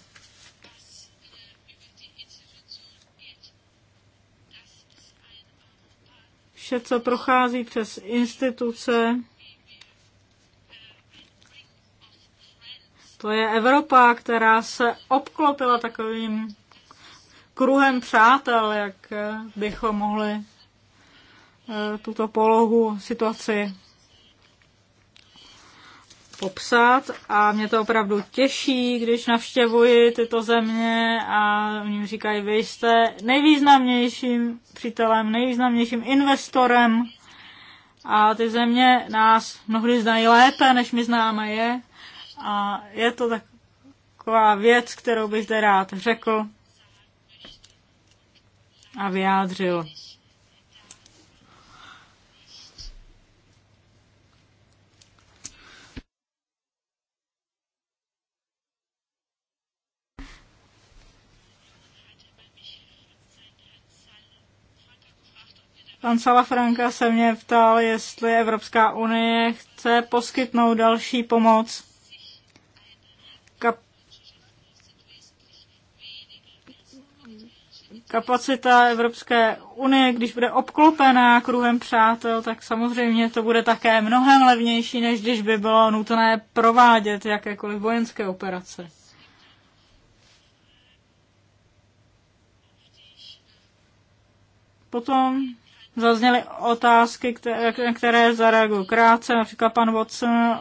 Vše, co prochází přes instituce, to je Evropa, která se obklopila takovým kruhem přátel, jak bychom mohli E, tuto polohu, situaci popsat a mě to opravdu těší, když navštěvuji tyto země a oni říkají, vy jste nejvýznamnějším přítelem, nejvýznamnějším investorem a ty země nás mnohdy znají lépe, než my známe je a je to taková věc, kterou bych zde rád řekl a vyjádřil. Pan Salafranka se mě ptal, jestli Evropská unie chce poskytnout další pomoc kapacita Evropské unie, když bude obklopená kruhem přátel, tak samozřejmě to bude také mnohem levnější, než když by bylo nutné provádět jakékoliv vojenské operace. Potom Zazněly otázky, které, které zareagují krátce, například pan Watson,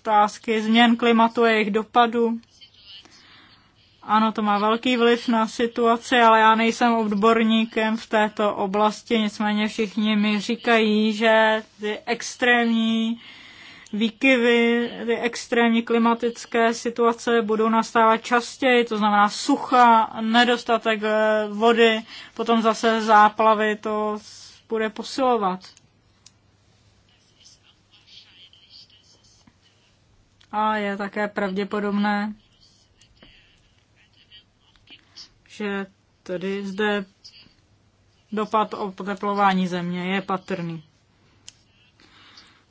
otázky změn klimatu a jejich dopadu. Ano, to má velký vliv na situaci, ale já nejsem odborníkem v této oblasti, nicméně všichni mi říkají, že ty extrémní výkyvy, ty extrémní klimatické situace budou nastávat častěji, to znamená sucha, nedostatek vody, potom zase záplavy, to bude posilovat. A je také pravděpodobné, že tedy zde dopad o poteplování země je patrný.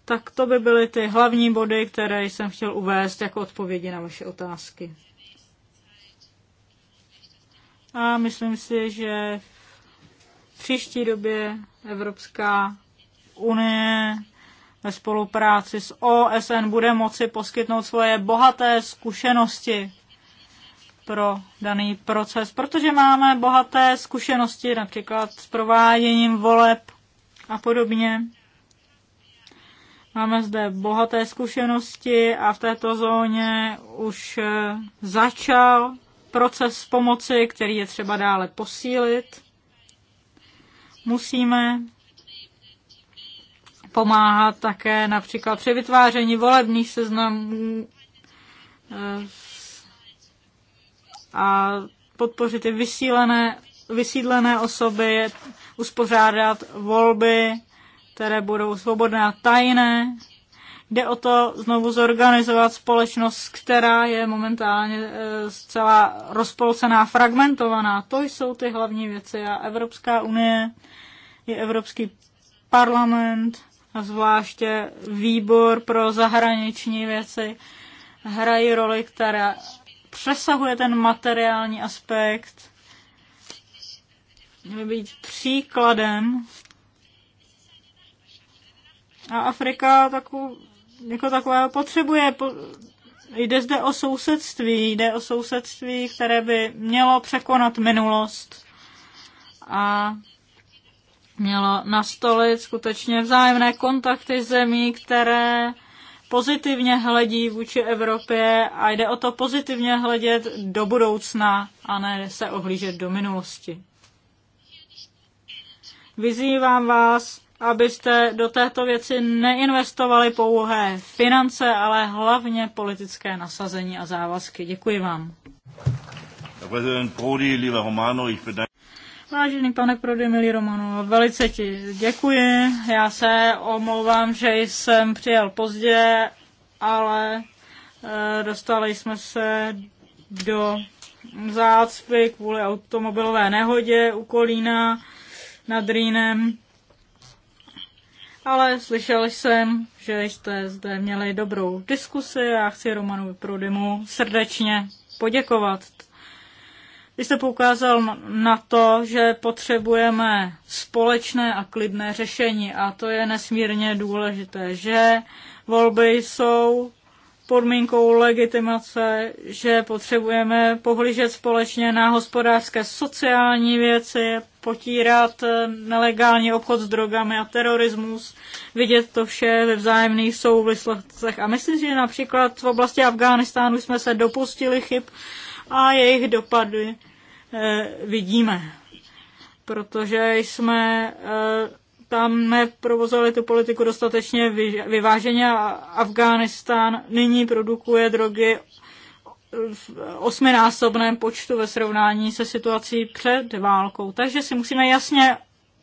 Tak to by byly ty hlavní body, které jsem chtěl uvést jako odpovědi na vaše otázky. A myslím si, že příští době Evropská unie ve spolupráci s OSN bude moci poskytnout svoje bohaté zkušenosti pro daný proces, protože máme bohaté zkušenosti například s prováděním voleb a podobně. Máme zde bohaté zkušenosti a v této zóně už eh, začal proces pomoci, který je třeba dále posílit. Musíme pomáhat také například při vytváření volebních seznamů eh, a podpořit i vysílené, vysídlené osoby, uspořádat volby, které budou svobodné a tajné, Jde o to znovu zorganizovat společnost, která je momentálně e, zcela rozpolcená, fragmentovaná. To jsou ty hlavní věci. A Evropská unie je Evropský parlament a zvláště výbor pro zahraniční věci hrají roli, která přesahuje ten materiální aspekt. Měl být příkladem a Afrika takovou jako takového potřebuje. Jde zde o sousedství, jde o sousedství, které by mělo překonat minulost a mělo nastolit skutečně vzájemné kontakty zemí, které pozitivně hledí vůči Evropě a jde o to pozitivně hledět do budoucna a ne se ohlížet do minulosti. Vyzývám vás, abyste do této věci neinvestovali pouhé finance, ale hlavně politické nasazení a závazky. Děkuji vám. Vážený pane Prody, milý Romano, velice ti děkuji. Já se omlouvám, že jsem přijel pozdě, ale eh, dostali jsme se do zácpy kvůli automobilové nehodě u Kolína nad Rýnem ale slyšel jsem, že jste zde měli dobrou diskusi a chci Romanu Prudimu srdečně poděkovat. Vy jste poukázal na to, že potřebujeme společné a klidné řešení a to je nesmírně důležité, že volby jsou podmínkou legitimace, že potřebujeme pohlížet společně na hospodářské sociální věci, potírat eh, nelegální obchod s drogami a terorismus, vidět to vše ve vzájemných souvislostech. A myslím, že například v oblasti Afghánistánu jsme se dopustili chyb a jejich dopady eh, vidíme. Protože jsme eh, tam neprovozovali tu politiku dostatečně vyváženě a Afghánistán nyní produkuje drogy v osminásobném počtu ve srovnání se situací před válkou. Takže si musíme jasně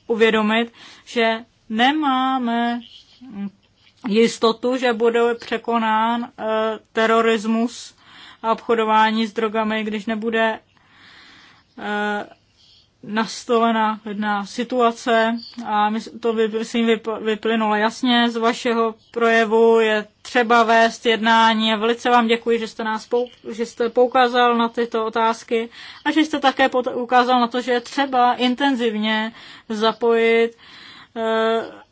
uvědomit, že nemáme jistotu, že bude překonán e, terorismus a obchodování s drogami, když nebude eh, nastolená jedna situace a to by, myslím vyplynulo jasně z vašeho projevu. Je třeba vést jednání a velice vám děkuji, že jste nás pou, že jste poukázal na tyto otázky a že jste také ukázal na to, že je třeba intenzivně zapojit e,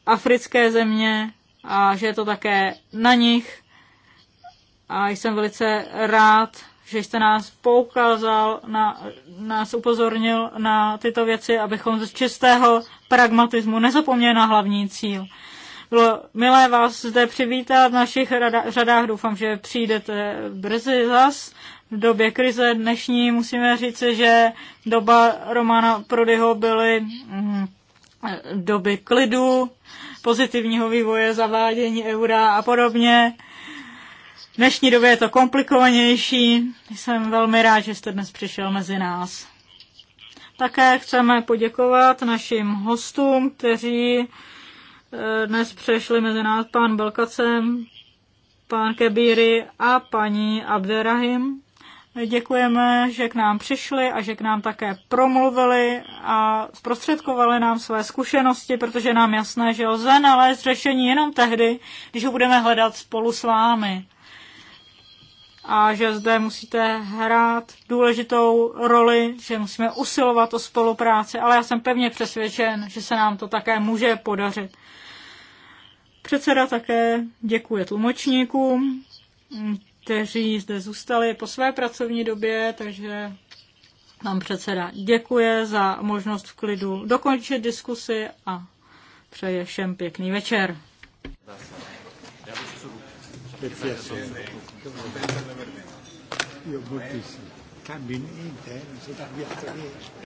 africké země a že je to také na nich. A jsem velice rád, že jste nás poukázal, na, nás upozornil na tyto věci, abychom z čistého pragmatismu nezapomněli na hlavní cíl. Bylo milé vás zde přivítat v našich řadách. Doufám, že přijdete brzy zas. V době krize dnešní musíme říci, že doba Romana Prodyho byly mm, doby klidu, pozitivního vývoje, zavádění eura a podobně. V dnešní době je to komplikovanější. Jsem velmi rád, že jste dnes přišel mezi nás. Také chceme poděkovat našim hostům, kteří eh, dnes přešli mezi nás pán Belkacem, pán Kebíry a paní Abderahim. Děkujeme, že k nám přišli a že k nám také promluvili a zprostředkovali nám své zkušenosti, protože nám jasné, že lze nalézt řešení jenom tehdy, když ho budeme hledat spolu s vámi a že zde musíte hrát důležitou roli, že musíme usilovat o spolupráci, ale já jsem pevně přesvědčen, že se nám to také může podařit. Předseda také děkuje tlumočníkům, kteří zde zůstali po své pracovní době, takže vám předseda děkuje za možnost v klidu dokončit diskusy a přeje všem pěkný večer. Gracias. Io moltissimo. Cambi niente, eh? non si cambia niente.